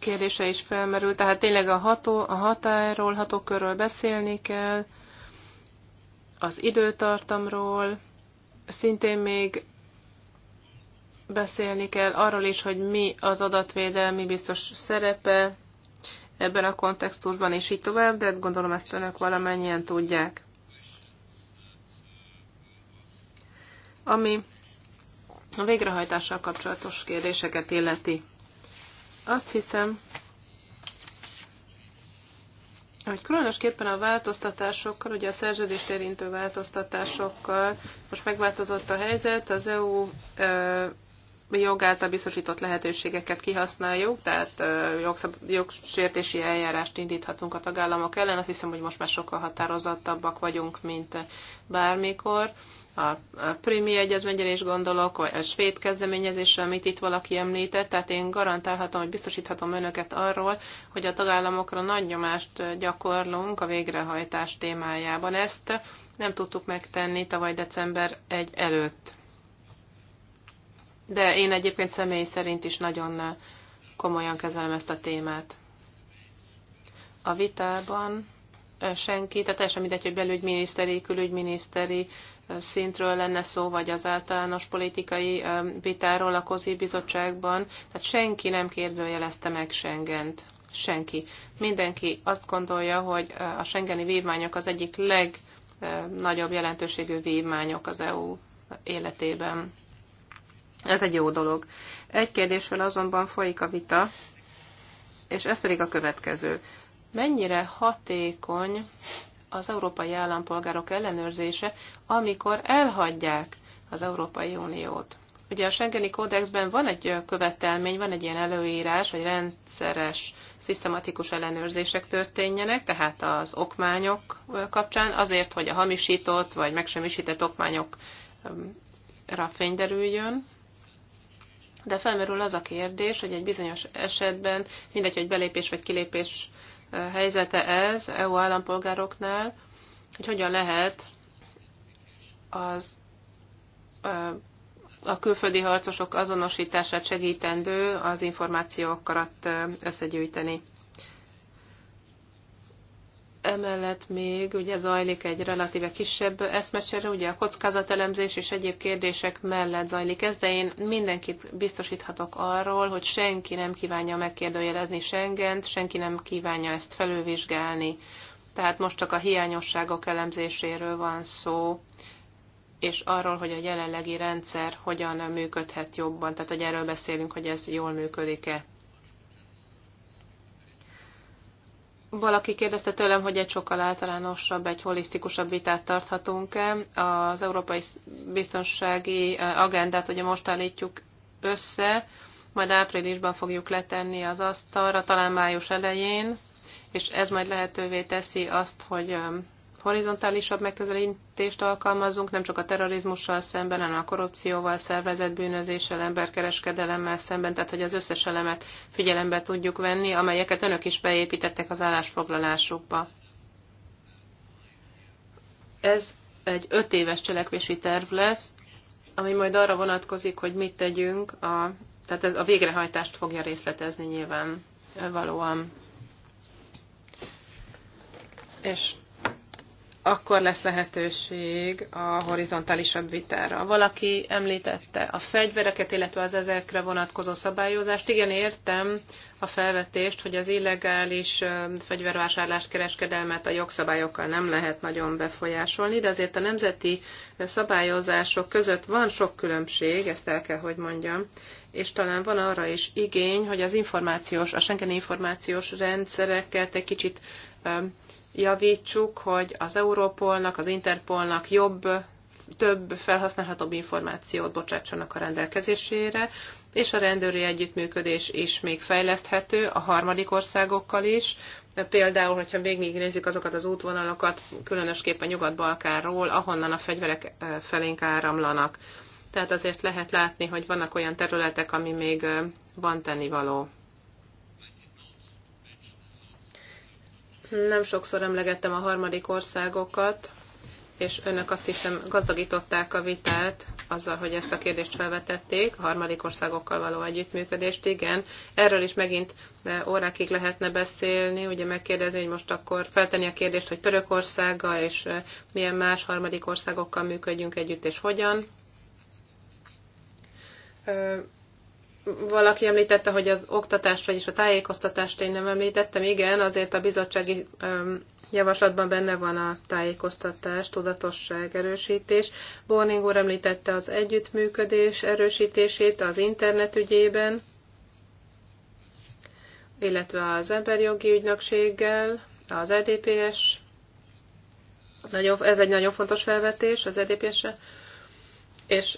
kérdése is felmerült, tehát tényleg a, ható, a határól, hatókörről beszélni kell, az időtartamról, szintén még beszélni kell arról is, hogy mi az adatvédelmi biztos szerepe ebben a kontextusban, és így tovább, de hát gondolom ezt önök valamennyien tudják. Ami a végrehajtással kapcsolatos kérdéseket illeti. Azt hiszem, hogy különösképpen a változtatásokkal, ugye a szerződést érintő változtatásokkal most megváltozott a helyzet, az EU ö, biztosított lehetőségeket kihasználjuk, tehát jogsértési eljárást indíthatunk a tagállamok ellen. Azt hiszem, hogy most már sokkal határozottabbak vagyunk, mint bármikor a, a Primi egyezményre is gondolok, vagy a svéd kezdeményezésre, amit itt valaki említett, tehát én garantálhatom, hogy biztosíthatom önöket arról, hogy a tagállamokra nagy nyomást gyakorlunk a végrehajtás témájában. Ezt nem tudtuk megtenni tavaly december 1 előtt. De én egyébként személy szerint is nagyon komolyan kezelem ezt a témát. A vitában senki, tehát teljesen mindegy, hogy belügyminiszteri, külügyminiszteri szintről lenne szó, vagy az általános politikai vitáról a Kozi bizottságban, tehát senki nem kérdőjelezte meg Schengent. Senki. Mindenki azt gondolja, hogy a Schengeni vívmányok az egyik legnagyobb jelentőségű vívmányok az EU életében. Ez egy jó dolog. Egy kérdésről azonban folyik a vita, és ez pedig a következő mennyire hatékony az európai állampolgárok ellenőrzése, amikor elhagyják az Európai Uniót. Ugye a Schengeni Kódexben van egy követelmény, van egy ilyen előírás, hogy rendszeres, szisztematikus ellenőrzések történjenek, tehát az okmányok kapcsán, azért, hogy a hamisított vagy megsemmisített okmányokra derüljön. De felmerül az a kérdés, hogy egy bizonyos esetben, mindegy, hogy belépés vagy kilépés helyzete ez EU állampolgároknál, hogy hogyan lehet az a külföldi harcosok azonosítását segítendő az információkat összegyűjteni. Emellett még ugye zajlik egy relatíve kisebb eszmecsere, ugye a kockázatelemzés és egyéb kérdések mellett zajlik ez, de én mindenkit biztosíthatok arról, hogy senki nem kívánja megkérdőjelezni Schengent, senki nem kívánja ezt felülvizsgálni. Tehát most csak a hiányosságok elemzéséről van szó, és arról, hogy a jelenlegi rendszer hogyan működhet jobban. Tehát, hogy erről beszélünk, hogy ez jól működik-e. Valaki kérdezte tőlem, hogy egy sokkal általánosabb, egy holisztikusabb vitát tarthatunk-e. Az európai biztonsági eh, agendát ugye most állítjuk össze, majd áprilisban fogjuk letenni az asztalra, talán május elején, és ez majd lehetővé teszi azt, hogy eh, horizontálisabb megközelítést alkalmazunk, nem csak a terrorizmussal szemben, hanem a korrupcióval, szervezetbűnözéssel, emberkereskedelemmel szemben, tehát hogy az összes elemet figyelembe tudjuk venni, amelyeket önök is beépítettek az állásfoglalásukba. Ez egy öt éves cselekvési terv lesz, ami majd arra vonatkozik, hogy mit tegyünk, a, tehát ez a végrehajtást fogja részletezni nyilván valóan. És akkor lesz lehetőség a horizontálisabb vitára. Valaki említette a fegyvereket, illetve az ezekre vonatkozó szabályozást. Igen, értem a felvetést, hogy az illegális fegyvervásárlás kereskedelmet a jogszabályokkal nem lehet nagyon befolyásolni, de azért a nemzeti szabályozások között van sok különbség, ezt el kell, hogy mondjam, és talán van arra is igény, hogy az információs, a Schengen információs rendszereket egy kicsit javítsuk, hogy az Európolnak, az Interpolnak jobb, több felhasználhatóbb információt bocsátsanak a rendelkezésére, és a rendőri együttműködés is még fejleszthető a harmadik országokkal is. Például, hogyha nézzük azokat az útvonalakat, különösképpen Nyugat-Balkánról, ahonnan a fegyverek felénk áramlanak. Tehát azért lehet látni, hogy vannak olyan területek, ami még van tennivaló. Nem sokszor emlegettem a harmadik országokat, és önök azt hiszem gazdagították a vitát azzal, hogy ezt a kérdést felvetették, a harmadik országokkal való együttműködést, igen. Erről is megint órákig lehetne beszélni, ugye megkérdezni, hogy most akkor feltenni a kérdést, hogy Törökországgal és milyen más harmadik országokkal működjünk együtt, és hogyan valaki említette, hogy az oktatást, vagyis a tájékoztatást én nem említettem. Igen, azért a bizottsági javaslatban benne van a tájékoztatás, tudatosság erősítés. Borning úr említette az együttműködés erősítését az internet ügyében, illetve az emberjogi ügynökséggel, az EDPS. Nagyon, ez egy nagyon fontos felvetés az EDPS-re. És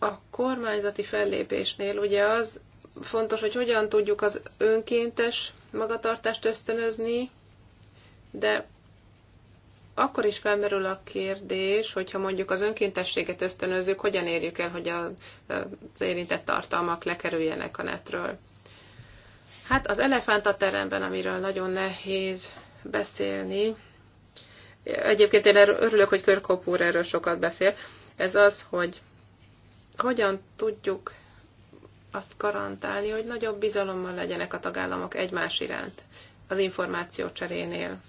a kormányzati fellépésnél ugye az fontos, hogy hogyan tudjuk az önkéntes magatartást ösztönözni, de akkor is felmerül a kérdés, hogyha mondjuk az önkéntességet ösztönözzük, hogyan érjük el, hogy az érintett tartalmak lekerüljenek a netről. Hát az elefánt a teremben, amiről nagyon nehéz beszélni. Egyébként én örülök, hogy Körkopúr erről sokat beszél. Ez az, hogy hogyan tudjuk azt garantálni, hogy nagyobb bizalommal legyenek a tagállamok egymás iránt az információ cserénél.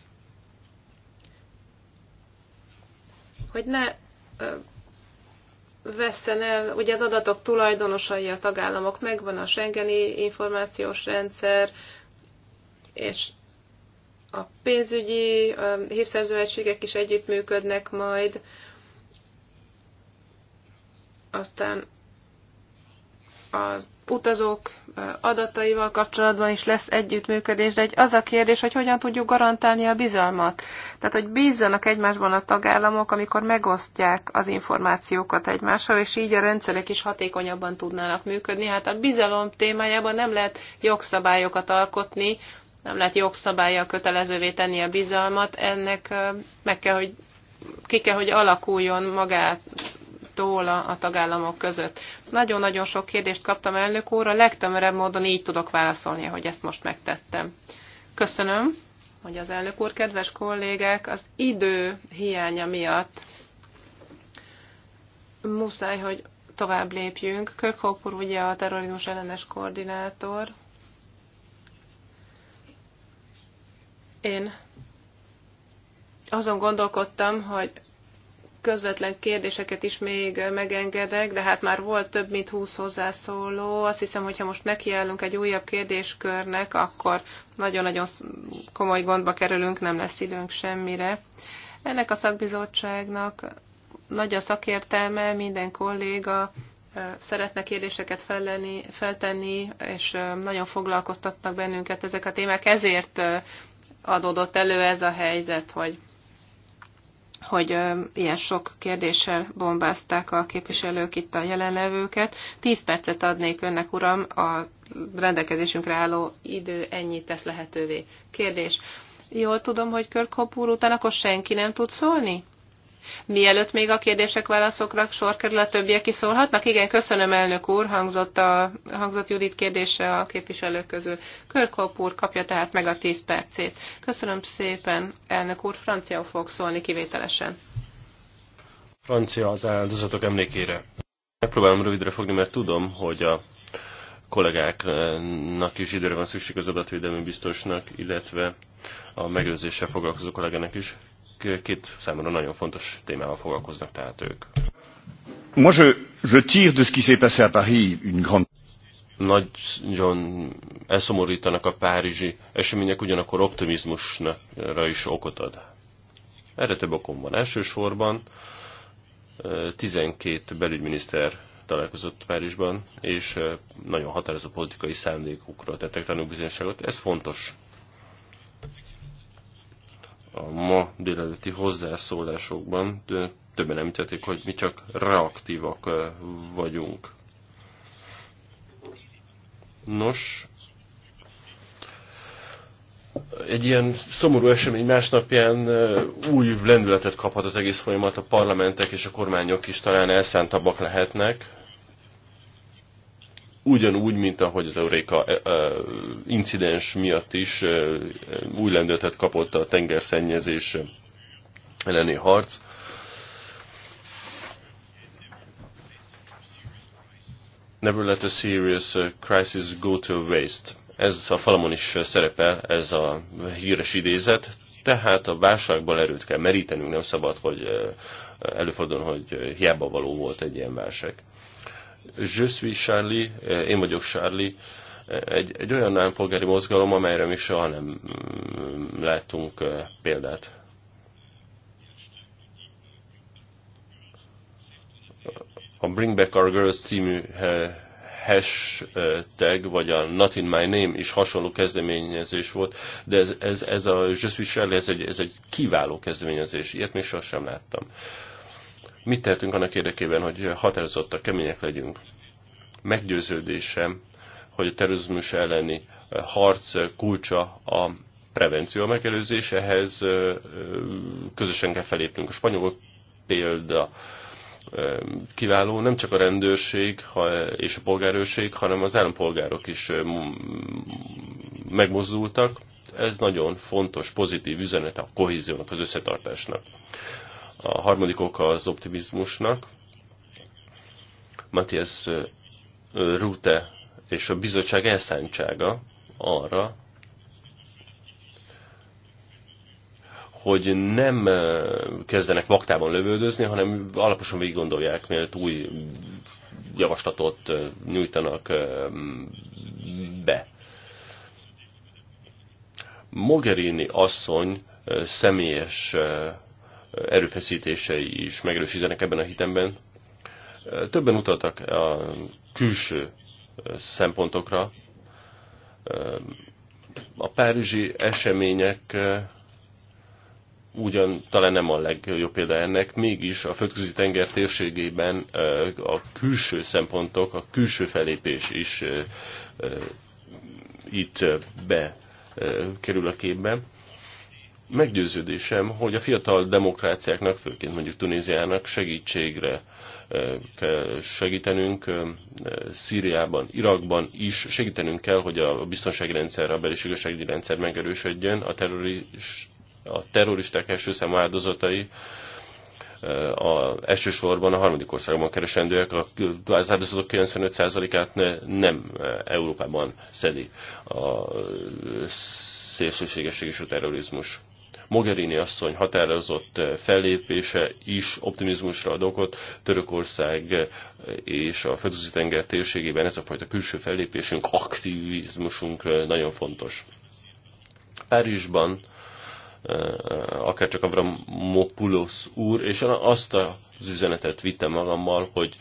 Hogy ne vesszen el, ugye az adatok tulajdonosai a tagállamok, megvan a Schengeni információs rendszer, és a pénzügyi hírszerző egységek is együttműködnek majd, aztán az utazók adataival kapcsolatban is lesz együttműködés, de egy az a kérdés, hogy hogyan tudjuk garantálni a bizalmat. Tehát, hogy bízzanak egymásban a tagállamok, amikor megosztják az információkat egymással, és így a rendszerek is hatékonyabban tudnának működni. Hát a bizalom témájában nem lehet jogszabályokat alkotni, nem lehet jogszabályjal kötelezővé tenni a bizalmat, ennek meg kell, hogy ki kell, hogy alakuljon magát tól a, a tagállamok között. Nagyon-nagyon sok kérdést kaptam elnök úr, a legtömörebb módon így tudok válaszolni, hogy ezt most megtettem. Köszönöm, hogy az elnök úr, kedves kollégák, az idő hiánya miatt muszáj, hogy tovább lépjünk. Kirkhope úr ugye a terrorizmus ellenes koordinátor. Én azon gondolkodtam, hogy közvetlen kérdéseket is még megengedek, de hát már volt több mint 20 hozzászóló. Azt hiszem, hogyha most nekiállunk egy újabb kérdéskörnek, akkor nagyon-nagyon komoly gondba kerülünk, nem lesz időnk semmire. Ennek a szakbizottságnak nagy a szakértelme, minden kolléga szeretne kérdéseket felleni, feltenni, és nagyon foglalkoztatnak bennünket ezek a témák, ezért adódott elő ez a helyzet, hogy hogy ilyen sok kérdéssel bombázták a képviselők itt a jelenlevőket. Tíz percet adnék önnek, uram, a rendelkezésünkre álló idő ennyit tesz lehetővé. Kérdés. Jól tudom, hogy Körkhop után akkor senki nem tud szólni? Mielőtt még a kérdések válaszokra sor kerül, a többiek is szólhatnak? Igen, köszönöm elnök úr, hangzott, a, hangzott Judit kérdése a képviselők közül. Körkop úr kapja tehát meg a 10 percét. Köszönöm szépen, elnök úr, franciául fog szólni kivételesen.
Francia az áldozatok emlékére. Megpróbálom rövidre fogni, mert tudom, hogy a kollégáknak is időre van szükség az adatvédelmi biztosnak, illetve a megőrzéssel foglalkozó kollégának is két számomra nagyon fontos témával foglalkoznak tehát ők.
Moi, je, je tire de ce qui s'est passé à Paris une grande nagyon
elszomorítanak a párizsi események, ugyanakkor optimizmusra is okot ad. Erre több okom van. Elsősorban 12 belügyminiszter találkozott Párizsban, és nagyon határozott politikai szándékukra tettek tanúbizonyságot. Ez fontos a ma délelőtti hozzászólásokban többen említették, hogy mi csak reaktívak vagyunk. Nos, egy ilyen szomorú esemény másnapján új lendületet kaphat az egész folyamat, a parlamentek és a kormányok is talán elszántabbak lehetnek ugyanúgy, mint ahogy az Euréka e, e, incidens miatt is e, új lendületet kapott a tengerszennyezés elleni harc. Never let a serious crisis go to waste. Ez a falamon is szerepel, ez a híres idézet. Tehát a válságból erőt kell merítenünk, nem szabad, hogy előfordul, hogy hiába való volt egy ilyen válság. Je suis Charlie, eh, én vagyok Charlie, eh, egy, egy olyan állampolgári mozgalom, amelyre mi soha nem mm, láttunk eh, példát. A Bring Back Our Girls című hashtag, vagy a Not In My Name is hasonló kezdeményezés volt, de ez, ez, ez a Je suis Charlie, ez egy, ez egy kiváló kezdeményezés. Ilyet még sohasem láttam. Uh, Mit tehetünk annak érdekében, hogy határozottak, kemények legyünk? Meggyőződésem, hogy a terrorizmus elleni harc kulcsa a prevenció, megelőzésehez megelőzés, ehhez közösen kell felépnünk. A spanyolok példa kiváló, nem csak a rendőrség és a polgárőrség, hanem az állampolgárok is megmozdultak. Ez nagyon fontos, pozitív üzenet a kohéziónak, az összetartásnak. A harmadik oka az optimizmusnak. Matthias Rute és a bizottság elszántsága arra, hogy nem kezdenek vaktában lövöldözni, hanem alaposan végig gondolják, mielőtt új javaslatot nyújtanak be. Mogherini asszony személyes erőfeszítései is megerősítenek ebben a hitemben. Többen utaltak a külső szempontokra. A párizsi események ugyan talán nem a legjobb példa ennek, mégis a földközi tenger térségében a külső szempontok, a külső felépés is itt be kerül a képbe. Meggyőződésem, hogy a fiatal demokráciáknak, főként mondjuk Tunéziának segítségre eh, kell segítenünk, eh, Szíriában, Irakban is segítenünk kell, hogy a biztonsági rendszer, a belis igazságügyi rendszer megerősödjön, a, terroris, a terroristák első számú áldozatai, eh, a, elsősorban a harmadik országban keresendőek, az áldozatok 95%-át ne, nem Európában szedi a szélsőségesség és a terrorizmus. Mogherini asszony határozott eh, fellépése is optimizmusra ad okot. Törökország eh, és a földközi tenger térségében ez a fajta külső fellépésünk, aktivizmusunk eh, nagyon fontos. Párizsban akár csak Avramopoulos úr, és azt a az üzenetet vittem magammal, hogy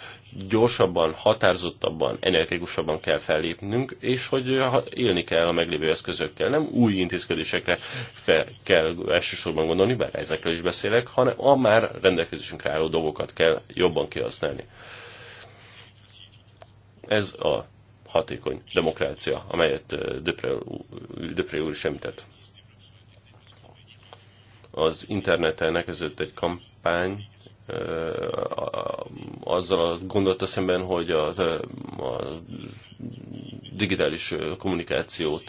gyorsabban, határozottabban, energikusabban kell fellépnünk, és hogy élni kell a meglévő eszközökkel. Nem új intézkedésekre fel kell elsősorban gondolni, bár ezekről is beszélek, hanem a már rendelkezésünkre álló dolgokat kell jobban kihasználni. Ez a hatékony demokrácia, amelyet eh, Döpré, úr is említett. Az interneten elkezdődött egy kampány, azzal a gondolta szemben, hogy a, a digitális kommunikációt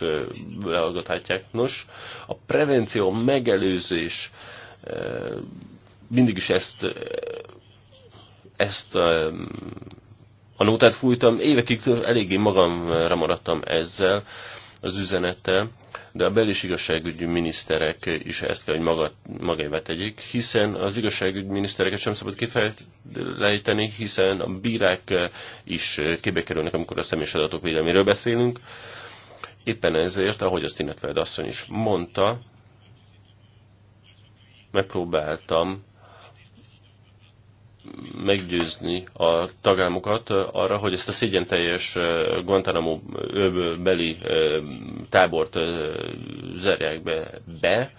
beallgathatják. Nos, a prevenció, a megelőzés mindig is ezt ezt a nótát fújtam, évekig eléggé magamra maradtam ezzel, az üzenete, de a belis igazságügyi miniszterek is ezt kell, hogy maga, magáévá tegyék, hiszen az igazságügyi minisztereket sem szabad kifejteni, hiszen a bírák is kébe kerülnek, amikor a személyes adatok védelméről beszélünk. Éppen ezért, ahogy azt Inetveld asszony is mondta, megpróbáltam meggyőzni a tagállamokat arra, hogy ezt a szégyen teljes Guantanamo beli tábort zárják be, be.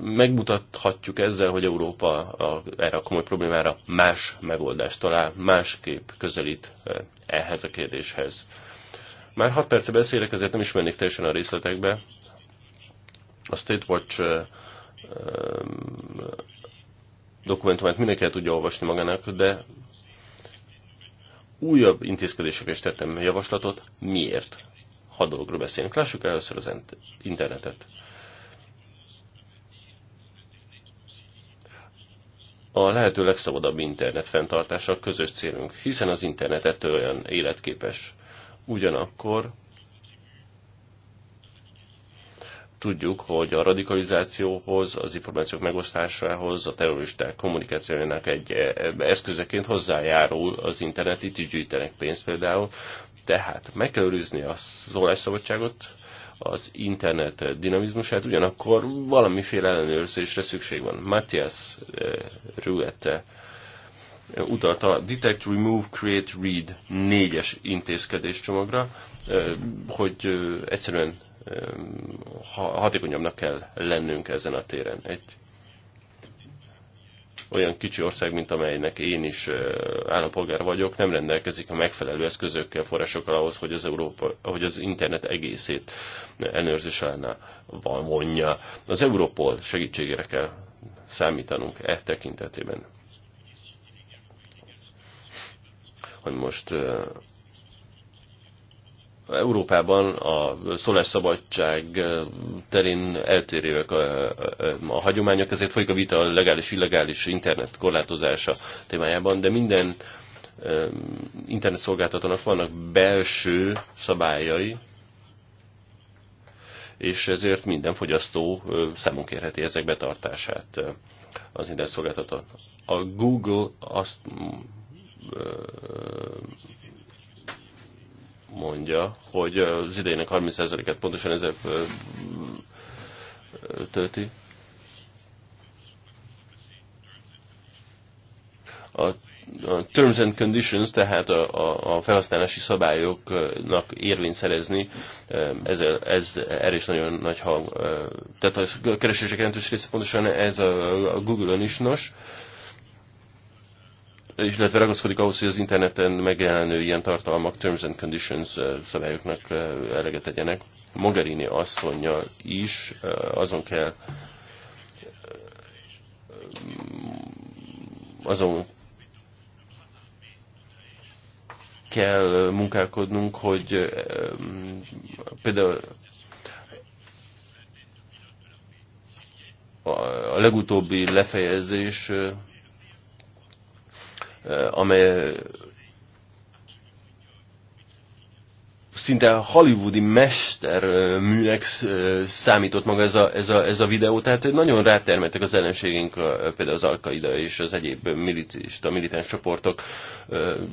Megmutathatjuk ezzel, hogy Európa a, erre a komoly problémára más megoldást talál, másképp közelít ehhez a kérdéshez. Már hat perce beszélek, ezért nem mennék teljesen a részletekbe. A State Watch dokumentumát mindenki tudja olvasni magának, de újabb intézkedésekre is tettem javaslatot. Miért? Hat dologról beszélünk. Lássuk először az internetet. a lehető legszabadabb internet fenntartása a közös célunk, hiszen az internet ettől olyan életképes. Ugyanakkor Tudjuk, hogy a radikalizációhoz, az információk megosztásához, a terroristák kommunikációjának egy e, e, eszközeként hozzájárul az internet, itt is gyűjtenek pénzt például. Tehát meg kell őrizni a szólásszabadságot, az internet dinamizmusát, ugyanakkor valamiféle ellenőrzésre szükség van. Matthias e, Ruette utalt a Detect, Remove, Create, Read négyes intézkedés csomagra, hogy egyszerűen hatékonyabbnak kell lennünk ezen a téren. Egy olyan kicsi ország, mint amelynek én is állampolgár vagyok, nem rendelkezik a megfelelő eszközökkel, forrásokkal ahhoz, hogy az, Európa, hogy az internet egészét ellenőrzés alá vonja. Az Európol segítségére kell számítanunk e tekintetében. Hogy most Európában a szólásszabadság terén eltérőek a, a, a hagyományok, ezért folyik a vita a legális-illegális internet korlátozása témájában, de minden internet szolgáltatónak vannak belső szabályai, és ezért minden fogyasztó számunk kérheti ezek betartását az internet szolgáltató. A Google azt mondja, hogy az idejének 30%-et pontosan ezért tölti. A, a terms and conditions, tehát a, a, a felhasználási szabályoknak érvényt szerezni, ez, ez erre is nagyon nagy hang. Tehát a keresések jelentős része pontosan ez a, a google on is nos és illetve ragaszkodik ahhoz, hogy az interneten megjelenő ilyen tartalmak terms and conditions eh, szabályoknak eh, eleget tegyenek. Mogherini asszonya is eh, azon kell azon kell munkálkodnunk, hogy például a legutóbbi lefejezés Eh, amely szinte hollywoodi mesterműnek eh, eh, számított maga ez a, ez a, ez a videó, tehát nagyon rátermettek az ellenségünk, például az Alkaida és az egyéb milicista, militáns csoportok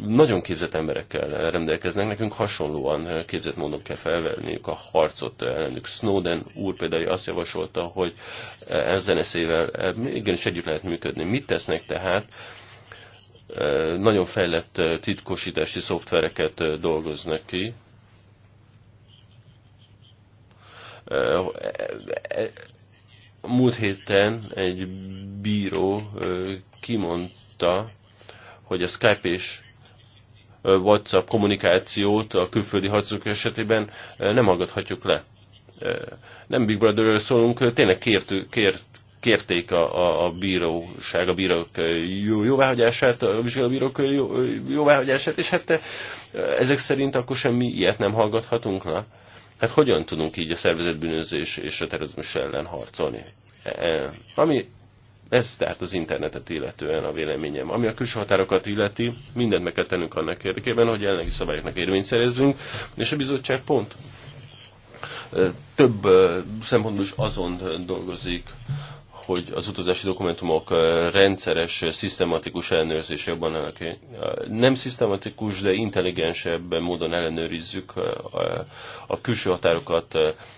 nagyon képzett emberekkel rendelkeznek, nekünk hasonlóan képzett módon kell felvenniük a harcot ellenük. Snowden úr például azt javasolta, hogy ezen eszével igenis együtt lehet működni. Mit tesznek tehát? nagyon fejlett titkosítási szoftvereket dolgoznak ki. E, e, múlt héten egy bíró kimondta, hogy a Skype és WhatsApp kommunikációt a külföldi harcok esetében nem hallgathatjuk le. Nem Big Brotherről szólunk, tényleg kért, kért, kérték a, a, a bíróság, a bírók jó, jóváhagyását, a vizsgálóbírók jó, jóváhagyását, és hát eh, ezek szerint akkor semmi ilyet nem hallgathatunk, na? Hát hogyan tudunk így a szervezetbűnözés és a terrorizmus ellen harcolni? E, e, ami ez tehát az internetet illetően a véleményem. Ami a külső határokat illeti, mindent meg kell tennünk annak érdekében, hogy jelenlegi szabályoknak érvényt szerezzünk, és a bizottság pont eh, több eh, szempontból is azon dolgozik, hogy az utazási dokumentumok eh, rendszeres, eh, szisztematikus ellenőrzése jobban eh, nem szisztematikus, de intelligensebb módon ellenőrizzük a külső határokat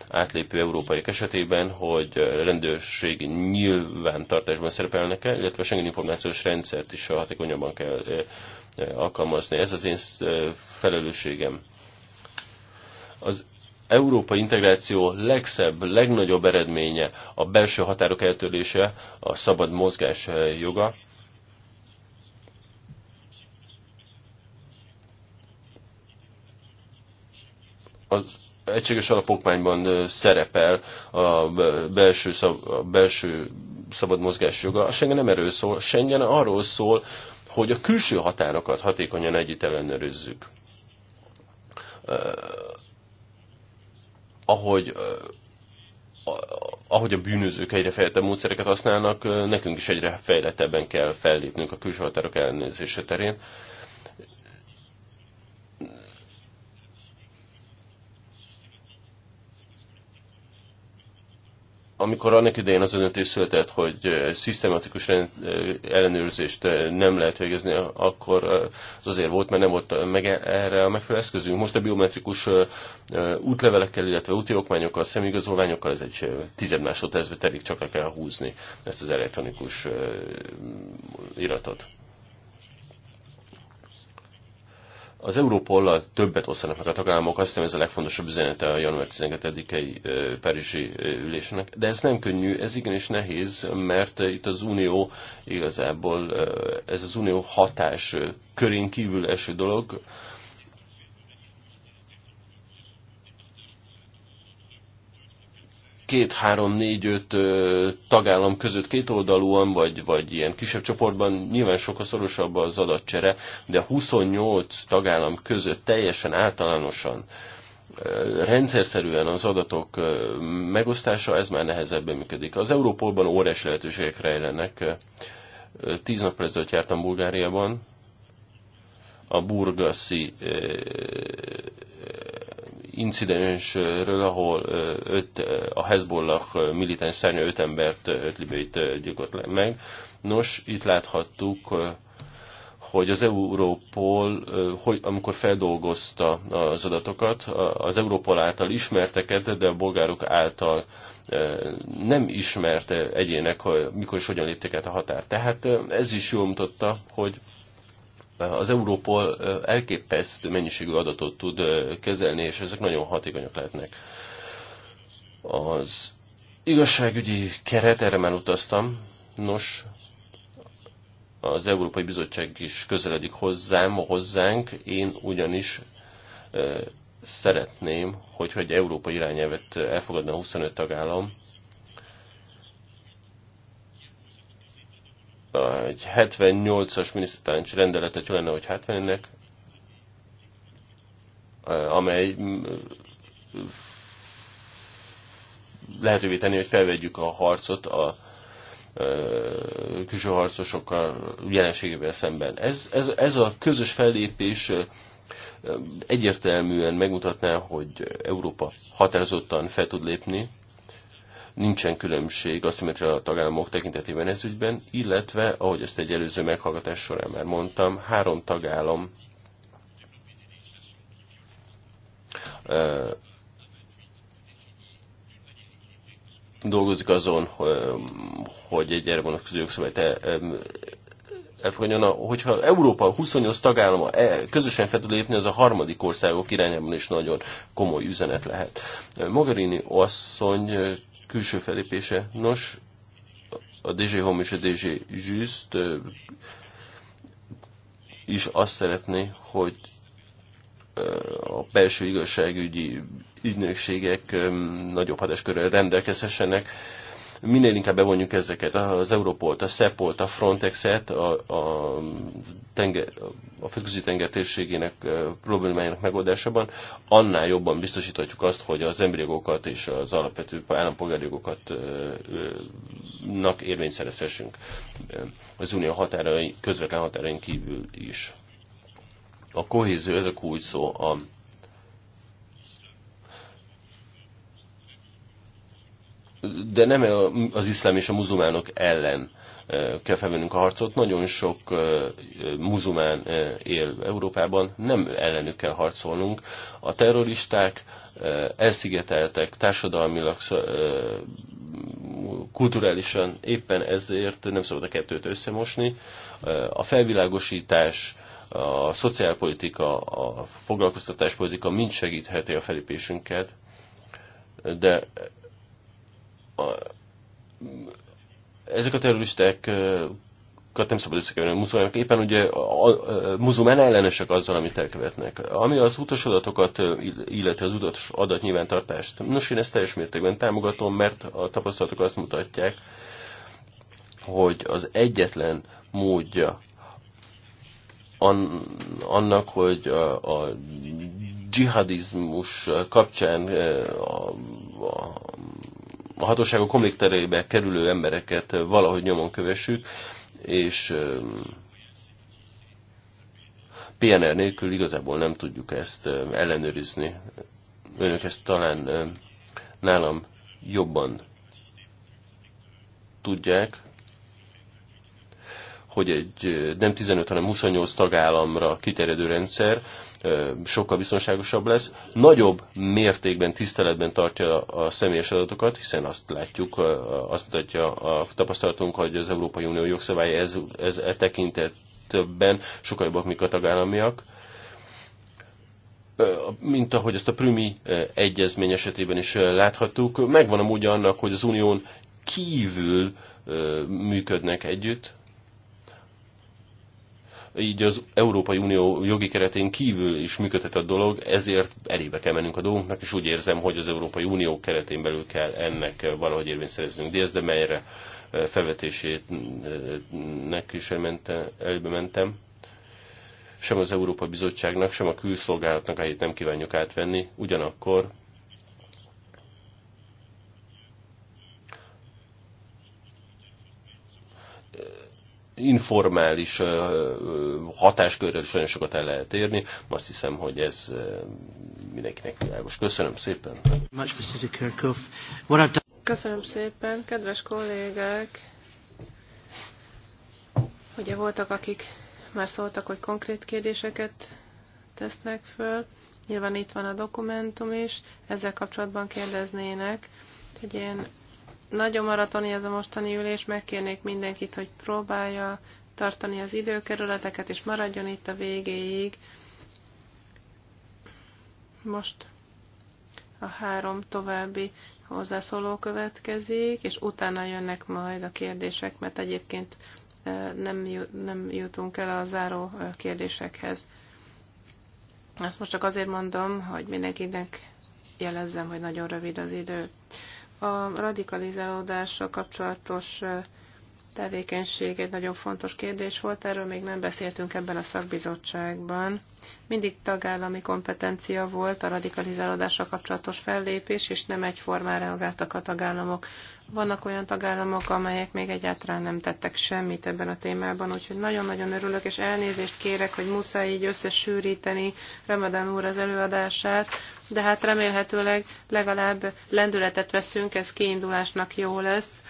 átlépő európai esetében, hogy rendőrség nyilvántartásban szerepelnek-e, illetve Schengen információs rendszert is hatékonyabban kell alkalmazni. Ez az én felelősségem. Az európai integráció legszebb, legnagyobb eredménye a belső határok eltörlése, a szabad mozgás joga. Az egységes alapokmányban szerepel a belső, szab, a belső szabad mozgás joga. A Schengen nem erről szól, Schengen arról szól, hogy a külső határokat hatékonyan együtt ellenőrizzük ahogy ahogy a bűnözők egyre fejlettebb módszereket használnak, nekünk is egyre fejlettebben kell fellépnünk a külső határok ellenőrzése terén. amikor annak idején az önötés született, hogy szisztematikus ellenőrzést nem lehet végezni, akkor az azért volt, mert nem volt meg e-, erre a megfelelő eszközünk. Most a biometrikus útlevelekkel, illetve úti okmányokkal, szemigazolványokkal ez egy tized másodpercbe telik, csak le kell húzni ezt az elektronikus iratot. Az Európollal többet osztanak meg a tagállamok, azt hiszem ez a legfontosabb üzenete a január 12-i Párizsi ülésnek. De ez nem könnyű, ez igenis nehéz, mert itt az Unió igazából, ez az Unió hatás körén kívül eső dolog, két, három, négy, öt tagállam között kétoldalúan, vagy, vagy ilyen kisebb csoportban nyilván sokkal szorosabb az adatcsere, de 28 tagállam között teljesen általánosan rendszerszerűen az adatok megosztása, ez már nehezebben működik. Az Európolban óriási lehetőségek rejlenek. Tíz nap ezelőtt jártam Bulgáriában, a burgaszi incidensről, ahol öt, a Hezbollah militáns szárnya öt embert, öt libőit gyilkolt meg. Nos, itt láthattuk, hogy az Európol, hogy, amikor feldolgozta az adatokat, az Európol által ismerteket, de a bolgárok által nem ismerte egyének, mikor is hogyan lépték át a határ Tehát ez is jól mutatta, hogy az Európol elképesztő mennyiségű adatot tud kezelni, és ezek nagyon hatékonyak lehetnek. Az igazságügyi keret, erre már utaztam, nos, az Európai Bizottság is közeledik hozzám, hozzánk, én ugyanis szeretném, hogy, egy európai irányelvet elfogadna a 25 tagállam, egy 78-as minisztertáncs rendeletet jó lenne, hogy 70 hát nek eh, amely mm, lehetővé tenni, hogy felvegyük a harcot a eh, külső harcosokkal jelenségével szemben. Ez, ez, ez a közös fellépés eh, egyértelműen megmutatná, hogy Európa határozottan fel tud lépni, nincsen különbség a a tagállamok tekintetében ez ügyben, illetve, ahogy ezt egy előző meghallgatás során már mondtam, három tagállam dolgozik azon, hogy egy erre vonatkozó jogszabályt elfogadjon. Hogyha Európa 28 tagállama e, közösen fel tud lépni, az a harmadik országok irányában is nagyon komoly üzenet lehet. Mogherini asszony külső felépése. Nos, a DG Home és a DG Just is azt szeretné, hogy a belső igazságügyi ügynökségek nagyobb hatáskörrel rendelkezhessenek, minél inkább bevonjuk ezeket, az Európolt, a Szepolt, a Frontexet, a, a, tenger, a földközi tenger térségének problémájának megoldásában, annál jobban biztosíthatjuk azt, hogy az emberi jogokat és az alapvető állampolgári jogokat érvényt szerezhessünk az unió határai, közvetlen határain kívül is. A kohézió, ez a kulcs szó a de nem az iszlám és a muzulmánok ellen kell felvennünk a harcot. Nagyon sok muzulmán él Európában, nem ellenük kell harcolnunk. A terroristák elszigeteltek társadalmilag, kulturálisan, éppen ezért nem szabad a kettőt összemosni. A felvilágosítás, a szociálpolitika, a foglalkoztatáspolitika mind segítheti a felépésünket, de a, ezek a terroristákat nem szabad összekeverni a muzulmánok, éppen ugye a, a, a muzulmán ellenesek azzal, amit elkövetnek. Ami az utas adatokat, illetve az utas adatnyilvántartást. Nos, én ezt teljes mértékben támogatom, mert a tapasztalatok azt mutatják, hogy az egyetlen módja annak, hogy a, a dzsihadizmus kapcsán a, a, a hatóságok homlokterébe kerülő embereket eh, valahogy nyomon kövessük, és eh, PNR nélkül igazából nem tudjuk ezt eh, ellenőrizni. Önök ezt talán nálam jobban tudják, hogy egy nem 15, hanem 28 tagállamra kiterjedő rendszer, sokkal biztonságosabb lesz. Nagyobb mértékben, tiszteletben tartja a személyes adatokat, hiszen azt látjuk, azt mutatja a tapasztalatunk, hogy az Európai Unió jogszabály ez, ez e tekintetben sokkal jobbak, mint a tagállamiak mint ahogy ezt a Prümi egyezmény esetében is láthattuk, megvan a módja annak, hogy az unión kívül működnek együtt, így az Európai Unió jogi keretén kívül is működhet a dolog, ezért elébe kell mennünk a dolgunknak, és úgy érzem, hogy az Európai Unió keretén belül kell ennek valahogy érvényt szereznünk. ez de melyre eh, felvetését eh, eh, is elmente, elébe mentem. Sem az Európa Bizottságnak, sem a külszolgálatnak a hét nem kívánjuk átvenni, ugyanakkor informális hatáskörrel is nagyon sokat el lehet érni. Azt hiszem, hogy ez
mindenkinek világos. Köszönöm szépen!
Köszönöm szépen, kedves kollégák! Ugye voltak, akik már szóltak, hogy konkrét kérdéseket tesznek föl. Nyilván itt van a dokumentum is, ezzel kapcsolatban kérdeznének, hogy én nagyon maratoni ez a mostani ülés, megkérnék mindenkit, hogy próbálja tartani az időkerületeket, és maradjon itt a végéig. Most a három további hozzászóló következik, és utána jönnek majd a kérdések, mert egyébként e, nem, nem jutunk el a záró e, kérdésekhez. Ezt most csak azért mondom, hogy mindenkinek jelezzem, hogy nagyon rövid az idő. A radikalizálódással kapcsolatos tevékenység egy nagyon fontos kérdés volt, erről még nem beszéltünk ebben a szakbizottságban. Mindig tagállami kompetencia volt a radikalizálódással kapcsolatos fellépés, és nem egyformán reagáltak a tagállamok. Vannak olyan tagállamok, amelyek még egyáltalán nem tettek semmit ebben a témában, úgyhogy nagyon-nagyon örülök, és elnézést kérek, hogy muszáj így összesűríteni Ramadán úr az előadását, de hát remélhetőleg legalább lendületet veszünk, ez kiindulásnak jó lesz.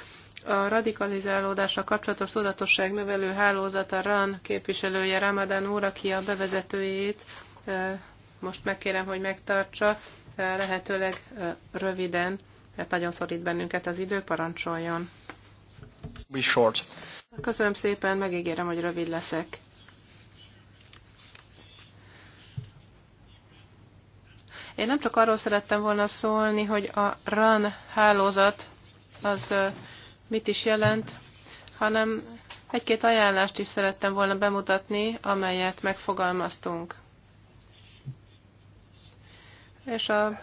A radikalizálódásra kapcsolatos tudatosság növelő hálózata RAN képviselője Ramadán úr, aki a bevezetőjét eh, most megkérem, hogy megtartsa, eh, lehetőleg eh, röviden mert nagyon szorít bennünket az idő, parancsoljon. Be short. Köszönöm szépen, megígérem, hogy rövid leszek. Én nem csak arról szerettem volna szólni, hogy a RAN hálózat az mit is jelent, hanem egy-két ajánlást is szerettem volna bemutatni, amelyet megfogalmaztunk. És a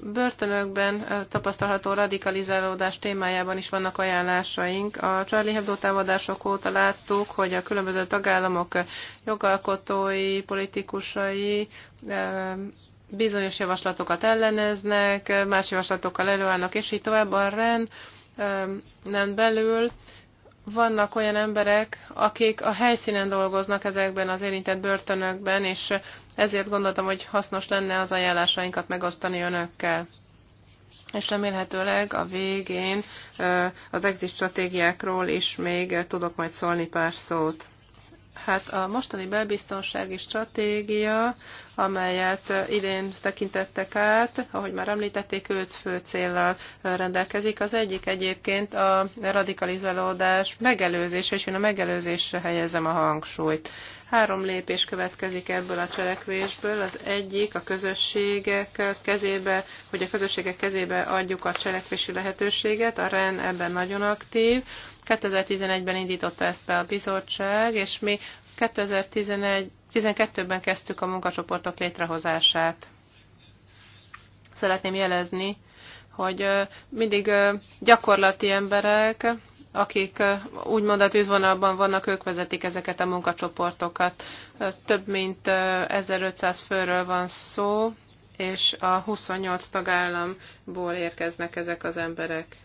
börtönökben tapasztalható radikalizálódás témájában is vannak ajánlásaink. A Charlie Hebdo támadások óta láttuk, hogy a különböző tagállamok jogalkotói, politikusai bizonyos javaslatokat elleneznek, más javaslatokkal előállnak, és így tovább a REN nem belül vannak olyan emberek, akik a helyszínen dolgoznak ezekben az érintett börtönökben, és ezért gondoltam, hogy hasznos lenne az ajánlásainkat megosztani önökkel és remélhetőleg a végén az exit stratégiákról is még tudok majd szólni pár szót. Hát a mostani belbiztonsági stratégia, amelyet idén tekintettek át, ahogy már említették, őt fő célral rendelkezik. Az egyik egyébként a radikalizálódás megelőzése, és én a megelőzésre helyezem a hangsúlyt. Három lépés következik ebből a cselekvésből. Az egyik a közösségek kezébe, hogy a közösségek kezébe adjuk a cselekvési lehetőséget. A REN ebben nagyon aktív. 2011-ben indította ezt be a bizottság, és mi 2012-ben kezdtük a munkacsoportok létrehozását. Szeretném jelezni, hogy mindig gyakorlati emberek, akik úgymond a tűzvonalban vannak, ők vezetik ezeket a munkacsoportokat. Több mint 1500 főről van szó, és a 28 tagállamból érkeznek ezek az emberek.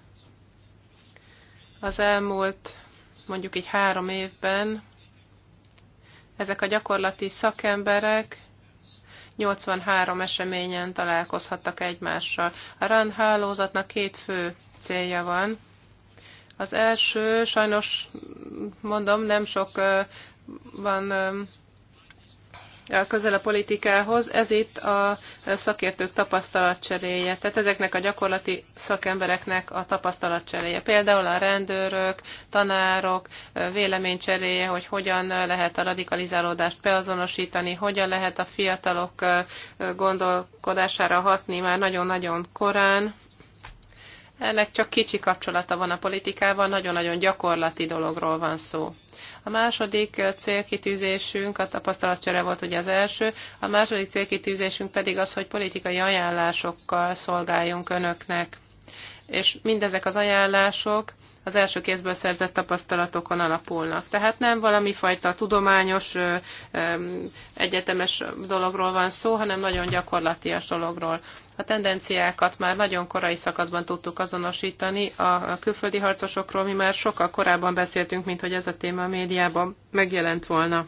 Az elmúlt mondjuk így három évben ezek a gyakorlati szakemberek 83 eseményen találkozhattak egymással. A RAN hálózatnak két fő célja van. Az első, sajnos mondom, nem sok van közel a politikához, ez itt a szakértők tapasztalatcseréje, tehát ezeknek a gyakorlati szakembereknek a tapasztalatcseréje. Például a rendőrök, tanárok véleménycseréje, hogy hogyan lehet a radikalizálódást beazonosítani, hogyan lehet a fiatalok gondolkodására hatni már nagyon-nagyon korán, ennek csak kicsi kapcsolata van a politikával, nagyon-nagyon gyakorlati dologról van szó. A második célkitűzésünk, a tapasztalatcsere volt ugye az első, a második célkitűzésünk pedig az, hogy politikai ajánlásokkal szolgáljunk önöknek. És mindezek az ajánlások az első kézből szerzett tapasztalatokon alapulnak. Tehát nem valami fajta tudományos, egyetemes dologról van szó, hanem nagyon gyakorlatias dologról. A tendenciákat már nagyon korai szakaszban tudtuk azonosítani. A külföldi harcosokról mi már sokkal korábban beszéltünk, mint hogy ez a téma a médiában megjelent volna.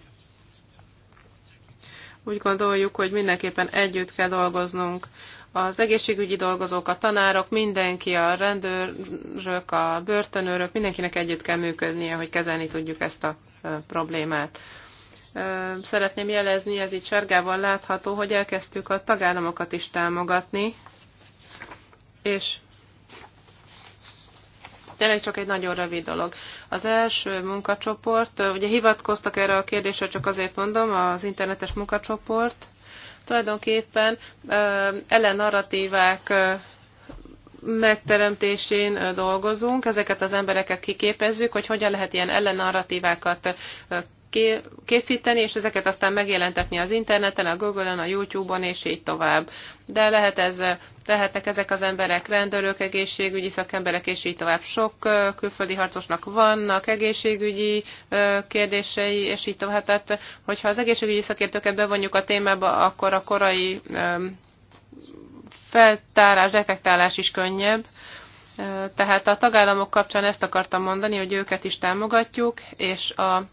Úgy gondoljuk, hogy mindenképpen együtt kell dolgoznunk az egészségügyi dolgozók, a tanárok, mindenki, a rendőrök, a börtönőrök, mindenkinek együtt kell működnie, hogy kezelni tudjuk ezt a problémát szeretném jelezni, ez itt sárgával látható, hogy elkezdtük a tagállamokat is támogatni, és tényleg csak egy nagyon rövid dolog. Az első munkacsoport, ugye hivatkoztak erre a kérdésre, csak azért mondom, az internetes munkacsoport, tulajdonképpen ellenarratívák megteremtésén dolgozunk, ezeket az embereket kiképezzük, hogy hogyan lehet ilyen ellenarratívákat készíteni, és ezeket aztán megjelentetni az interneten, a Google-on, a YouTube-on, és így tovább. De lehet ez, lehetnek ezek az emberek rendőrök, egészségügyi szakemberek, és így tovább. Sok külföldi harcosnak vannak egészségügyi kérdései, és így tovább. Tehát, hát, hogyha az egészségügyi szakértőket bevonjuk a témába, akkor a korai feltárás, detektálás is könnyebb. Tehát a tagállamok kapcsán ezt akartam mondani, hogy őket is támogatjuk, és a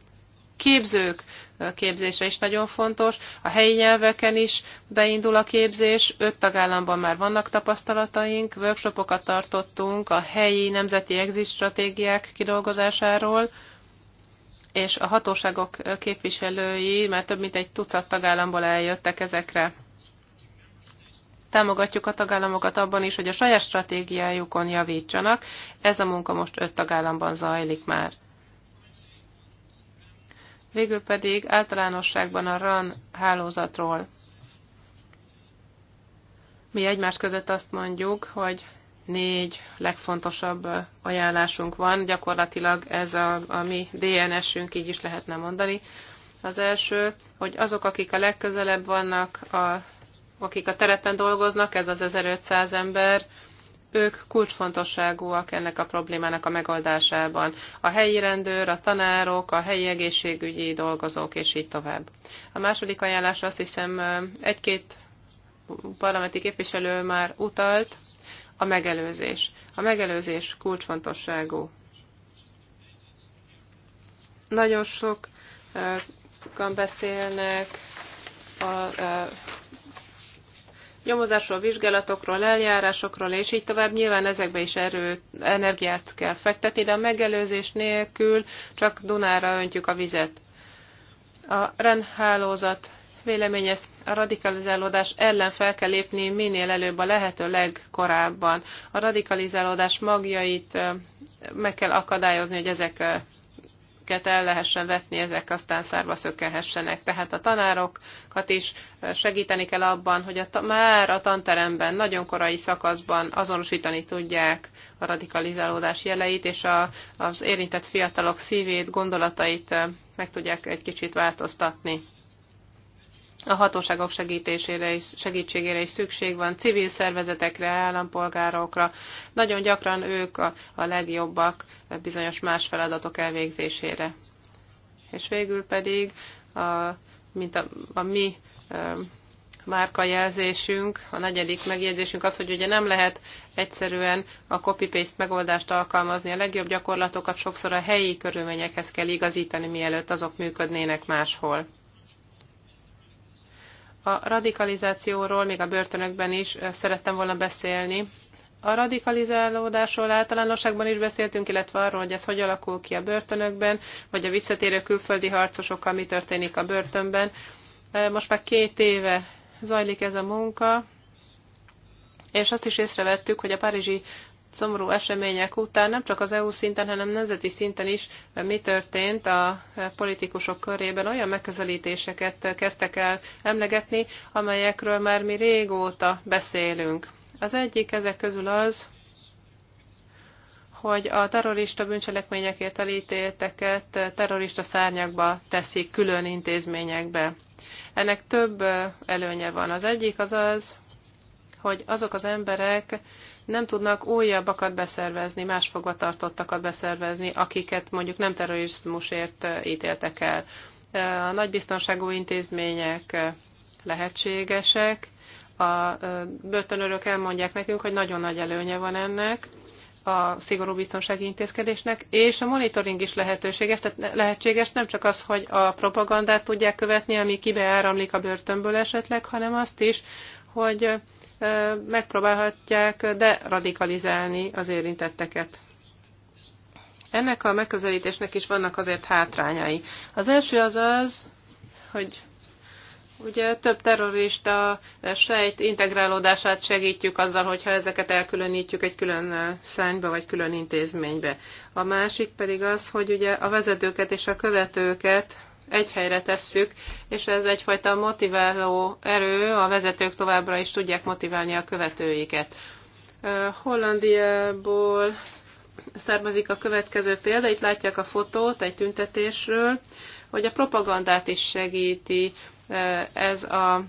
képzők képzése is nagyon fontos. A helyi nyelveken is beindul a képzés, öt tagállamban már vannak tapasztalataink, workshopokat tartottunk a helyi nemzeti exit stratégiák kidolgozásáról, és a hatóságok képviselői már több mint egy tucat tagállamból eljöttek ezekre. Támogatjuk a tagállamokat abban is, hogy a saját stratégiájukon javítsanak. Ez a munka most öt tagállamban zajlik már. Végül pedig általánosságban a RAN hálózatról. Mi egymás között azt mondjuk, hogy négy legfontosabb ajánlásunk van, gyakorlatilag ez a, a mi DNS-ünk, így is lehetne mondani. Az első, hogy azok, akik a legközelebb vannak, a, akik a terepen dolgoznak, ez az 1500 ember, ők kulcsfontosságúak ennek a problémának a megoldásában. A helyi rendőr, a tanárok, a helyi egészségügyi dolgozók, és így tovább. A második ajánlásra azt hiszem egy-két parlamenti képviselő már utalt, a megelőzés. A megelőzés kulcsfontosságú. Nagyon sokan beszélnek a nyomozásról, vizsgálatokról, eljárásokról, és így tovább. Nyilván ezekbe is erőt, energiát kell fektetni, de a megelőzés nélkül csak Dunára öntjük a vizet. A rendhálózat véleményez a radikalizálódás ellen fel kell lépni minél előbb a lehető legkorábban. A radikalizálódás magjait meg kell akadályozni, hogy ezek amiket el lehessen vetni, ezek aztán szárba szökkelhessenek. Tehát a tanárokat is segíteni kell abban, hogy a már a tanteremben, nagyon korai szakaszban azonosítani tudják a radikalizálódás jeleit, és a, az érintett fiatalok szívét, gondolatait meg tudják egy kicsit változtatni a hatóságok segítésére is, segítségére is szükség van, civil szervezetekre, állampolgárokra. Nagyon gyakran ők a, a legjobbak bizonyos más feladatok elvégzésére. És végül pedig, a, mint a, a mi a, márkajelzésünk, a negyedik megjegyzésünk az, hogy ugye nem lehet egyszerűen a copy-paste megoldást alkalmazni. A legjobb gyakorlatokat sokszor a helyi körülményekhez kell igazítani, mielőtt azok működnének máshol. A radikalizációról még a börtönökben is szerettem volna beszélni. A radikalizálódásról általánosságban is beszéltünk, illetve arról, hogy ez hogy alakul ki a börtönökben, vagy a visszatérő külföldi harcosokkal mi történik a börtönben. Most már két éve zajlik ez a munka, és azt is észrevettük, hogy a párizsi szomorú események után nem csak az EU szinten, hanem nemzeti szinten is eh, mi történt a eh, politikusok körében. Olyan megközelítéseket eh, kezdtek el emlegetni, amelyekről már mi régóta beszélünk. Az egyik ezek közül az, hogy a terrorista bűncselekményekért elítélteket terrorista szárnyakba teszik külön intézményekbe. Ennek több előnye van. Az egyik az az, hogy azok az emberek, nem tudnak újabbakat beszervezni, más fogvatartottakat beszervezni, akiket mondjuk nem terrorizmusért ítéltek el. A nagybiztonságú intézmények lehetségesek, a börtönörök elmondják nekünk, hogy nagyon nagy előnye van ennek, a szigorú biztonsági intézkedésnek, és a monitoring is lehetőséges, tehát lehetséges nem csak az, hogy a propagandát tudják követni, ami kibeáramlik a börtönből esetleg, hanem azt is, hogy megpróbálhatják deradikalizálni az érintetteket. Ennek a megközelítésnek is vannak azért hátrányai. Az első az az, hogy ugye több terrorista sejt integrálódását segítjük azzal, hogyha ezeket elkülönítjük egy külön szányba vagy külön intézménybe. A másik pedig az, hogy ugye a vezetőket és a követőket egy helyre tesszük, és ez egyfajta motiváló erő, a vezetők továbbra is tudják motiválni a követőiket. Hollandiából származik a következő példa, itt látják a fotót egy tüntetésről, hogy a propagandát is segíti ez a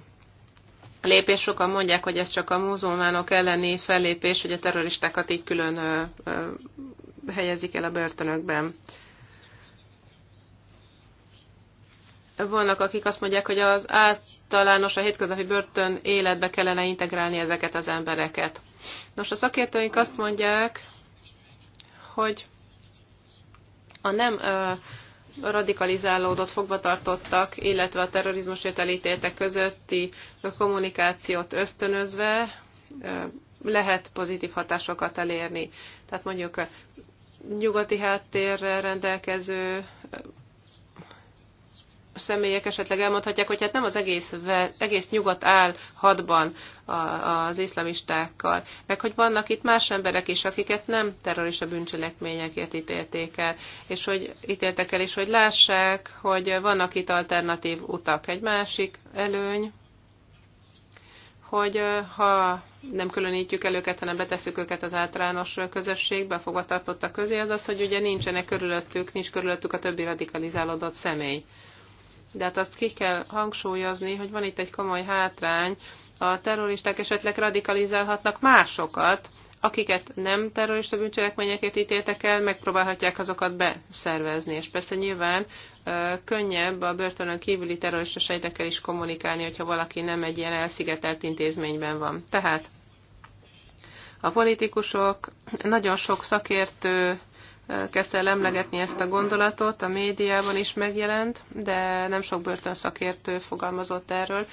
lépés. Sokan mondják, hogy ez csak a muzulmánok elleni fellépés, hogy a terroristákat így külön helyezik el a börtönökben. vannak, akik azt mondják, hogy az általános, a hétköznapi börtön életbe kellene integrálni ezeket az embereket. Nos, a szakértőink azt mondják, hogy a nem radikalizálódott fogvatartottak, illetve a terrorizmusért elítéltek közötti kommunikációt ösztönözve lehet pozitív hatásokat elérni. Tehát mondjuk nyugati háttérrel rendelkező személyek esetleg elmondhatják, hogy hát nem az egész, egész nyugat áll hadban az iszlamistákkal, meg hogy vannak itt más emberek is, akiket nem terrorista bűncselekményekért ítélték el, és hogy ítéltek el, és hogy lássák, hogy vannak itt alternatív utak. Egy másik előny, hogy ha nem különítjük el őket, hanem betesszük őket az általános közösségbe, fogvatartottak közé, az az, hogy ugye nincsenek körülöttük, nincs körülöttük a többi radikalizálódott személy de hát azt ki kell hangsúlyozni, hogy van itt egy komoly hátrány, a terroristák esetleg radikalizálhatnak másokat, akiket nem terrorista bűncselekményeket ítéltek el, megpróbálhatják azokat beszervezni. És persze nyilván ö, könnyebb a börtönön kívüli terrorista sejtekkel is kommunikálni, hogyha valaki nem egy ilyen elszigetelt intézményben van. Tehát a politikusok, nagyon sok szakértő kezdte el emlegetni ezt a gondolatot, a médiában is megjelent, de nem sok börtönszakértő fogalmazott erről.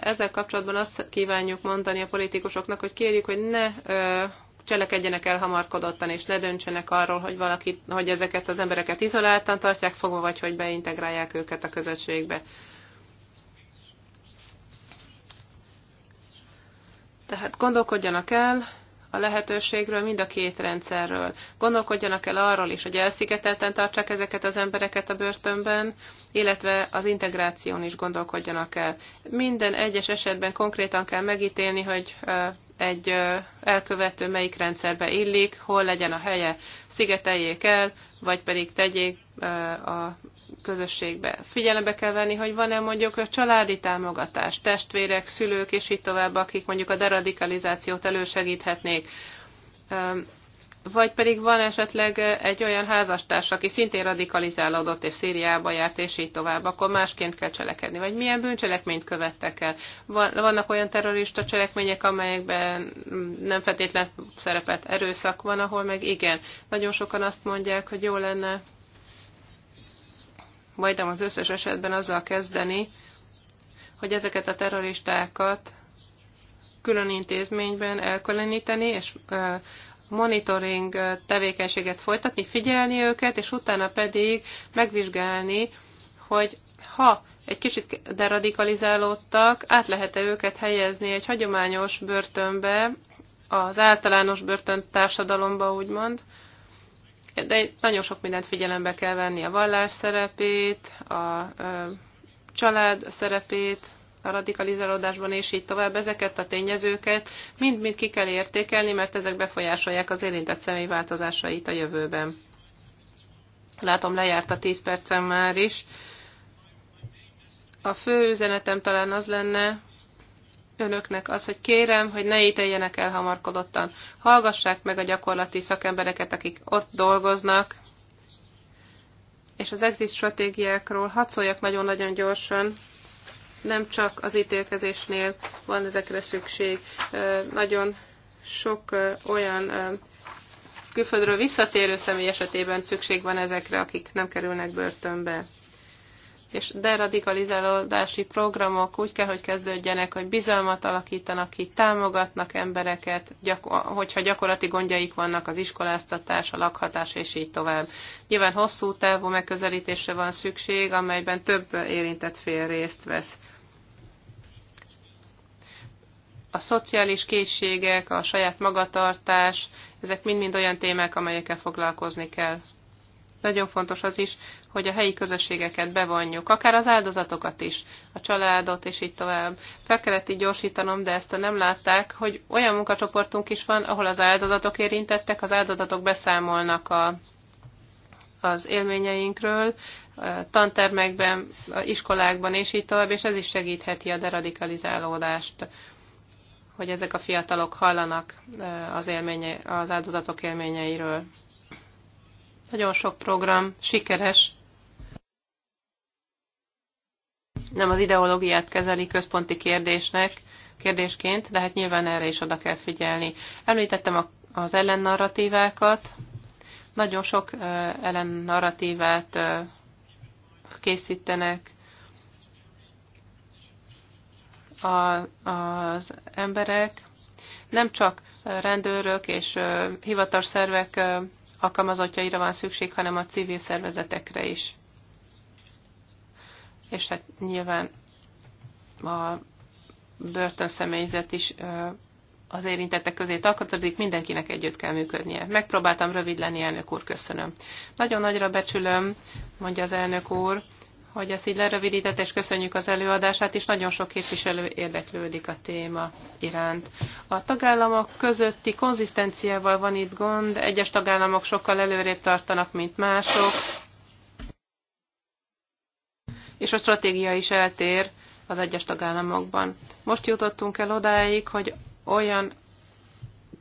Ezzel kapcsolatban azt kívánjuk mondani a politikusoknak, hogy kérjük, hogy ne cselekedjenek el hamarkodottan, és ne döntsenek arról, hogy, valaki, hogy ezeket az embereket izoláltan tartják fogva, vagy hogy beintegrálják őket a közösségbe. Tehát gondolkodjanak el, a lehetőségről, mind a két rendszerről. Gondolkodjanak el arról is, hogy elszigetelten tartsák ezeket az embereket a börtönben, illetve az integráción is gondolkodjanak el. Minden egyes esetben konkrétan kell megítélni, hogy egy elkövető melyik rendszerbe illik, hol legyen a helye, szigeteljék el, vagy pedig tegyék a közösségbe. Figyelembe kell venni, hogy van-e mondjuk a családi támogatás, testvérek, szülők, és így tovább, akik mondjuk a deradikalizációt elősegíthetnék. Vagy pedig van esetleg egy olyan házastárs, aki szintén radikalizálódott és Szíriába járt, és így tovább, akkor másként kell cselekedni. Vagy milyen bűncselekményt követtek el? Vannak olyan terrorista cselekmények, amelyekben nem feltétlen szerepet erőszak van, ahol meg igen. Nagyon sokan azt mondják, hogy jó lenne majdnem az összes esetben azzal kezdeni, hogy ezeket a terroristákat külön intézményben elkülöníteni, és monitoring tevékenységet folytatni, figyelni őket, és utána pedig megvizsgálni, hogy ha egy kicsit deradikalizálódtak, át lehet-e őket helyezni egy hagyományos börtönbe, az általános börtön társadalomba úgymond, de nagyon sok mindent figyelembe kell venni, a vallás szerepét, a család szerepét, a radikalizálódásban, és így tovább, ezeket a tényezőket mind-mind ki kell értékelni, mert ezek befolyásolják az érintett személy változásait a jövőben. Látom, lejárt a 10 percem már is. A fő üzenetem talán az lenne, önöknek az, hogy kérem, hogy ne ítéljenek el hamarkodottan. Hallgassák meg a gyakorlati szakembereket, akik ott dolgoznak, és az exit stratégiákról hadszoljak nagyon-nagyon gyorsan, nem csak az ítélkezésnél van ezekre szükség. Nagyon sok olyan külföldről visszatérő személy esetében szükség van ezekre, akik nem kerülnek börtönbe és deradikalizálódási programok úgy kell, hogy kezdődjenek, hogy bizalmat alakítanak ki, támogatnak embereket, gyakor- hogyha gyakorlati gondjaik vannak az iskoláztatás, a lakhatás és így tovább. Nyilván hosszú távú megközelítésre van szükség, amelyben több érintett fél részt vesz. A szociális készségek, a saját magatartás, ezek mind-mind olyan témák, amelyekkel foglalkozni kell nagyon fontos az is, hogy a helyi közösségeket bevonjuk, akár az áldozatokat is, a családot, és így tovább. Fel kellett így gyorsítanom, de ezt nem látták, hogy olyan munkacsoportunk is van, ahol az áldozatok érintettek, az áldozatok beszámolnak a, az élményeinkről, tantermekben, iskolákban, és így tovább, és ez is segítheti a deradikalizálódást hogy ezek a fiatalok hallanak az, élménye, az áldozatok élményeiről. Nagyon sok program sikeres. Nem az ideológiát kezeli központi kérdésnek, kérdésként, de hát nyilván erre is oda kell figyelni. Említettem az ellennarratívákat. Nagyon sok ellennarratívát készítenek az emberek. Nem csak rendőrök és hivatalszervek alkalmazottjaira van szükség, hanem a civil szervezetekre is. És hát nyilván a börtönszemélyzet is az érintettek közé tartozik, mindenkinek együtt kell működnie. Megpróbáltam rövid lenni, elnök úr, köszönöm. Nagyon nagyra becsülöm, mondja az elnök úr, hogy ezt így lerövidített, és köszönjük az előadását is. Nagyon sok képviselő érdeklődik a téma iránt. A tagállamok közötti konzisztenciával van itt gond, egyes tagállamok sokkal előrébb tartanak, mint mások, és a stratégia is eltér az egyes tagállamokban. Most jutottunk el odáig, hogy olyan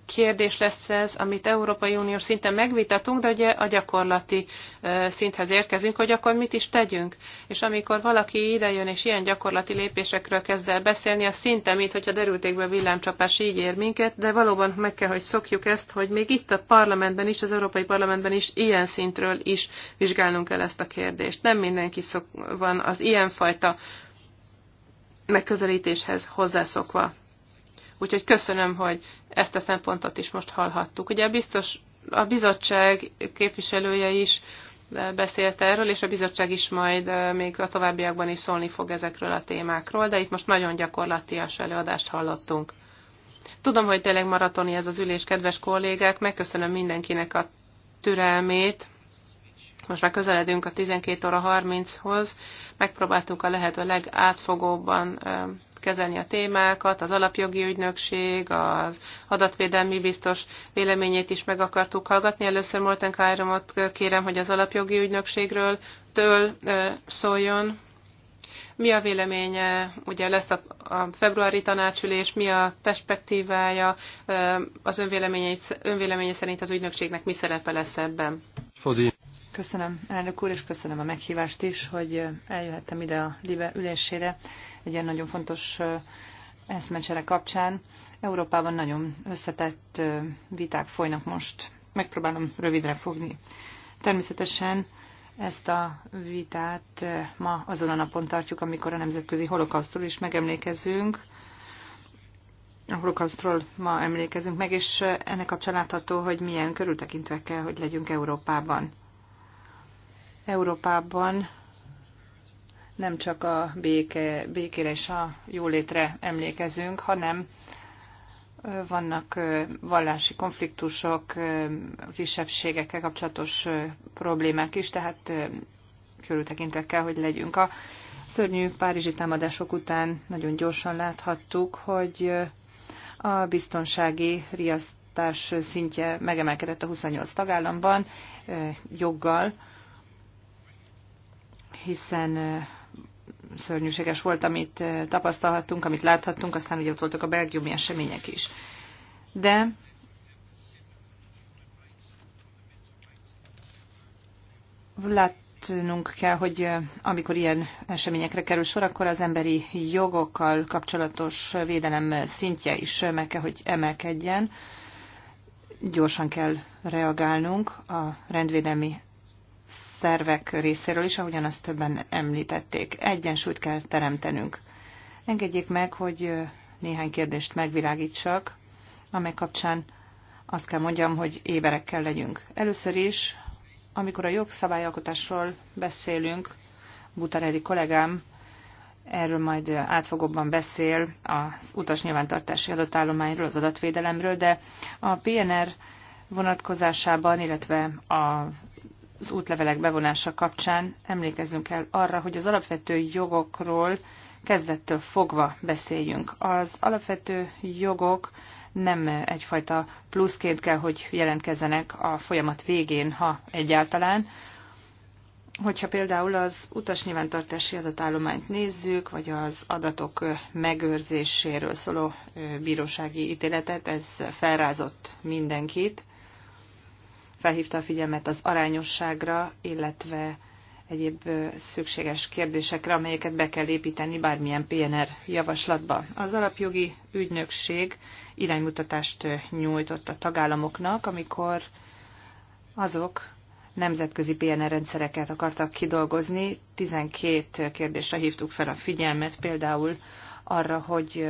kérdés lesz ez, amit Európai Unió szinten megvitatunk, de ugye a gyakorlati szinthez érkezünk, hogy akkor mit is tegyünk. És amikor valaki idejön és ilyen gyakorlati lépésekről kezd el beszélni, az szinte, mint hogyha derültékből villámcsapás így ér minket, de valóban meg kell, hogy szokjuk ezt, hogy még itt a parlamentben is, az Európai Parlamentben is ilyen szintről is vizsgálnunk kell ezt a kérdést. Nem mindenki szok, van az ilyenfajta megközelítéshez hozzászokva. Úgyhogy köszönöm, hogy ezt a szempontot is most hallhattuk. Ugye biztos a bizottság képviselője is e, beszélt erről, és a bizottság is majd e, még a továbbiakban is szólni fog ezekről a témákról, de itt most nagyon gyakorlatias előadást hallottunk. Tudom, hogy tényleg maratoni ez az ülés, kedves kollégák, megköszönöm mindenkinek a türelmét. Most már közeledünk a 12 óra 30-hoz, megpróbáltuk a lehető legátfogóbban e, kezelni a témákat, az alapjogi ügynökség, az adatvédelmi biztos véleményét is meg akartuk hallgatni. Először Molten Káromot kérem, hogy az alapjogi ügynökségről től szóljon. Mi a véleménye, ugye lesz a, a februári tanácsülés, mi a perspektívája, az önvéleménye, önvéleménye szerint az ügynökségnek mi szerepe lesz ebben?
Fodi.
Köszönöm, elnök úr, és köszönöm a meghívást is, hogy eljöhettem ide a Libe ülésére egy ilyen nagyon fontos eszmecsere kapcsán. Európában nagyon összetett viták folynak most. Megpróbálom rövidre fogni. Természetesen ezt a vitát ma azon a napon tartjuk, amikor a nemzetközi holokausztról is megemlékezünk. A holokausztról ma emlékezünk meg, és ennek kapcsán látható, hogy milyen körültekintve kell, hogy legyünk Európában. Európában nem csak a béke, békére és a jólétre emlékezünk, hanem vannak vallási konfliktusok, kisebbségekkel kapcsolatos problémák is, tehát körültekintve kell, hogy legyünk. A szörnyű párizsi támadások után nagyon gyorsan láthattuk, hogy a biztonsági riasztás szintje megemelkedett a 28 tagállamban joggal, hiszen szörnyűséges volt, amit tapasztalhattunk, amit láthattunk, aztán ugye ott voltak a belgiumi események is. De látnunk kell, hogy amikor ilyen eseményekre kerül sor, akkor az emberi jogokkal kapcsolatos védelem szintje is meg kell, hogy emelkedjen. Gyorsan kell reagálnunk a rendvédelmi szervek részéről is, ahogyan azt többen említették. Egyensúlyt kell teremtenünk. Engedjék meg, hogy néhány kérdést megvilágítsak, amely kapcsán azt kell mondjam, hogy éberekkel legyünk. Először is, amikor a jogszabályalkotásról beszélünk, Butarelli kollégám erről majd átfogóbban beszél az utas nyilvántartási adatállományról, az adatvédelemről, de a PNR vonatkozásában, illetve a az útlevelek bevonása kapcsán emlékeznünk kell arra, hogy az alapvető jogokról kezdettől fogva beszéljünk. Az alapvető jogok nem egyfajta pluszként kell, hogy jelentkezzenek a folyamat végén, ha egyáltalán. Hogyha például az utas nyilvántartási adatállományt nézzük, vagy az adatok megőrzéséről szóló bírósági ítéletet, ez felrázott mindenkit, felhívta a figyelmet az arányosságra, illetve egyéb szükséges kérdésekre, amelyeket be kell építeni bármilyen PNR javaslatba. Az alapjogi ügynökség iránymutatást nyújtott a tagállamoknak, amikor azok nemzetközi PNR rendszereket akartak kidolgozni. 12 kérdésre hívtuk fel a figyelmet, például arra, hogy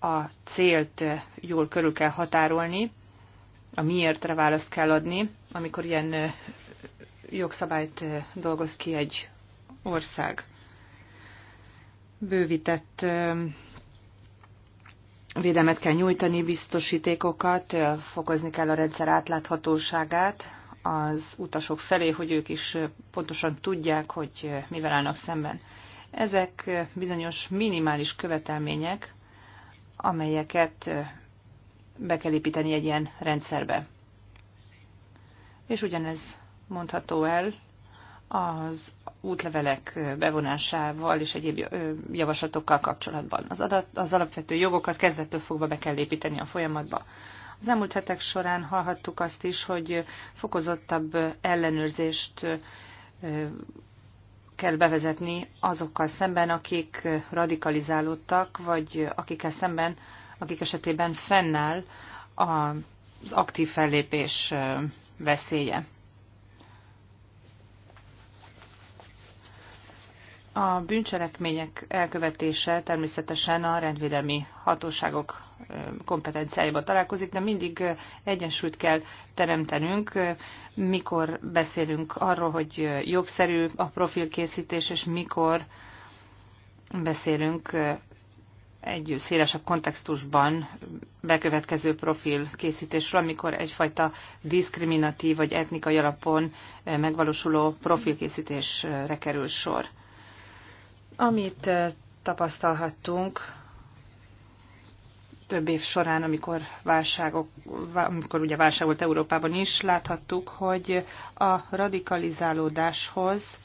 a célt jól körül kell határolni, a miértre választ kell adni, amikor ilyen jogszabályt dolgoz ki egy ország. Bővített védelmet kell nyújtani, biztosítékokat, fokozni kell a rendszer átláthatóságát az utasok felé, hogy ők is pontosan tudják, hogy mivel állnak szemben. Ezek bizonyos minimális követelmények, amelyeket be kell építeni egy ilyen rendszerbe. És ugyanez mondható el az útlevelek bevonásával és egyéb javaslatokkal kapcsolatban. Az, adat, az alapvető jogokat kezdettől fogva be kell építeni a folyamatba. Az elmúlt hetek során hallhattuk azt is, hogy fokozottabb ellenőrzést kell bevezetni azokkal szemben, akik radikalizálódtak, vagy akikkel szemben akik esetében fennáll az aktív fellépés veszélye. A bűncselekmények elkövetése természetesen a rendvédelmi hatóságok kompetenciájába találkozik, de mindig egyensúlyt kell teremtenünk, mikor beszélünk arról, hogy jogszerű a profilkészítés, és mikor beszélünk egy szélesebb kontextusban bekövetkező profil készítésről, amikor egyfajta diszkriminatív vagy etnikai alapon eh, megvalósuló profilkészítésre kerül sor. Amit eh, tapasztalhattunk több év során, amikor, válságok, amikor ugye válság volt Európában is, láthattuk, hogy a radikalizálódáshoz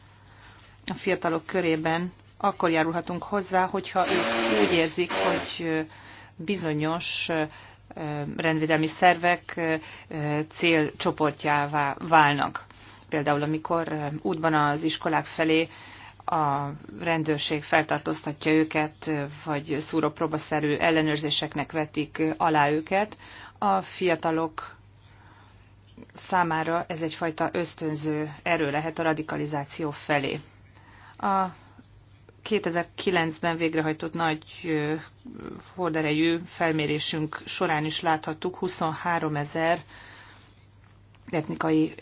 a fiatalok körében akkor járulhatunk hozzá, hogyha ők úgy érzik, hogy bizonyos rendvédelmi szervek célcsoportjává válnak. Például amikor útban az iskolák felé a rendőrség feltartóztatja őket, vagy szúropróbaszerű ellenőrzéseknek vetik alá őket, a fiatalok számára ez egyfajta ösztönző erő lehet a radikalizáció felé. A 2009-ben végrehajtott nagy horderejű felmérésünk során is láthattuk, 23 ezer etnikai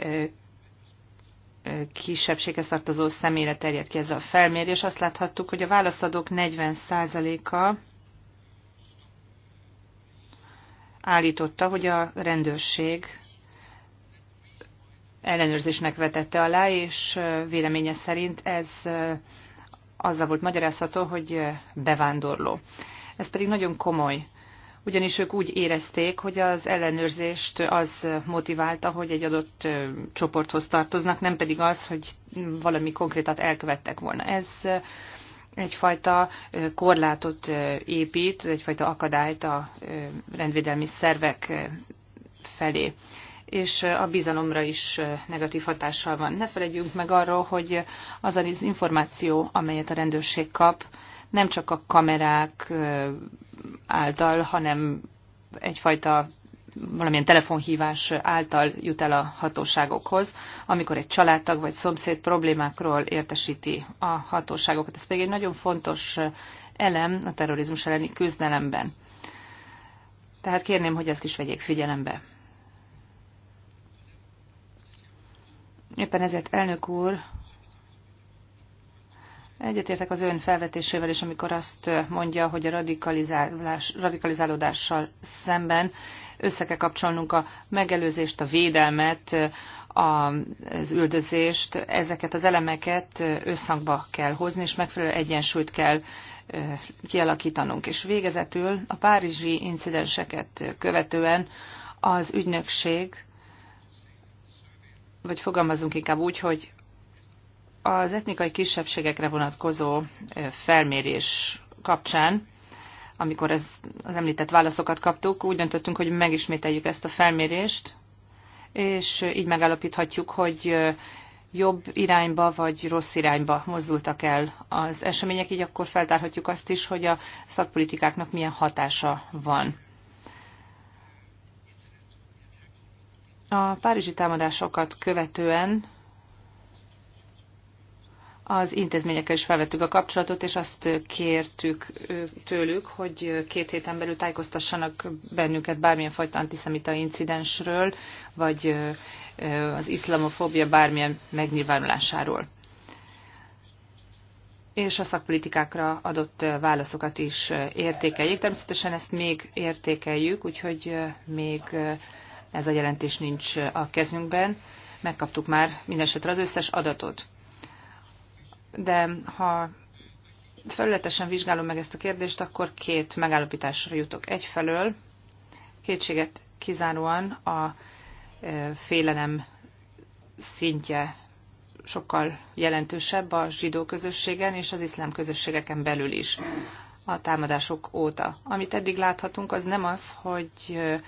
kisebbséghez tartozó személyre terjedt ki ez a felmérés. Azt láthattuk, hogy a válaszadók 40%-a állította, hogy a rendőrség ellenőrzésnek vetette alá, és véleménye szerint ez azzal volt magyarázható, hogy bevándorló. Ez pedig nagyon komoly, ugyanis ők úgy érezték, hogy az ellenőrzést az motiválta, hogy egy adott csoporthoz tartoznak, nem pedig az, hogy valami konkrétat elkövettek volna. Ez egyfajta korlátot épít, egyfajta akadályt a rendvédelmi szervek felé és a bizalomra is negatív hatással van. Ne felejtjünk meg arról, hogy az az információ, amelyet a rendőrség kap, nem csak a kamerák által, hanem egyfajta valamilyen telefonhívás által jut el a hatóságokhoz, amikor egy családtag vagy szomszéd problémákról értesíti a hatóságokat. Ez pedig egy nagyon fontos elem a terrorizmus elleni küzdelemben. Tehát kérném, hogy ezt is vegyék figyelembe. Éppen ezért, elnök úr, egyetértek az ön felvetésével és amikor azt mondja, hogy a radikalizálás, radikalizálódással szemben össze kell kapcsolnunk a megelőzést, a védelmet, az üldözést, ezeket az elemeket összhangba kell hozni, és megfelelő egyensúlyt kell kialakítanunk. És végezetül a párizsi incidenseket követően az ügynökség vagy fogalmazunk inkább úgy, hogy az etnikai kisebbségekre vonatkozó felmérés kapcsán, amikor ez, az említett válaszokat kaptuk, úgy döntöttünk, hogy megismételjük ezt a felmérést, és így megállapíthatjuk, hogy jobb irányba vagy rossz irányba mozdultak el az események, így akkor feltárhatjuk azt is, hogy a szakpolitikáknak milyen hatása van. A párizsi támadásokat követően az intézményekkel is felvettük a kapcsolatot, és azt kértük tőlük, hogy két héten belül tájékoztassanak bennünket bármilyen fajta antiszemita incidensről, vagy az iszlamofóbia bármilyen megnyilvánulásáról. És a szakpolitikákra adott válaszokat is értékeljék. Természetesen ezt még értékeljük, úgyhogy még ez a jelentés nincs a kezünkben. Megkaptuk már mindesetre az összes adatot. De ha felületesen vizsgálom meg ezt a kérdést, akkor két megállapításra jutok. Egyfelől kétséget kizáróan a e, félelem szintje sokkal jelentősebb a zsidó közösségen és az iszlám közösségeken belül is a támadások óta. Amit eddig láthatunk, az nem az, hogy e,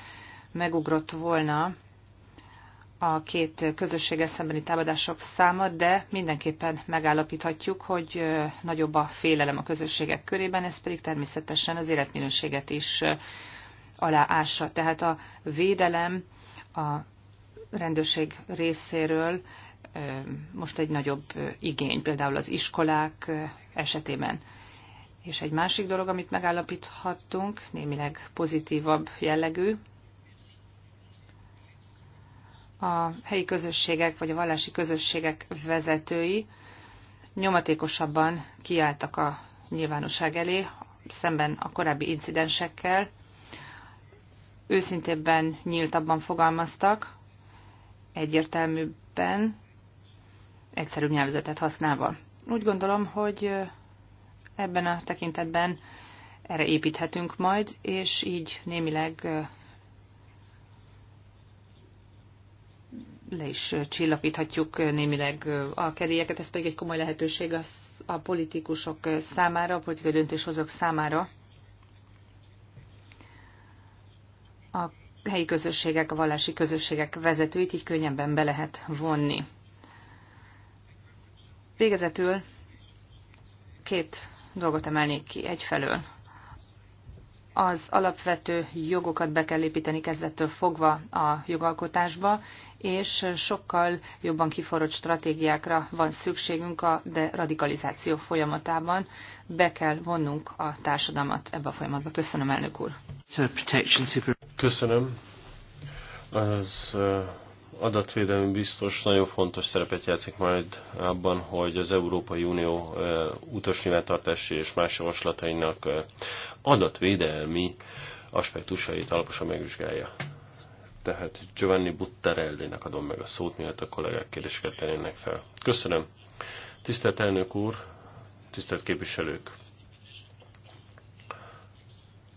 megugrott volna a két közösség szembeni támadások száma, de mindenképpen megállapíthatjuk, hogy nagyobb a félelem a közösségek körében, ez pedig természetesen az életminőséget is aláássa. Tehát a védelem a rendőrség részéről most egy nagyobb igény, például az iskolák esetében. És egy másik dolog, amit megállapíthattunk, némileg pozitívabb jellegű, a helyi közösségek vagy a vallási közösségek vezetői nyomatékosabban kiálltak a nyilvánosság elé, szemben a korábbi incidensekkel, őszintébben nyíltabban fogalmaztak, egyértelműbben, egyszerűbb nyelvezetet használva. Úgy gondolom, hogy ebben a tekintetben erre építhetünk majd, és így némileg le is csillapíthatjuk némileg a kerélyeket. ez pedig egy komoly lehetőség az a politikusok számára, a politikai döntéshozók számára. A helyi közösségek, a vallási közösségek vezetőit így könnyebben be lehet vonni. Végezetül két dolgot emelnék ki egyfelől az alapvető jogokat be kell építeni kezdettől fogva a jogalkotásba, és sokkal jobban kiforrott stratégiákra van szükségünk a deradikalizáció folyamatában. Be kell vonnunk a társadalmat ebbe a folyamatba. Köszönöm, elnök úr.
Köszönöm. Az uh, adatvédelmi biztos nagyon fontos szerepet játszik majd abban, hogy az Európai Unió uh, utasnyilvántartási és más javaslatainak uh, adatvédelmi aspektusait alaposan megvizsgálja. Tehát Giovanni Buttarelli-nek adom meg a szót, miatt a kollégák kérdéseket tennének fel. Köszönöm. Tisztelt elnök úr, tisztelt képviselők!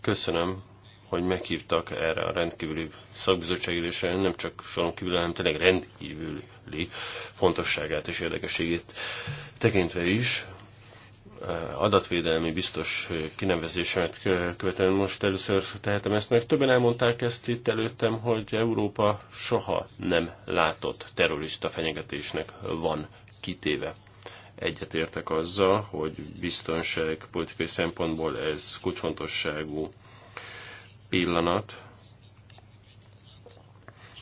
Köszönöm, hogy meghívtak erre a rendkívüli szakbizottságülésre, nem csak soron kívül, hanem tényleg rendkívüli fontosságát és érdekességét tekintve is adatvédelmi biztos kinevezésemet követően most először tehetem ezt meg. Többen elmondták ezt itt előttem, hogy Európa soha nem látott terrorista fenyegetésnek van kitéve. Egyetértek azzal, hogy biztonság politikai szempontból ez kulcsfontosságú pillanat.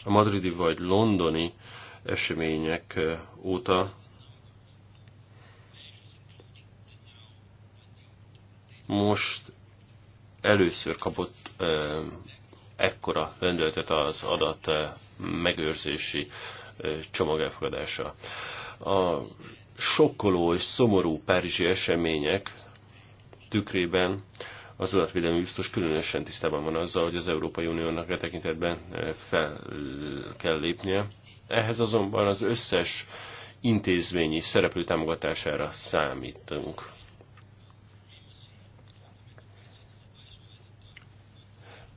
A madridi vagy londoni események óta most először kapott ekkora rendeletet az adat megőrzési csomag elfogadása. A sokkoló és szomorú párizsi események tükrében az adatvédelmi biztos különösen tisztában van azzal, hogy az Európai Uniónak e tekintetben fel kell lépnie. Ehhez azonban az összes intézményi szereplő támogatására számítunk.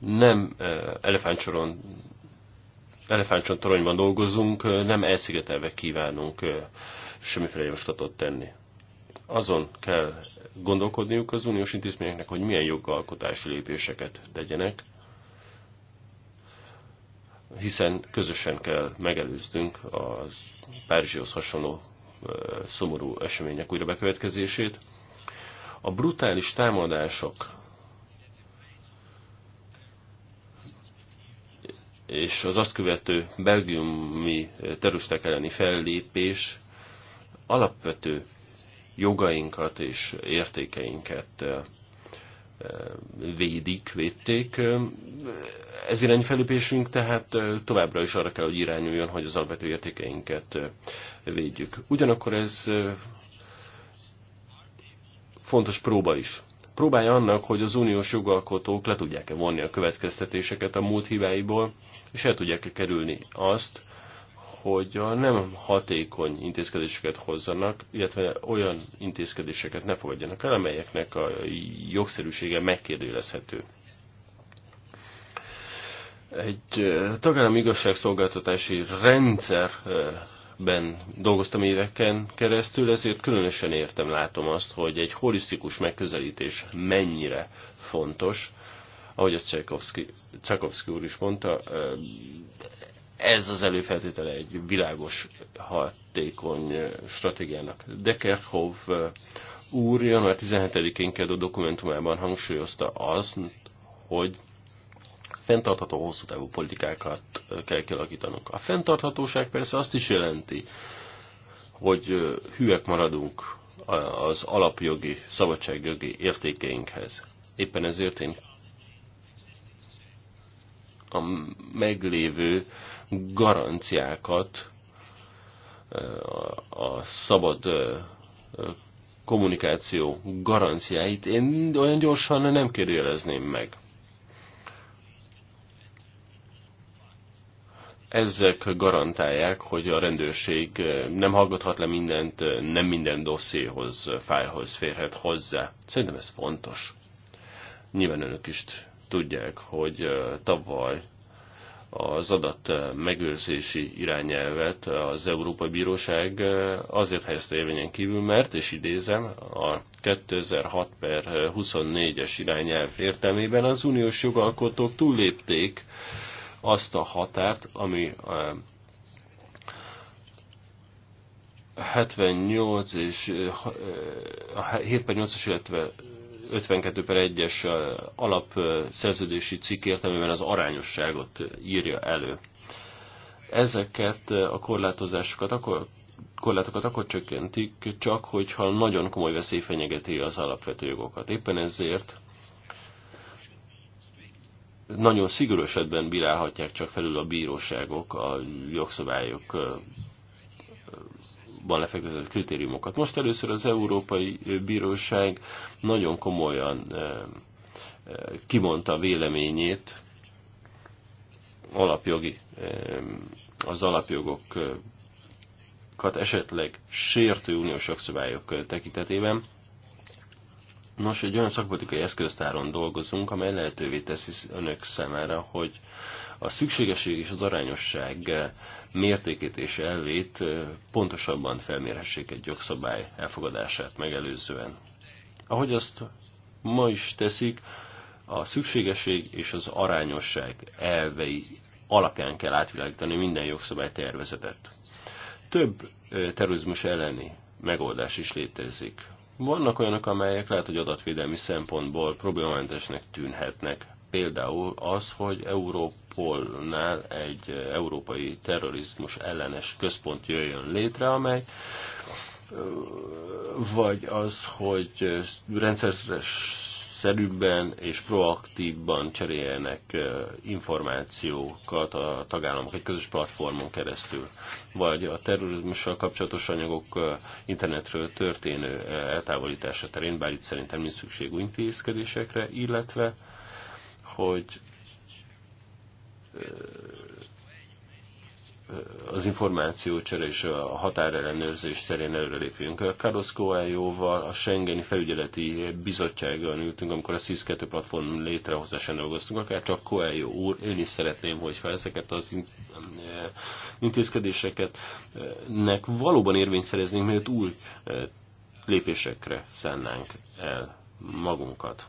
nem elefántsoron elefántcsont toronyban dolgozunk, nem elszigetelve kívánunk semmiféle javaslatot tenni. Azon kell gondolkodniuk az uniós intézményeknek, hogy milyen jogalkotási lépéseket tegyenek, hiszen közösen kell megelőznünk a Párizsihoz hasonló szomorú események újra bekövetkezését. A brutális támadások és az azt követő belgiumi terroristák elleni fellépés alapvető jogainkat és értékeinket védik, védték. Ez irányú felépésünk tehát továbbra is arra kell, hogy irányuljon, hogy az alapvető értékeinket védjük. Ugyanakkor ez fontos próba is próbálja annak, hogy az uniós jogalkotók le tudják-e vonni a következtetéseket a múlt hibáiból, és el tudják-e kerülni azt, hogy a nem hatékony intézkedéseket hozzanak, illetve olyan intézkedéseket ne fogadjanak el, amelyeknek a jogszerűsége megkérdőjelezhető. Egy tagállami igazságszolgáltatási rendszer ben dolgoztam éveken keresztül, ezért különösen értem, látom azt, hogy egy holisztikus megközelítés mennyire fontos. Ahogy azt Csajkovszki, úr is mondta, ez az előfeltétele egy világos, hatékony stratégiának. De Kerkhov úr január 17-én kiadott dokumentumában hangsúlyozta azt, hogy fenntartható hosszú távú politikákat kell kialakítanunk. A fenntarthatóság persze azt is jelenti, hogy hűek maradunk az alapjogi, szabadságjogi értékeinkhez. Éppen ezért én a meglévő garanciákat a szabad kommunikáció garanciáit én olyan gyorsan nem kérdőjelezném meg. ezek garantálják, hogy a rendőrség eh, nem hallgathat le mindent, eh, nem minden dossziéhoz, eh, fájlhoz férhet hozzá. Szerintem ez fontos. Nyilván önök is tudják, hogy tavaly az adat megőrzési irányelvet az Európai Bíróság azért helyezte érvényen kívül, mert, és idézem, a 2006 per 24-es irányelv értelmében az uniós jogalkotók túllépték azt a határt, ami 78 eh, és 7.8-as, eh, illetve 52 per 1-es eh, alapszerződési cikk értelmében az arányosságot írja elő. Ezeket a korlátozásokat akkor korlátokat akkor csökkentik, csak hogyha nagyon komoly veszély fenyegeti az alapvető jogokat. Éppen ezért nagyon szigorú esetben bírálhatják csak felül a bíróságok a jogszabályok van lefektetett kritériumokat. Most először az Európai Bíróság nagyon komolyan kimondta véleményét alapjogi, az alapjogokat esetleg sértő uniós jogszabályok tekintetében. Nos, egy olyan szakpolitikai eszköztáron dolgozunk, amely lehetővé teszi önök számára, hogy a szükségesség és az arányosság mértékét és elvét pontosabban felmérhessék egy jogszabály elfogadását megelőzően. Ahogy azt ma is teszik, a szükségesség és az arányosság elvei alapján kell átvilágítani minden jogszabálytervezetet. Több terrorizmus elleni megoldás is létezik. Vannak olyanok, amelyek lehet, hogy adatvédelmi szempontból problémamentesnek tűnhetnek. Például az, hogy Európolnál egy európai terrorizmus ellenes központ jöjjön létre, amely vagy az, hogy rendszeres szerűbben és proaktívban cseréljenek információkat a tagállamok egy közös platformon keresztül, vagy a terrorizmussal kapcsolatos anyagok internetről történő eltávolítása terén, bár itt szerintem nincs szükségű intézkedésekre, illetve hogy az információcsere és a határellenőrzés terén előrelépjünk. Carlos Coelho-val a Schengeni Felügyeleti Bizottsággal ültünk, amikor a SZISZ 2 platform létrehozásán dolgoztunk, akár csak Coelho úr, én is szeretném, hogyha ezeket az intézkedéseket nek valóban érvényt szereznénk, mert új e, lépésekre szennánk el magunkat.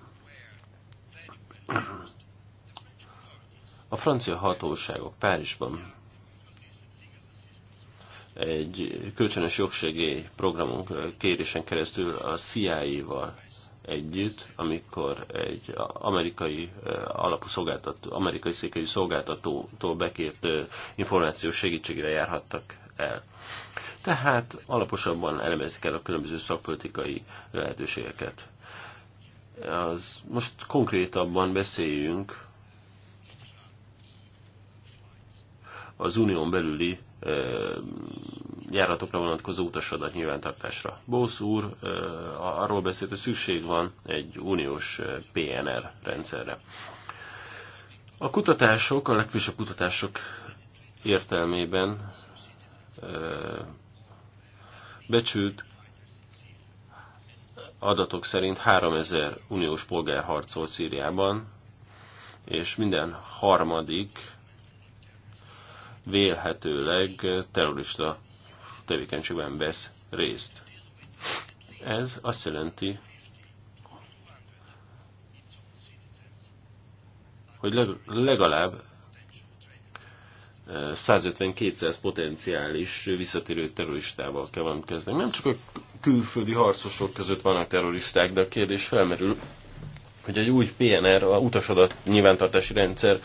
A francia hatóságok Párizsban egy kölcsönös jogsegély programunk kérésen keresztül a CIA-val együtt, amikor egy amerikai alapú szolgáltató, amerikai székelyű szolgáltatótól bekért információs segítségére járhattak el. Tehát alaposabban elemezik el a különböző szakpolitikai lehetőségeket. Az, most konkrétabban beszéljünk az unión belüli járatokra vonatkozó utasadat nyilvántartásra. Bósz úr arról beszélt, hogy szükség van egy uniós PNR rendszerre. A kutatások, a legfrissebb kutatások értelmében becsült adatok szerint 3000 uniós polgár harcol Szíriában, és minden harmadik vélhetőleg terrorista tevékenységben vesz részt. Ez azt jelenti, hogy legalább 150-200 eh, potenciális visszatérő terroristával kell valamit kezdeni. Nem csak a külföldi harcosok között vannak terroristák, de a kérdés felmerül, hogy egy új PNR, a utasadat nyilvántartási rendszer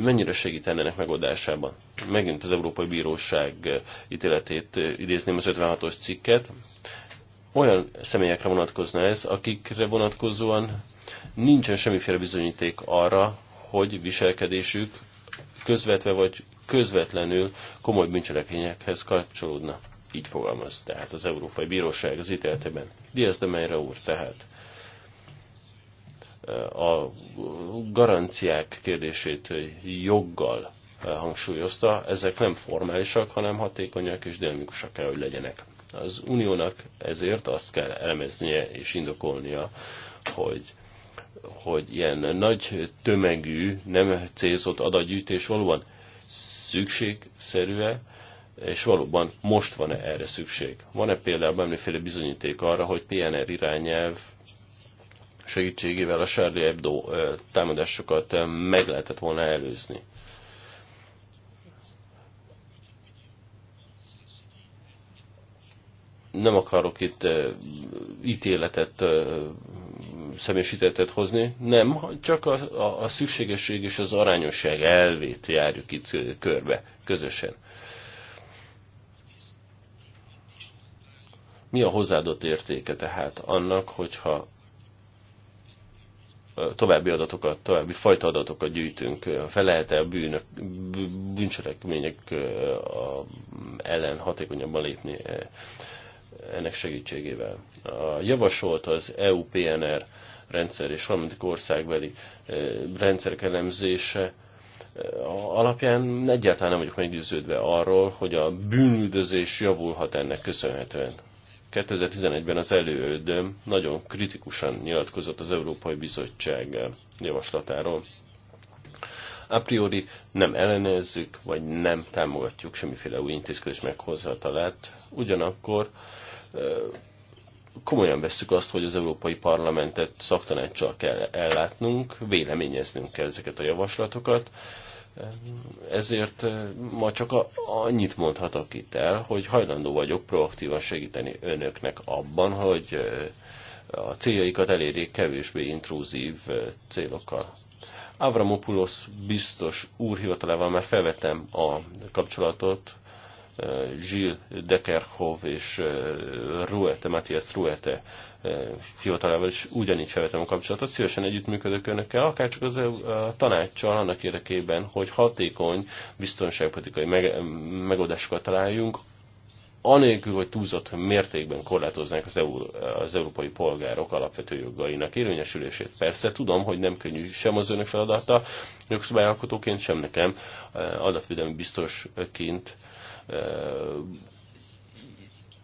mennyire segítenének megoldásában. Megint az Európai Bíróság ítéletét idézném az 56-os cikket. Olyan személyekre vonatkozna ez, akikre vonatkozóan nincsen semmiféle bizonyíték arra, hogy viselkedésük közvetve vagy közvetlenül komoly bűncselekményekhez kapcsolódna. Így fogalmaz tehát az Európai Bíróság az ítéletében. Diaz de Meire úr tehát a garanciák kérdését joggal hangsúlyozta, ezek nem formálisak, hanem hatékonyak és dinamikusak kell, hogy legyenek. Az uniónak ezért azt kell elemeznie és indokolnia, hogy hogy ilyen nagy tömegű, nem célzott adagyűjtés valóban szükségszerű-e, és valóban most van-e erre szükség? Van-e például bármiféle bizonyíték arra, hogy PNR irányelv segítségével a Charlie Hebdo támadásokat meg lehetett volna előzni. Nem akarok itt ítéletet, személyisítetet hozni, nem, csak a, a, a szükségesség és az arányosság elvét járjuk itt körbe közösen. Mi a hozzáadott értéke tehát annak, hogyha további adatokat, további fajta adatokat gyűjtünk, fel lehet-e a bűnök, bűncselekmények ellen hatékonyabban lépni ennek segítségével. A javasolt az EU-PNR rendszer és harmadik országbeli rendszerek elemzése alapján egyáltalán nem vagyok meggyőződve arról, hogy a bűnüldözés javulhat ennek köszönhetően. 2011-ben az előődöm nagyon kritikusan nyilatkozott az Európai Bizottság javaslatáról. A priori nem ellenőrzzük, vagy nem támogatjuk semmiféle új intézkedés meghozatalát. Ugyanakkor komolyan vesszük azt, hogy az Európai Parlamentet szaktanáccsal kell ellátnunk, véleményeznünk kell ezeket a javaslatokat, ezért eh, ma csak annyit mondhatok itt el, hogy hajlandó vagyok proaktívan segíteni önöknek abban, hogy eh, a céljaikat elérjék kevésbé intrúzív eh, célokkal. Avramopoulos biztos úr már felvettem a kapcsolatot, Gilles Dekerkov és Ruete, Matthias Ruete hivatalával is ugyanígy felvetem a kapcsolatot. Szívesen együttműködök önökkel, akár csak az a tanácssal annak érdekében, hogy hatékony biztonságpolitikai megoldásokat találjunk, anélkül, hogy túlzott mértékben korlátoznák az, EU, az európai polgárok alapvető jogainak érvényesülését. Persze tudom, hogy nem könnyű sem az önök feladata, jogszabályalkotóként, sem nekem adatvédelmi biztosként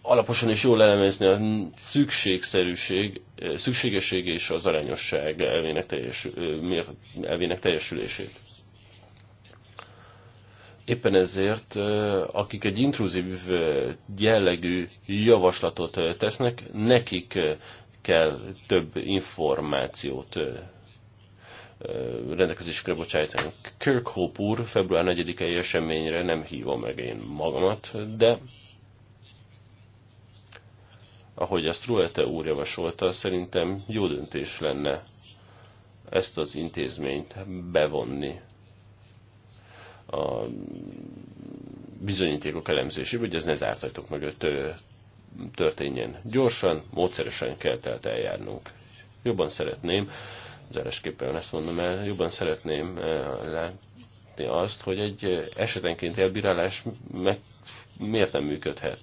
alaposan is jól elemezni a szükségszerűség, szükségesség és az arányosság elvének, teljes, elvének teljesülését. Éppen ezért, akik egy intruzív jellegű javaslatot tesznek, nekik kell több információt rendelkezésre bocsájtani. Kirkhope úr február 4-i eseményre nem hívom meg én magamat, de ahogy azt Ruete úr javasolta, szerintem jó döntés lenne ezt az intézményt bevonni a bizonyítékok elemzésébe, hogy ez ne zárt ajtók mögött történjen. Gyorsan, módszeresen kell tehát eljárnunk. Jobban szeretném, zárásképpen ezt mondom el, jobban szeretném eh, látni azt, hogy egy eh, esetenként elbírálás meg, miért nem működhet.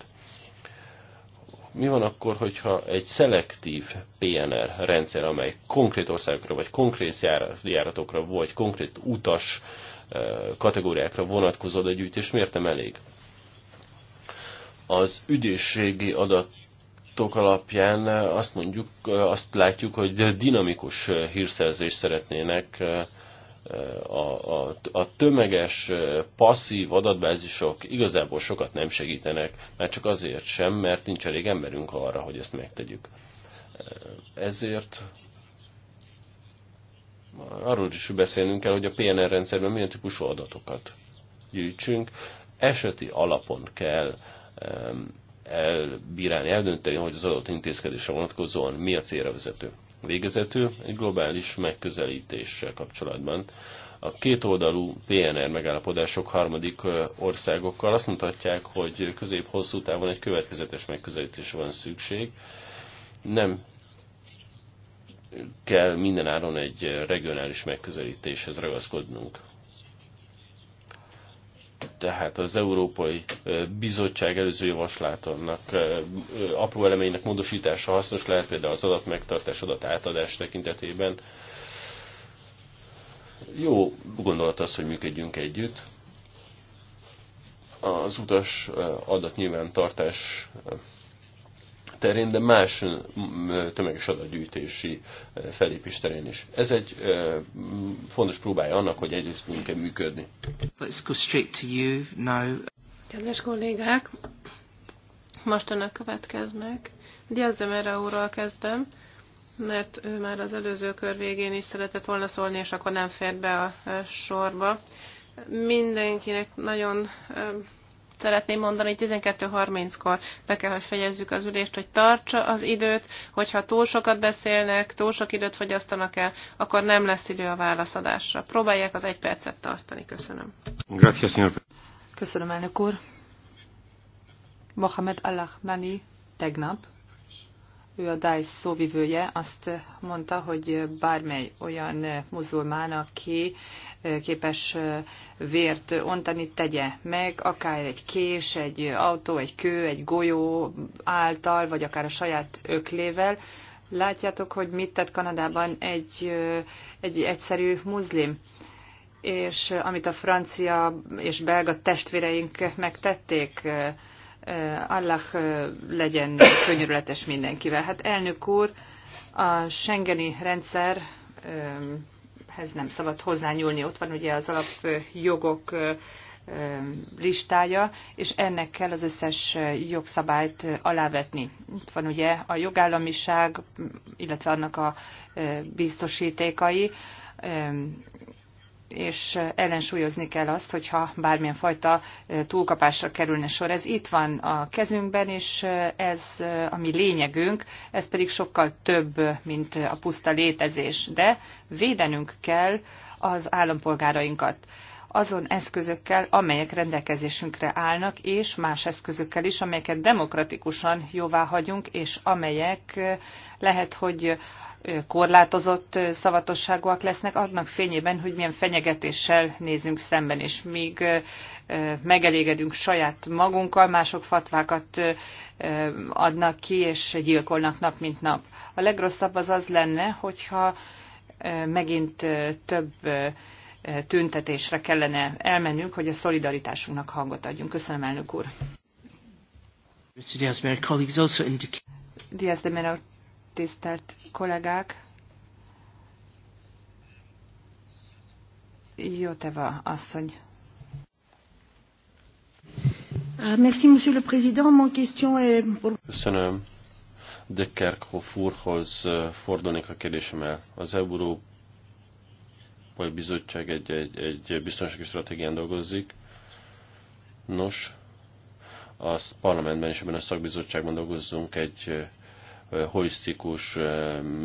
Mi van akkor, hogyha egy szelektív PNR rendszer, amely konkrét országokra, vagy konkrét járatokra, vagy konkrét utas eh, kategóriákra vonatkozó gyűjtés, miért nem elég? Az ügyészségi adat adatok alapján eh, azt mondjuk, eh, azt látjuk, hogy dinamikus hírszerzést szeretnének eh, a, a, a tömeges, passzív adatbázisok igazából sokat nem segítenek, már csak azért sem, mert nincs elég emberünk arra, hogy ezt megtegyük. Ezért arról is beszélnünk kell, hogy a PNR rendszerben milyen típusú adatokat gyűjtsünk. Eseti alapon kell elbírálni, eldönteni, hogy az adott intézkedésre vonatkozóan mi a célra vezető. Végezetül egy globális megközelítéssel kapcsolatban a kétoldalú PNR megállapodások harmadik országokkal azt mutatják, hogy közép-hosszú távon egy következetes megközelítésre van szükség. Nem kell minden áron egy regionális megközelítéshez ragaszkodnunk tehát az Európai Bizottság előző javaslatának apró elemeinek módosítása hasznos lehet, például az adatmegtartás, átadás tekintetében. Jó gondolat az, hogy működjünk együtt. Az utas adatnyilvántartás terén, de más tömeges adatgyűjtési felépés terén is. Ez egy fontos próbája annak, hogy együtt tudjunk-e
működni. Let's go straight to you now.
Kedves kollégák, most önök következnek. Diaz de Mera úrral kezdem, mert ő már az előző kör végén is szeretett volna szólni, és akkor nem fér be a sorba. Mindenkinek nagyon szeretném mondani, 12.30-kor be kell, hogy fejezzük az ülést, hogy tartsa az időt, hogyha túl sokat beszélnek, túl sok időt fogyasztanak el, akkor nem lesz idő a válaszadásra. Próbálják az egy percet tartani. Köszönöm. Köszönöm, elnök úr.
Mohamed Alahmani tegnap ő a DICE szóvivője, azt mondta, hogy bármely olyan muzulmán, aki képes vért ontani, tegye meg, akár egy kés, egy autó, egy kő, egy golyó által, vagy akár a saját öklével. Látjátok, hogy mit tett Kanadában egy, egy egyszerű muszlim és amit a francia és belga testvéreink megtették, Eh, Allah eh, legyen könyörületes mindenkivel. Hát elnök úr, a Schengeni rendszer eh, ez nem szabad hozzányúlni. Ott van ugye az alapjogok listája, és ennek kell az összes jogszabályt alávetni. Itt van ugye a jogállamiság, illetve annak a biztosítékai, és ellensúlyozni kell azt, hogyha bármilyen fajta túlkapásra kerülne sor. Ez itt van a kezünkben, és ez a mi lényegünk, ez pedig sokkal több, mint a puszta létezés, de védenünk kell az állampolgárainkat azon eszközökkel, amelyek rendelkezésünkre állnak, és más eszközökkel is, amelyeket demokratikusan jóvá hagyunk, és amelyek lehet, hogy korlátozott szavatosságúak lesznek, annak fényében, hogy milyen fenyegetéssel nézünk szemben, és míg megelégedünk saját magunkkal, mások fatvákat adnak ki, és gyilkolnak nap, mint nap. A legrosszabb az az lenne, hogyha megint több tüntetésre kellene elmennünk, hogy a szolidaritásunknak hangot adjunk. Köszönöm, elnök úr! Diaz de Mera tisztelt kollégák! Jóteva asszony.
Ah, merci, monsieur le président.
Mon question est
Köszönöm. De Kerkhoff úrhoz eh, fordulnék a kérdésemmel. Az Európai bizottság egy, egy, egy biztonsági stratégián dolgozik. Nos, a parlamentben és ebben a szakbizottságban dolgozzunk egy eh, holisztikus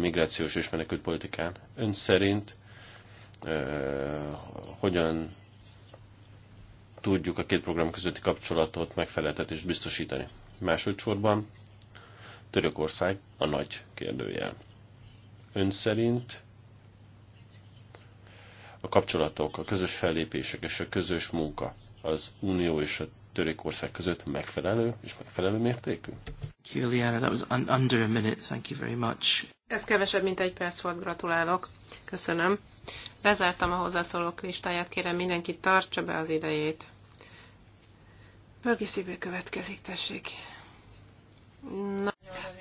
migrációs és menekültpolitikán. Ön szerint hogyan tudjuk a két program közötti kapcsolatot megfeleltetést biztosítani? Másodszorban Törökország a nagy kérdőjel. Ön szerint a kapcsolatok, a közös fellépések és a közös munka az Unió és a Törökország között megfelelő és
megfelelő mértékű? Juliana, that was under a minute. Thank you very much.
Ez kevesebb, mint egy perc volt, gratulálok. Köszönöm. Bezártam a hozzászólók listáját, kérem mindenki tartsa be az idejét. Bölgi szívő következik, tessék.
Na.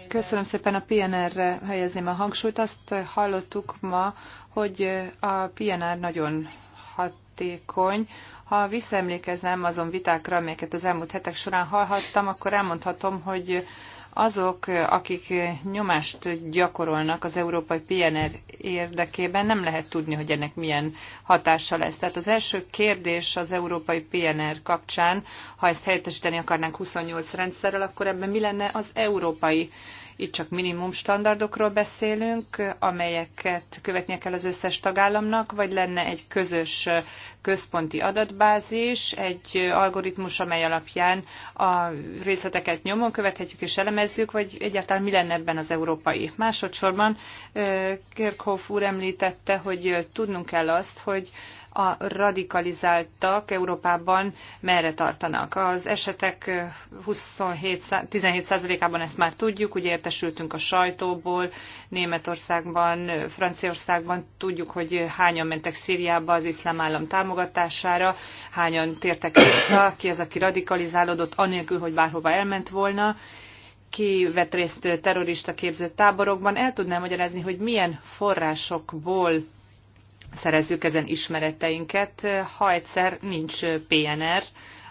Köszönöm szépen a PNR-re helyezném a hangsúlyt. Azt hallottuk ma, hogy a PNR nagyon hatékony ha visszaemlékeznem azon vitákra, amelyeket az elmúlt hetek során hallhattam, akkor elmondhatom, hogy azok, akik nyomást gyakorolnak az európai PNR érdekében, nem lehet tudni, hogy ennek milyen hatása lesz. Tehát az első kérdés az európai PNR kapcsán, ha ezt helyettesíteni akarnánk 28 rendszerrel, akkor ebben mi lenne az európai itt csak minimum standardokról beszélünk, amelyeket követnie kell az összes tagállamnak, vagy lenne egy közös központi adatbázis, egy algoritmus, amely alapján a részleteket nyomon követhetjük és elemezzük, vagy egyáltalán mi lenne ebben az európai. Másodszorban eh, Kirchhoff úr említette, hogy tudnunk kell azt, hogy a radikalizáltak Európában merre tartanak. Az esetek 27, 17%-ában ezt már tudjuk, ugye értesültünk a sajtóból, Németországban, Franciaországban tudjuk, hogy hányan mentek Szíriába az iszlám állam támogatására, hányan tértek vissza, ki az, aki radikalizálódott, anélkül, hogy bárhova elment volna ki vett részt terrorista képző táborokban, el tudnám magyarázni, hogy milyen forrásokból szerezzük ezen ismereteinket, ha egyszer nincs PNR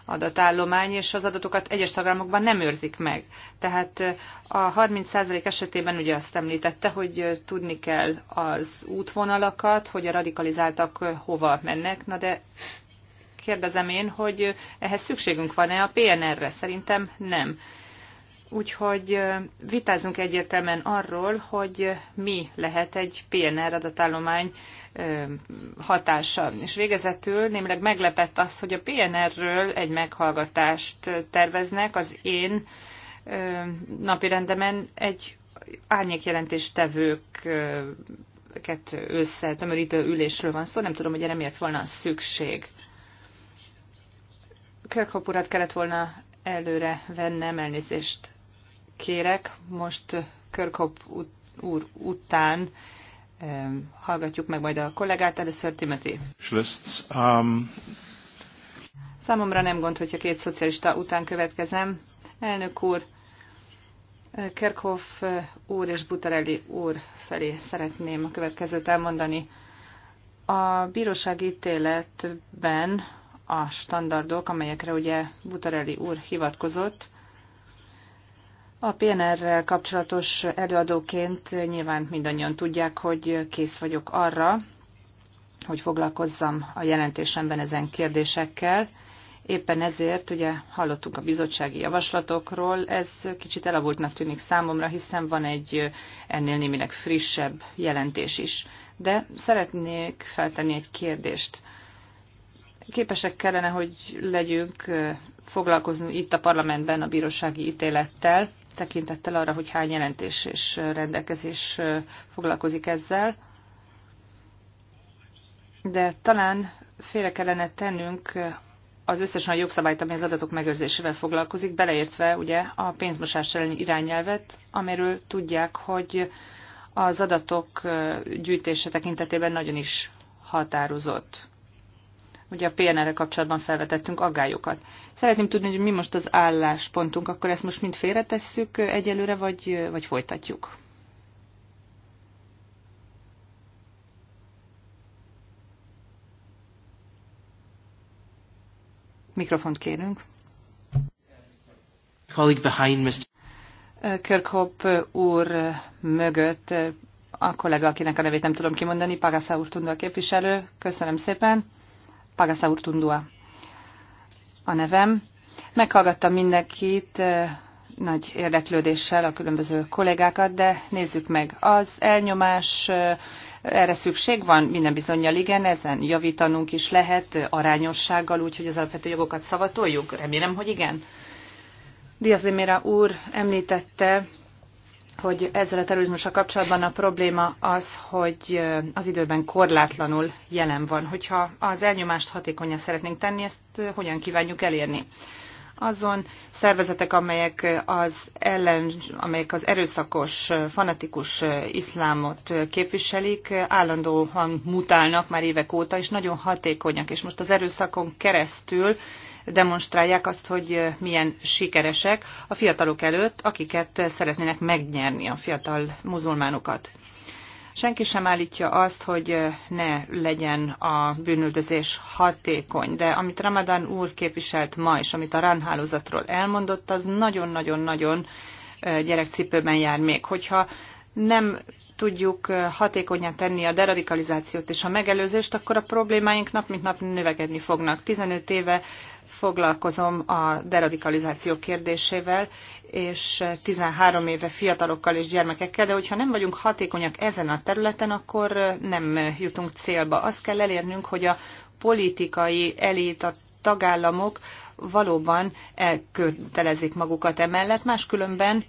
adatállomány, és az adatokat egyes tagállamokban nem őrzik meg. Tehát a 30% esetében ugye azt említette, hogy tudni kell az útvonalakat, hogy a radikalizáltak hova mennek, na de kérdezem én, hogy ehhez szükségünk van-e a PNR-re? Szerintem nem Úgyhogy vitázunk egyértelműen arról, hogy mi lehet egy PNR adatállomány hatása. És végezetül némileg meglepett az, hogy a PNR-ről egy meghallgatást terveznek az én rendemen egy össze tömörítő ülésről van szó, nem tudom, hogy erre miért volna szükség. Kirkhope urat kellett volna előre vennem, elnézést kérek. Most Körkop úr után hallgatjuk meg majd a kollégát. Először Timothy. Um... Számomra nem gond, hogyha két szocialista után következem. Elnök úr, Kerkhoff úr és Butarelli úr felé szeretném a következőt elmondani. A bíróság ítéletben a standardok, amelyekre ugye Butarelli úr hivatkozott, a PNR-rel kapcsolatos előadóként nyilván mindannyian tudják, hogy kész vagyok arra, hogy foglalkozzam a jelentésemben ezen kérdésekkel. Éppen ezért ugye hallottunk a bizottsági javaslatokról, ez kicsit elavultnak tűnik számomra, hiszen van egy ennél némileg frissebb jelentés is. De szeretnék feltenni egy kérdést. Képesek kellene, hogy legyünk foglalkozni itt a parlamentben a bírósági ítélettel, tekintettel arra, hogy hány jelentés és rendelkezés foglalkozik ezzel. De talán félre kellene tennünk az összes olyan jogszabályt, ami az adatok megőrzésével foglalkozik, beleértve ugye a pénzmosás elleni irányelvet, amiről tudják, hogy az adatok gyűjtése tekintetében nagyon is határozott ugye a PNR-re kapcsolatban felvetettünk aggályokat. Szeretném tudni, hogy mi most az álláspontunk, akkor ezt most mind félretesszük egyelőre, vagy, vagy folytatjuk? Mikrofont kérünk.
Colleague behind Mr.
Kirkhope úr mögött a kollega, akinek a nevét nem tudom kimondani, Pagasza úr tudna a képviselő. Köszönöm szépen. Pagasa Urtundua a nevem. Meghallgattam mindenkit nagy érdeklődéssel a különböző kollégákat, de nézzük meg. Az elnyomás, erre szükség van? Minden bizonyal igen, ezen javítanunk is lehet arányossággal, úgyhogy az alapvető jogokat szavatoljuk? Remélem, hogy igen. Diaz de Mera úr említette hogy ezzel a terrorizmusra kapcsolatban a probléma az, hogy az időben korlátlanul jelen van. Hogyha az elnyomást hatékonyan szeretnénk tenni, ezt hogyan kívánjuk elérni? azon szervezetek, amelyek az, ellen, amelyek az erőszakos, fanatikus iszlámot képviselik, állandóan mutálnak már évek óta, és nagyon hatékonyak. És most az erőszakon keresztül demonstrálják azt, hogy milyen sikeresek a fiatalok előtt, akiket szeretnének megnyerni a fiatal muzulmánokat. Senki sem állítja azt, hogy ne legyen a bűnüldözés hatékony, de amit Ramadan úr képviselt ma, és amit a RAN hálózatról elmondott, az nagyon-nagyon-nagyon gyerekcipőben jár még. Hogyha nem tudjuk hatékonyan tenni a deradikalizációt és a megelőzést, akkor a problémáink nap mint nap növekedni fognak. 15 éve foglalkozom a deradikalizáció kérdésével, és 13 éve fiatalokkal és gyermekekkel, de hogyha nem vagyunk hatékonyak ezen a területen, akkor nem jutunk célba. Azt kell elérnünk, hogy a politikai elit, a tagállamok valóban elkötelezik magukat emellett, máskülönben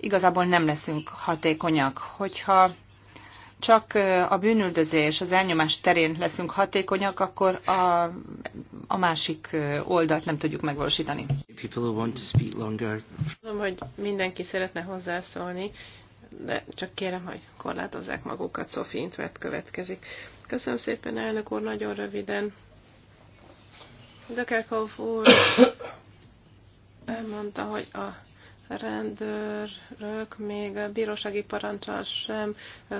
igazából nem leszünk hatékonyak. Hogyha csak a bűnüldözés, az elnyomás terén leszünk hatékonyak, akkor a, a másik oldalt nem tudjuk megvalósítani.
Tudom,
hogy mindenki szeretne hozzászólni, de csak kérem, hogy korlátozzák magukat. Szofi Intvert következik. Köszönöm szépen, elnök úr, nagyon röviden. Dökerkov úr elmondta, hogy a rendőrök még a bírósági parancsal sem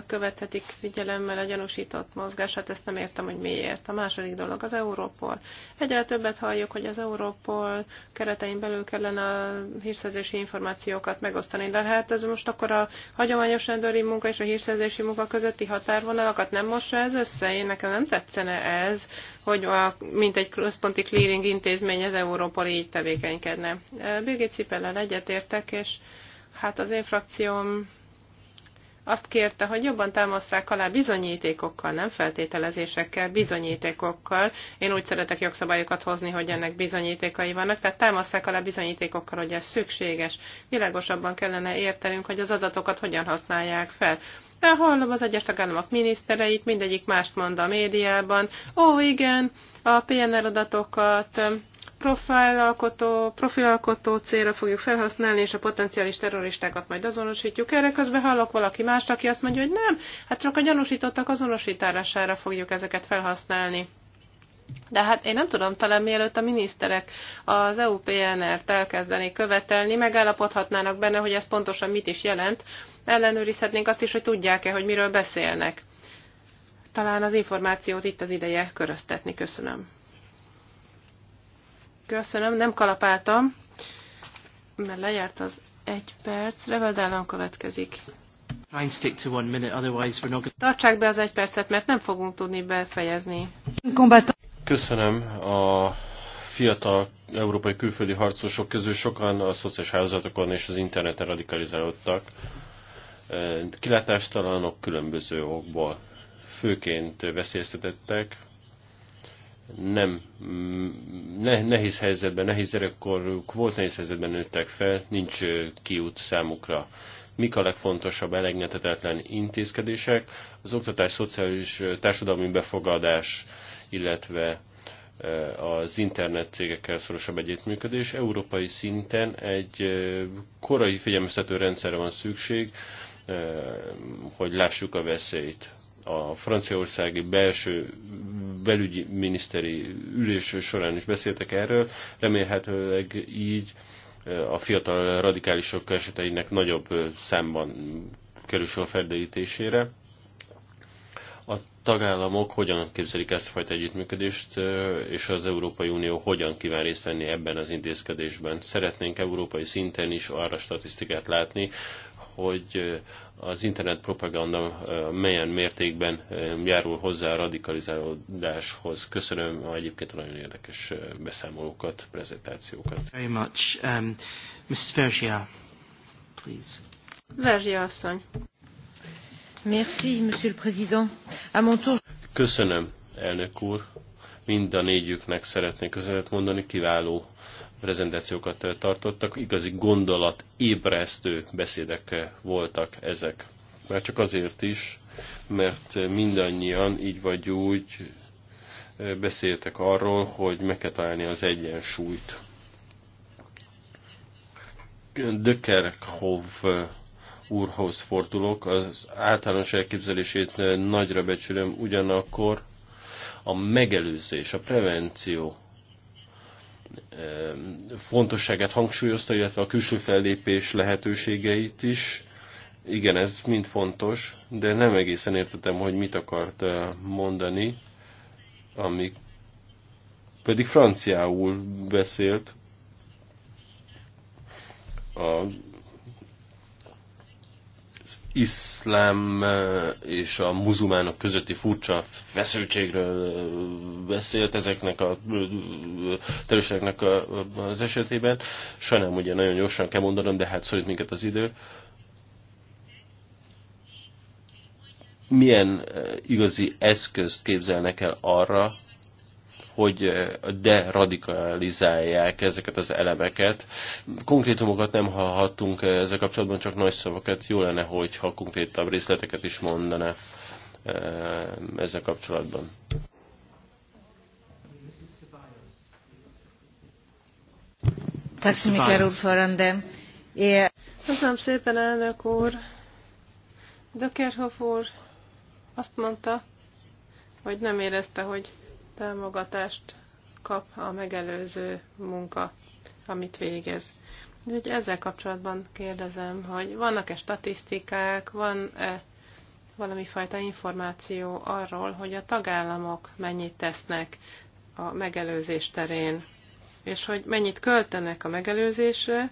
követhetik figyelemmel a gyanúsított mozgását, ezt nem értem, hogy miért. A második dolog az Európol. Egyre többet halljuk, hogy az Európol keretein belül kellene a hírszerzési információkat megosztani, de hát ez most akkor a hagyományos rendőri munka és a hírszerzési munka közötti határvonalakat nem mossa ez össze? Én nekem nem tetszene ez, hogy a, mint egy központi clearing intézmény az Európol így tevékenykedne. Birgit Cipellel egyetértek, és hát az én frakcióm azt kérte, hogy jobban támasszák alá bizonyítékokkal, nem feltételezésekkel, bizonyítékokkal. Én úgy szeretek jogszabályokat hozni, hogy ennek bizonyítékai vannak, tehát támasszák alá bizonyítékokkal, hogy ez szükséges. Világosabban kellene értenünk, hogy az adatokat hogyan használják fel. De hallom az egyes tagállamok minisztereit, mindegyik mást mond a médiában. Ó, igen, a PNR adatokat profilalkotó, profilalkotó célra fogjuk felhasználni, és a potenciális terroristákat majd azonosítjuk. Erre közben hallok valaki mást, aki azt mondja, hogy nem, hát csak a gyanúsítottak azonosítására fogjuk ezeket felhasználni. De hát én nem tudom, talán mielőtt a miniszterek az EU-PNR-t elkezdenék követelni, megállapodhatnának benne, hogy ez pontosan mit is jelent, ellenőrizhetnénk azt is, hogy tudják-e, hogy miről beszélnek. Talán az információt itt az ideje köröztetni. Köszönöm. Köszönöm, nem kalapáltam, mert lejárt az egy perc. Reveldállam következik. Tartsák be az egy percet, mert nem fogunk tudni befejezni.
Köszönöm a fiatal európai külföldi harcosok közül sokan a szociális hálózatokon és az interneten radikalizálódtak. E, kilátástalanok különböző okból, főként veszélyeztetettek, nem mm, ne, nehéz helyzetben, nehéz gyerekkoruk volt, nehéz helyzetben nőttek fel, nincs kiút számukra. Mik a legfontosabb elengedhetetlen intézkedések? Az oktatás, szociális, társadalmi befogadás, illetve e, az internet cégekkel szorosabb együttműködés. Európai szinten egy e, korai figyelmeztető rendszerre van szükség, e, hogy lássuk a veszélyt. A franciaországi belső belügyi miniszteri ülés során is beszéltek erről, remélhetőleg így a fiatal radikálisok eseteinek nagyobb számban kerül a felderítésére a tagállamok hogyan képzelik ezt a fajta együttműködést, és az Európai Unió hogyan kíván részt venni ebben az intézkedésben. Szeretnénk európai szinten is arra statisztikát látni, hogy az internet propaganda melyen mértékben járul hozzá a radikalizálódáshoz. Köszönöm egyébként a nagyon érdekes beszámolókat, prezentációkat.
Very much. Um, Mrs. Vergia, please.
Verzsia asszony.
Köszönöm, elnök úr. Mind a négyüknek szeretnék köszönet mondani, kiváló prezentációkat tartottak, igazi gondolat ébresztő beszédek voltak ezek. Már csak azért is, mert mindannyian így vagy úgy beszéltek arról, hogy meg kell találni az egyensúlyt. Dökerkov úrhoz fordulok, az általános elképzelését nagyra becsülöm, ugyanakkor a megelőzés, a prevenció eh, fontosságát hangsúlyozta, illetve a külső fellépés lehetőségeit is. Igen, ez mind fontos, de nem egészen értettem, hogy mit akart eh, mondani, amik pedig franciául beszélt a iszlám és a muzulmánok közötti furcsa feszültségről beszélt ezeknek a területeknek az esetében. Sajnálom, ugye nagyon gyorsan kell mondanom, de hát szorít minket az idő. Milyen igazi eszközt képzelnek el arra, hogy eh, deradikalizálják ezeket az elemeket. Konkrétumokat nem hallhattunk eh, ezzel kapcsolatban, csak nagy szavakat. Jó lenne, hogyha konkrétabb részleteket is mondana eh, ezzel kapcsolatban.
Köszönöm szépen, elnök úr. Dökerhoff úr azt mondta, hogy nem érezte, hogy támogatást kap a megelőző munka, amit végez. Úgyhogy ezzel kapcsolatban kérdezem, hogy vannak-e statisztikák, van-e valami fajta információ arról, hogy a tagállamok mennyit tesznek a megelőzés terén, és hogy mennyit költenek a megelőzésre,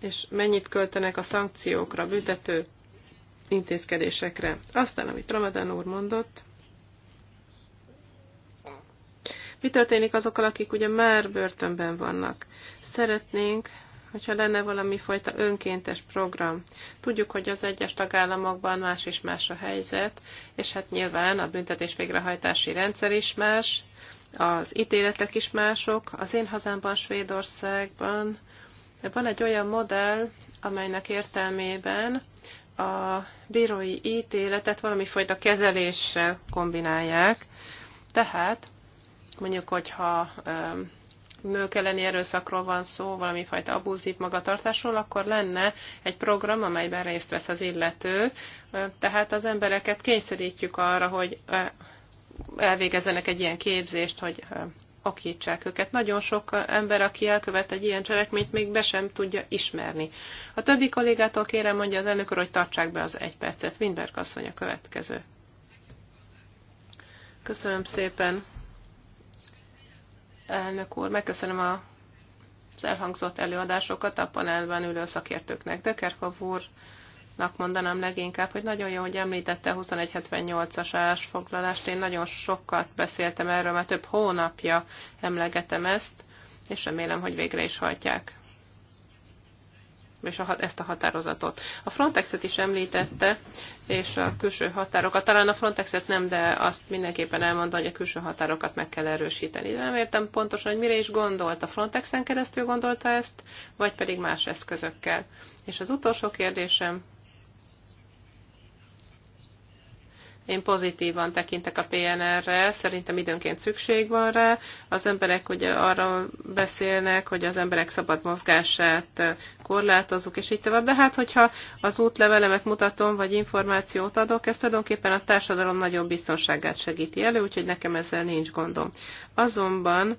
és mennyit költenek a szankciókra, büntető intézkedésekre. Aztán, amit Ramadan úr mondott, Mi történik azokkal, akik ugye már börtönben vannak? Szeretnénk, hogyha lenne valami fajta önkéntes program. Tudjuk, hogy az egyes tagállamokban más és más a helyzet, és hát nyilván a büntetés végrehajtási rendszer is más, az ítéletek is mások. Az én hazámban, Svédországban van egy olyan modell, amelynek értelmében a bírói ítéletet fajta kezeléssel kombinálják. Tehát mondjuk, hogyha nők elleni erőszakról van szó, valami fajta abúzív magatartásról, akkor lenne egy program, amelyben részt vesz az illető. Tehát az embereket kényszerítjük arra, hogy elvégezzenek egy ilyen képzést, hogy akítsák őket. Nagyon sok ember, aki elkövet egy ilyen cselekményt, még be sem tudja ismerni. A többi kollégától kérem, mondja az elnök hogy tartsák be az egy percet. Windberg asszony a következő. Köszönöm szépen elnök úr, megköszönöm a elhangzott előadásokat a panelben ülő szakértőknek. Dökerkov úrnak mondanám leginkább, hogy nagyon jó, hogy említette 2178-as állásfoglalást. Én nagyon sokat beszéltem erről, már több hónapja emlegetem ezt, és remélem, hogy végre is hajtják és a, ezt a határozatot. A Frontexet is említette, és a külső határokat, talán a Frontexet nem, de azt mindenképpen elmondta, hogy a külső határokat meg kell erősíteni. De nem értem pontosan, hogy mire is gondolt. A Frontexen keresztül gondolta ezt, vagy pedig más eszközökkel. És az utolsó kérdésem Én pozitívan tekintek a PNR-re, szerintem időnként szükség van rá. Az emberek ugye arra beszélnek, hogy az emberek szabad mozgását korlátozunk, és így tovább. De hát, hogyha az útlevelemet mutatom, vagy információt adok, ez tulajdonképpen a társadalom nagyobb biztonságát segíti elő, úgyhogy nekem ezzel nincs gondom. Azonban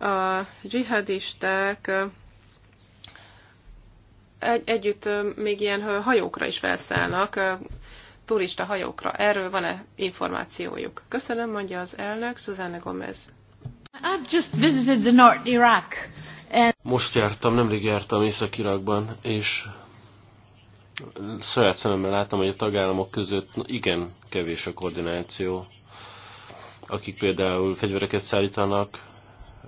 a dzsihadisták egy, együtt még ilyen hajókra is felszállnak, turista hajókra. Erről van-e információjuk? Köszönöm, mondja az elnök, Susanne Gomez.
I've just visited the North Iraq. And...
Most jártam, nemrég jártam Észak-Irakban, és saját szememmel láttam, hogy a tagállamok között igen kevés a koordináció. Akik például fegyvereket szállítanak,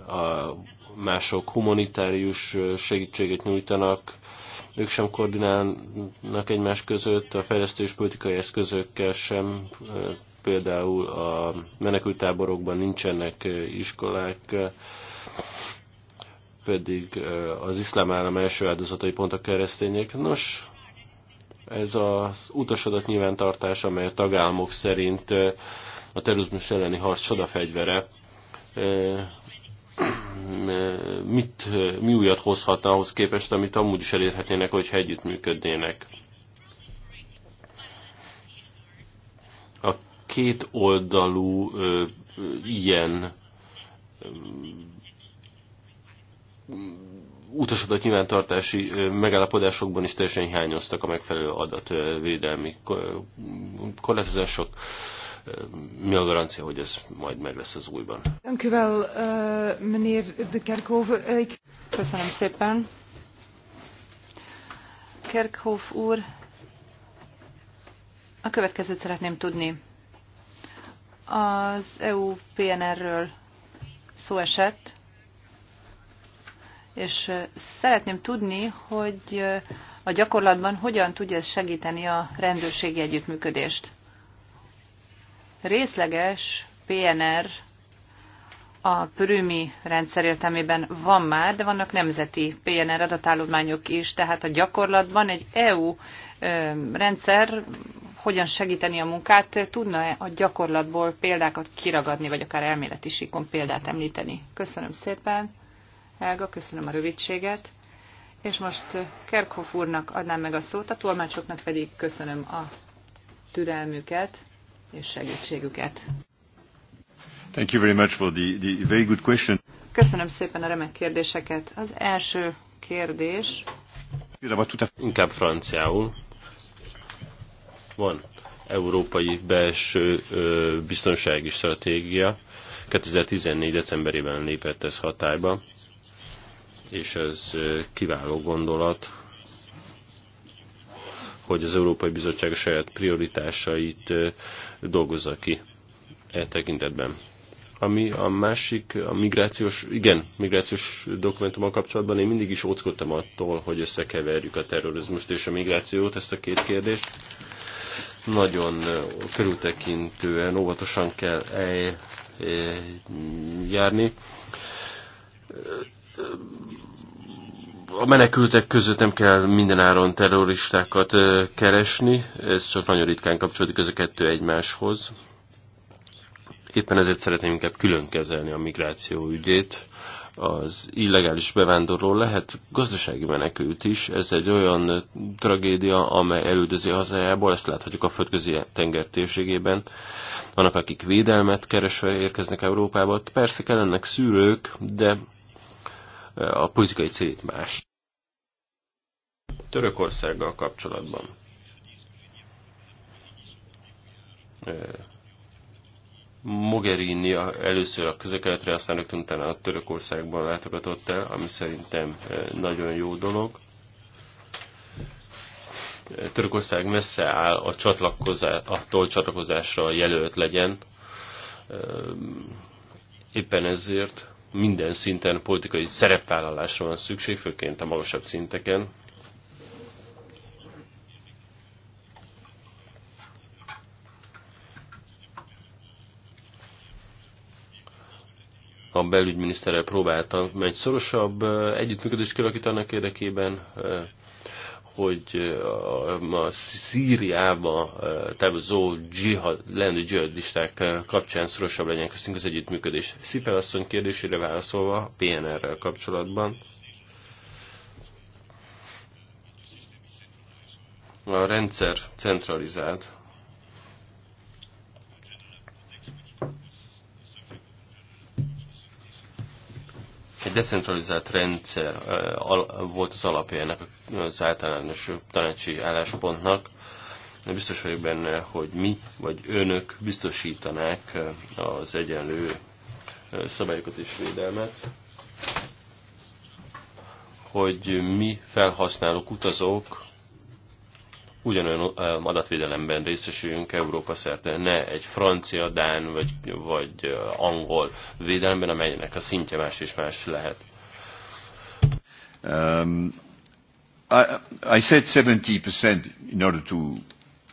a mások humanitárius segítséget nyújtanak, ők sem koordinálnak egymás között, a fejlesztős politikai eszközökkel sem, például a menekültáborokban nincsenek iskolák, pedig az iszlám állam első áldozatai pont a keresztények. Nos, ez az utasadat nyilvántartás, amely a tagállamok szerint a terrorizmus elleni harc sodafegyvere, mit, mi újat hozhatna ahhoz képest, amit amúgy is elérhetnének, hogyha együttműködnének. A két oldalú ilyen utasodat nyilvántartási megállapodásokban is teljesen hiányoztak a megfelelő adatvédelmi korlátozások. Kor mi a garancia, hogy ez majd meg lesz az újban?
Eh, eh, Köszönöm szépen. Kerkhoff úr, a következőt szeretném tudni. Az EU-PNR-ről szó esett, és eh, szeretném tudni, hogy a gyakorlatban hogyan tudja ez segíteni a rendőrségi együttműködést részleges PNR a prümi rendszer értelmében van már, de vannak nemzeti PNR adatállományok is, tehát a gyakorlatban egy EU rendszer hogyan segíteni a munkát, tudna-e a gyakorlatból példákat kiragadni, vagy akár elméleti síkon példát említeni? Köszönöm szépen, Helga, köszönöm a rövidséget. És most Kerkhoff úrnak adnám meg a szót, a tolmácsoknak pedig köszönöm a türelmüket és segítségüket.
Thank you very much for the, the very good question.
Köszönöm szépen a remek kérdéseket. Az első kérdés.
Inkább franciául. Van európai belső biztonsági stratégia. 2014. decemberében lépett ez hatályba, és ez kiváló gondolat, hogy az Európai Bizottság a saját prioritásait dolgozza ki e tekintetben. Ami a másik, a migrációs, igen, migrációs dokumentummal kapcsolatban én mindig is óckodtam attól, hogy összekeverjük a terrorizmust és a migrációt, ezt a két kérdést. Nagyon körültekintően, óvatosan kell eljárni a menekültek között nem kell mindenáron terroristákat keresni, ez csak nagyon ritkán kapcsolódik ez a kettő egymáshoz. Éppen ezért szeretném inkább külön kezelni a migráció ügyét. Az illegális bevándorló lehet gazdasági menekült is, ez egy olyan tragédia, amely elődözi hazájából, ezt láthatjuk a földközi tenger térségében. Vannak, akik védelmet keresve érkeznek Európába, persze kellenek szűrők, de a politikai célt más. Törökországgal kapcsolatban. Mogherini először a közökeletre, aztán rögtön utána a Törökországban látogatott el, ami szerintem nagyon jó dolog. Törökország messze áll a csatlakozás, attól csatlakozásra jelölt legyen. Éppen ezért minden szinten politikai szerepvállalásra van szükség, főként a magasabb szinteken. A belügyminiszterrel próbáltam egy szorosabb együttműködést kialakítani annak érdekében, hogy a Szíriába távozó dzsihad, lendő dzsihadisták kapcsán szorosabb legyen köztünk az együttműködés. Szipel asszony kérdésére válaszolva, PNR-rel kapcsolatban, a rendszer centralizált, Egy decentralizált rendszer eh, volt az alapja ennek az általános tanácsi álláspontnak. Biztos vagyok benne, hogy mi vagy önök biztosítanák eh, az egyenlő eh, szabályokat és védelmet hogy mi felhasználók, utazók ugyanolyan adatvédelemben részesüljünk Európa szerte, ne egy francia, dán vagy, vagy angol védelemben, amelynek a szintje más és más lehet.
Um, I, I said 70% in order to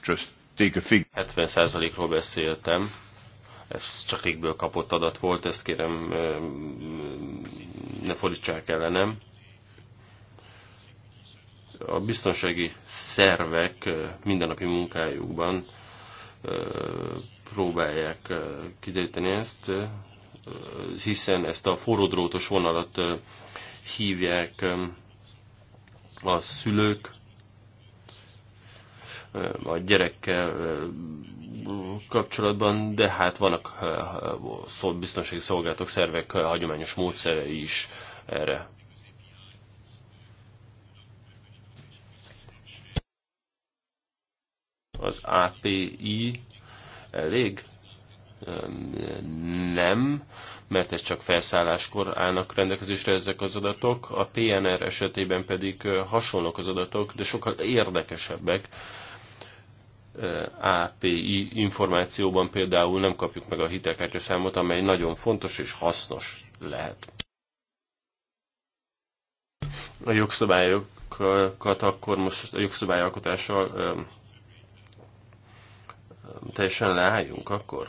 just take a figure.
70%-ról beszéltem. Ez csak égből kapott adat volt, ezt kérem ne fordítsák ellenem a biztonsági szervek mindennapi munkájukban próbálják kideríteni ezt, hiszen ezt a forródrótos vonalat hívják a szülők, a gyerekkel kapcsolatban, de hát vannak biztonsági szolgálatok, szervek hagyományos módszere is erre. az API elég? Nem, mert ez csak felszálláskor állnak rendelkezésre ezek az adatok, a PNR esetében pedig hasonlók az adatok, de sokkal érdekesebbek. API információban például nem kapjuk meg a hitelkártyaszámot, amely nagyon fontos és hasznos lehet. A jogszabályokat akkor most a jogszabályalkotással teljesen leálljunk akkor?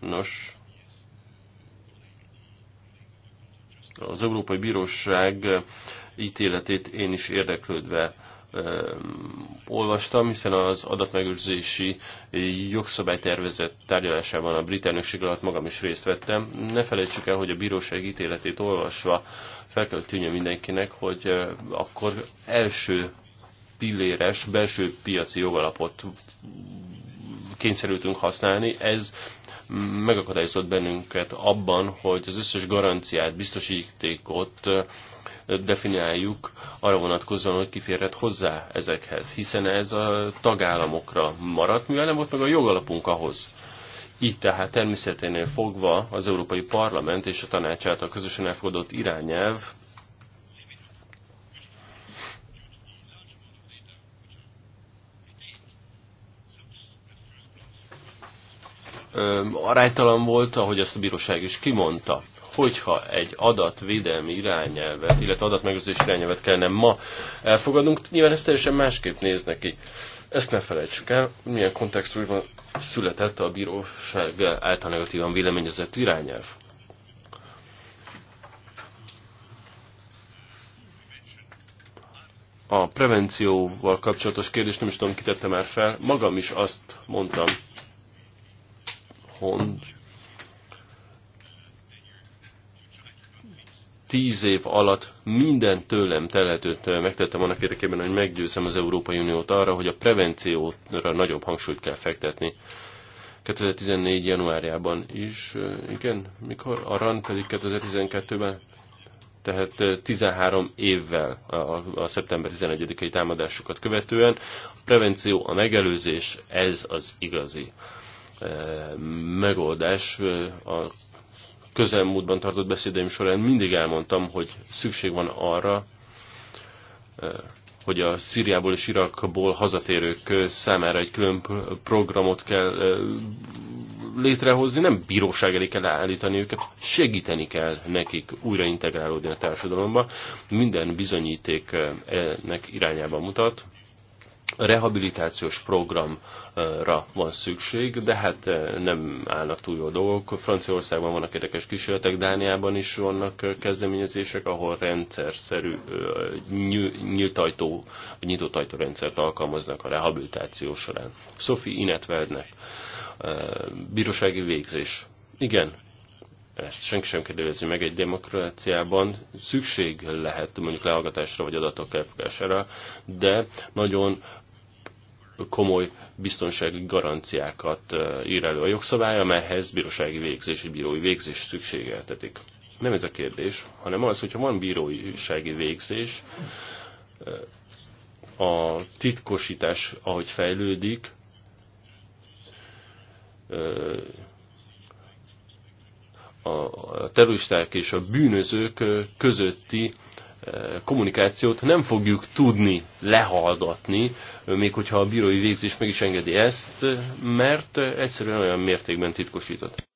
Nos, az Európai Bíróság ítéletét én is érdeklődve olvastam, hiszen az adatmegőrzési jogszabálytervezet tárgyalásában a brit elnökség alatt magam is részt vettem. Ne felejtsük el, hogy a bíróság ítéletét olvasva fel kell tűnjön mindenkinek, hogy akkor első pilléres belső piaci jogalapot kényszerültünk használni, ez megakadályozott bennünket abban, hogy az összes garanciát, biztosítékot definiáljuk arra vonatkozóan, hogy kiférhet hozzá ezekhez, hiszen ez a tagállamokra maradt, mivel nem volt meg a jogalapunk ahhoz. Így tehát természeténél fogva az Európai Parlament és a tanács által közösen elfogadott irányelv aránytalan volt, ahogy ezt a bíróság is kimondta hogyha egy adatvédelmi irányelvet, illetve adatmegőrzés irányelvet kellene ma elfogadnunk, nyilván ez teljesen másképp néz neki. Ezt ne felejtsük el, milyen kontextusban született a bíróság által negatívan véleményezett irányelv. A prevencióval kapcsolatos kérdést nem is tudom, kitette már fel. Magam is azt mondtam, hogy tíz év alatt minden tőlem telhetőt megtettem annak érdekében, hogy meggyőzem az Európai Uniót arra, hogy a prevencióra nagyobb hangsúlyt kell fektetni. 2014. januárjában is, igen, mikor? A RAN pedig 2012-ben, tehát 13 évvel a, a szeptember 11-i támadásokat követően. A prevenció, a megelőzés, ez az igazi megoldás. A közelmúltban tartott beszédeim során mindig elmondtam, hogy szükség van arra, hogy a Szíriából és Irakból hazatérők számára egy külön programot kell létrehozni, nem bíróság elé kell állítani őket, segíteni kell nekik újra integrálódni a társadalomba. Minden bizonyíték ennek irányába mutat rehabilitációs programra van szükség, de hát eh, nem állnak túl jó dolgok. Franciaországban vannak érdekes kísérletek, Dániában is vannak eh, kezdeményezések, ahol rendszerszerű eh, nyílt ajtó, nyitott ajtórendszert alkalmaznak a rehabilitáció során. Sophie Inetveldnek bírósági végzés. Igen, ezt senki sem kérdezi meg, egy demokráciában szükség lehet mondjuk lehallgatásra vagy adatok elfogására, de nagyon komoly biztonsági garanciákat ír elő a jogszabály, amelyhez bírósági végzés, bírói végzés szükségeltetik. Nem ez a kérdés, hanem az, hogyha van bírósági végzés, a titkosítás, ahogy fejlődik, a teröristák és a bűnözők közötti kommunikációt nem fogjuk tudni lehallgatni, még hogyha a bírói végzés meg is engedi ezt, mert egyszerűen olyan mértékben titkosított.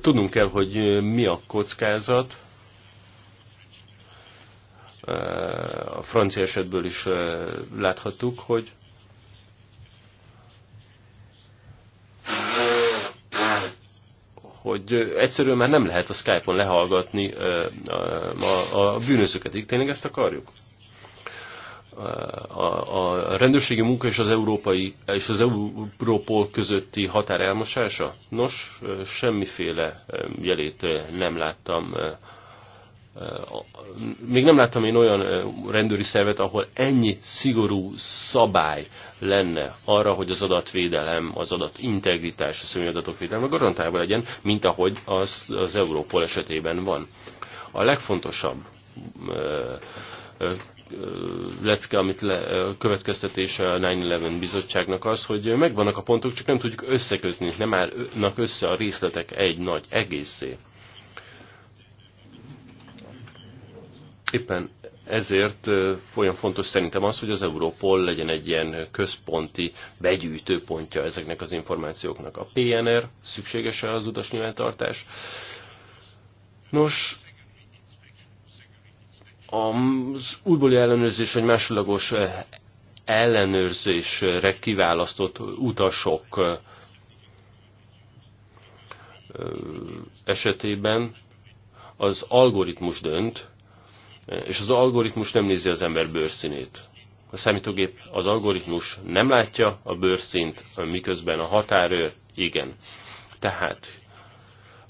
Tudnunk kell, hogy mi a kockázat. A francia esetből is láthattuk, hogy hogy egyszerűen már nem lehet a Skype-on lehallgatni a, a bűnözőket. Így tényleg ezt akarjuk? A, a rendőrségi munka és az európai és az Európol közötti határ elmosása? Nos, semmiféle jelét nem láttam még nem láttam én olyan rendőri szervet, ahol ennyi szigorú szabály lenne arra, hogy az adatvédelem, az adat integritás, a személyadatok védelme garantálva legyen, mint ahogy az, az Európol esetében van. A legfontosabb lecke, amit le, következtetés a 9-11 bizottságnak az, hogy megvannak a pontok, csak nem tudjuk összekötni, nem állnak össze a részletek egy nagy egészé. Éppen ezért olyan fontos szerintem az, hogy az Europol legyen egy ilyen központi begyűjtőpontja ezeknek az információknak. A PNR szükséges-e az utas nyilvántartás? Nos, az útbóli ellenőrzés vagy másodlagos ellenőrzésre kiválasztott utasok esetében az algoritmus dönt, és az algoritmus nem nézi az ember bőrszínét. A számítógép, az algoritmus nem látja a bőrszínt, miközben a határőr igen. Tehát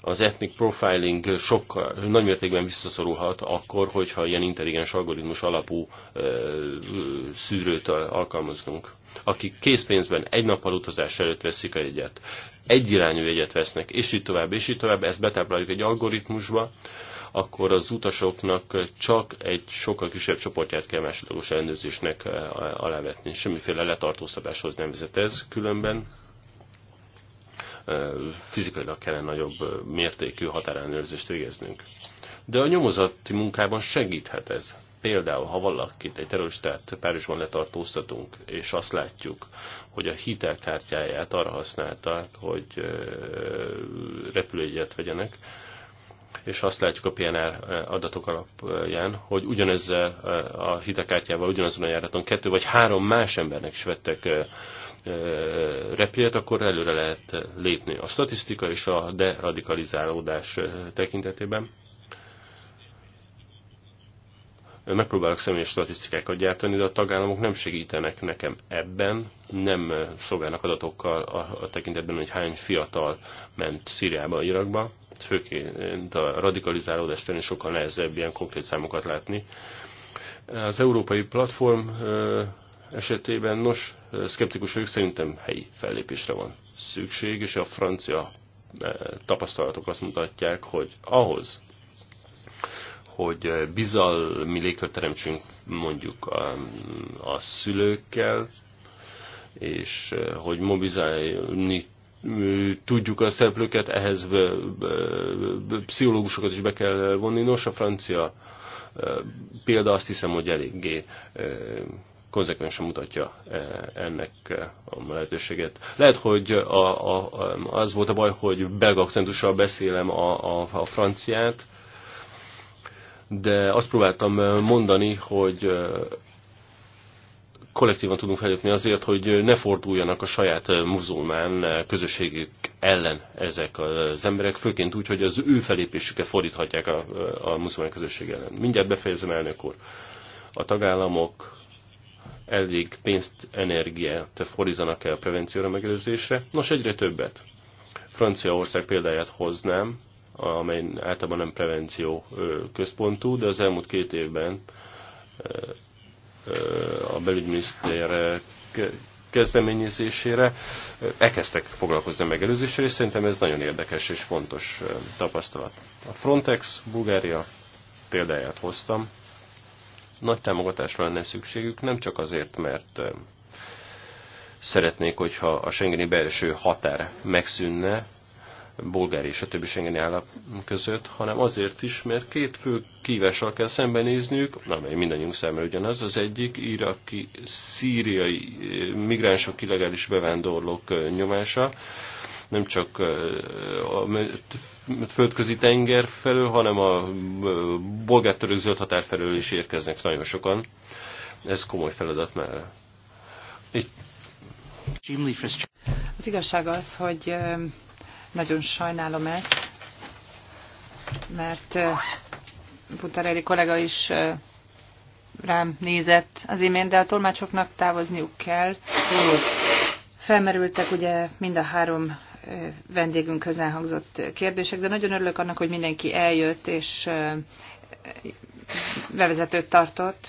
az ethnic profiling sokkal nagymértékben visszaszorulhat akkor, hogyha ilyen intelligens algoritmus alapú ö, szűrőt alkalmazunk. Akik készpénzben egy nappal utazás előtt veszik a jegyet, egyirányú jegyet vesznek, és így tovább, és így tovább, ezt betápláljuk egy algoritmusba, akkor az utasoknak csak egy sokkal kisebb csoportját kell másodlagos ellenőrzésnek eh, alávetni. Semmiféle letartóztatáshoz nem vezet ez, különben eh, fizikailag kellene nagyobb eh, mértékű határellenőrzést végeznünk. De a nyomozati munkában segíthet ez. Például, ha valakit, egy terroristát Párizsban letartóztatunk, és azt látjuk, hogy a hitelkártyáját arra használták, hogy repülőjegyet vegyenek, és azt látjuk a PNR eh, adatok alapján, hogy ugyanezzel eh, a hitekártyával, ugyanazon a járaton kettő vagy három más embernek is vettek eh, repülőt, akkor előre lehet lépni a statisztika és a deradikalizálódás tekintetében. Megpróbálok személyes statisztikákat gyártani, de a tagállamok nem segítenek nekem ebben, nem szolgálnak adatokkal a, a tekintetben, hogy hány fiatal ment Szíriába, Irakba főként a radikalizálódás terén sokkal nehezebb ilyen konkrét számokat látni. Az európai platform esetében, nos, szkeptikus vagyok, szerintem helyi fellépésre van szükség, és a francia tapasztalatok azt mutatják, hogy ahhoz, hogy bizalmi légkört teremtsünk mondjuk a, a szülőkkel, és hogy mobilizálni tudjuk a szereplőket, ehhez pszichológusokat is be kell vonni. Nos, a francia példa azt hiszem, hogy eléggé konzekvensen mutatja ennek a lehetőséget. Lehet, hogy a, a, az volt a baj, hogy belga akcentussal beszélem a, a, a franciát, de azt próbáltam mondani, hogy kollektívan tudunk felépni azért, hogy ne forduljanak a saját muzulmán közösségük ellen ezek az emberek, főként úgy, hogy az ő felépésüket fordíthatják a, a muzulmán közösség ellen. Mindjárt befejezem, elnök úr. A tagállamok elég pénzt, energiát fordítanak el a prevencióra, megelőzésre. Nos, egyre többet. Franciaország példáját hoznám, amely általában nem prevenció központú, de az elmúlt két évben a belügyminiszter kezdeményezésére elkezdtek foglalkozni a megelőzéssel, és szerintem ez nagyon érdekes és fontos tapasztalat. A Frontex Bulgária példáját hoztam. Nagy támogatásra lenne szükségük, nem csak azért, mert szeretnék, hogyha a Schengeni belső határ megszűnne, bulgári és a többi Schengeni állam között, hanem azért is, mert két fő kívással kell szembenézniük, amely mindannyiunk számára ugyanaz, az egyik iraki, szíriai eh, migránsok, illegális bevándorlók eh, nyomása, nem csak eh, a földközi tenger felől, hanem a bolgár zöld határ felől is érkeznek nagyon sokan. Ez komoly feladat már. Itt.
Az igazság az, hogy nagyon sajnálom ezt, mert Butarelli kollega is rám nézett az imént, de a tolmácsoknak távozniuk kell. Felmerültek ugye mind a három közel hangzott kérdések, de nagyon örülök annak, hogy mindenki eljött és bevezetőt tartott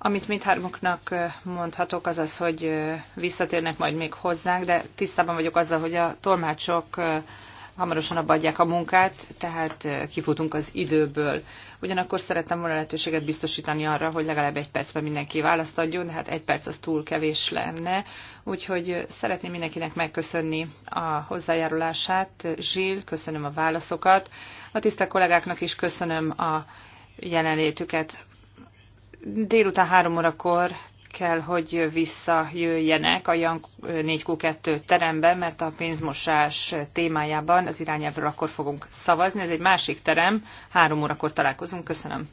amit mindhármuknak mondhatok, az az, hogy visszatérnek majd még hozzánk, de tisztában vagyok azzal, hogy a tolmácsok hamarosan abbaadják a munkát, tehát kifutunk az időből. Ugyanakkor szerettem volna lehetőséget biztosítani arra, hogy legalább egy percben mindenki választ adjon, de hát egy perc az túl kevés lenne. Úgyhogy szeretném mindenkinek megköszönni a hozzájárulását. Zsil, köszönöm a válaszokat. A tisztelt kollégáknak is köszönöm a jelenlétüket délután három órakor kell, hogy visszajöjjenek a Jan 4Q2 terembe, mert a pénzmosás témájában az irányelvről akkor fogunk szavazni. Ez egy másik terem, három órakor találkozunk. Köszönöm.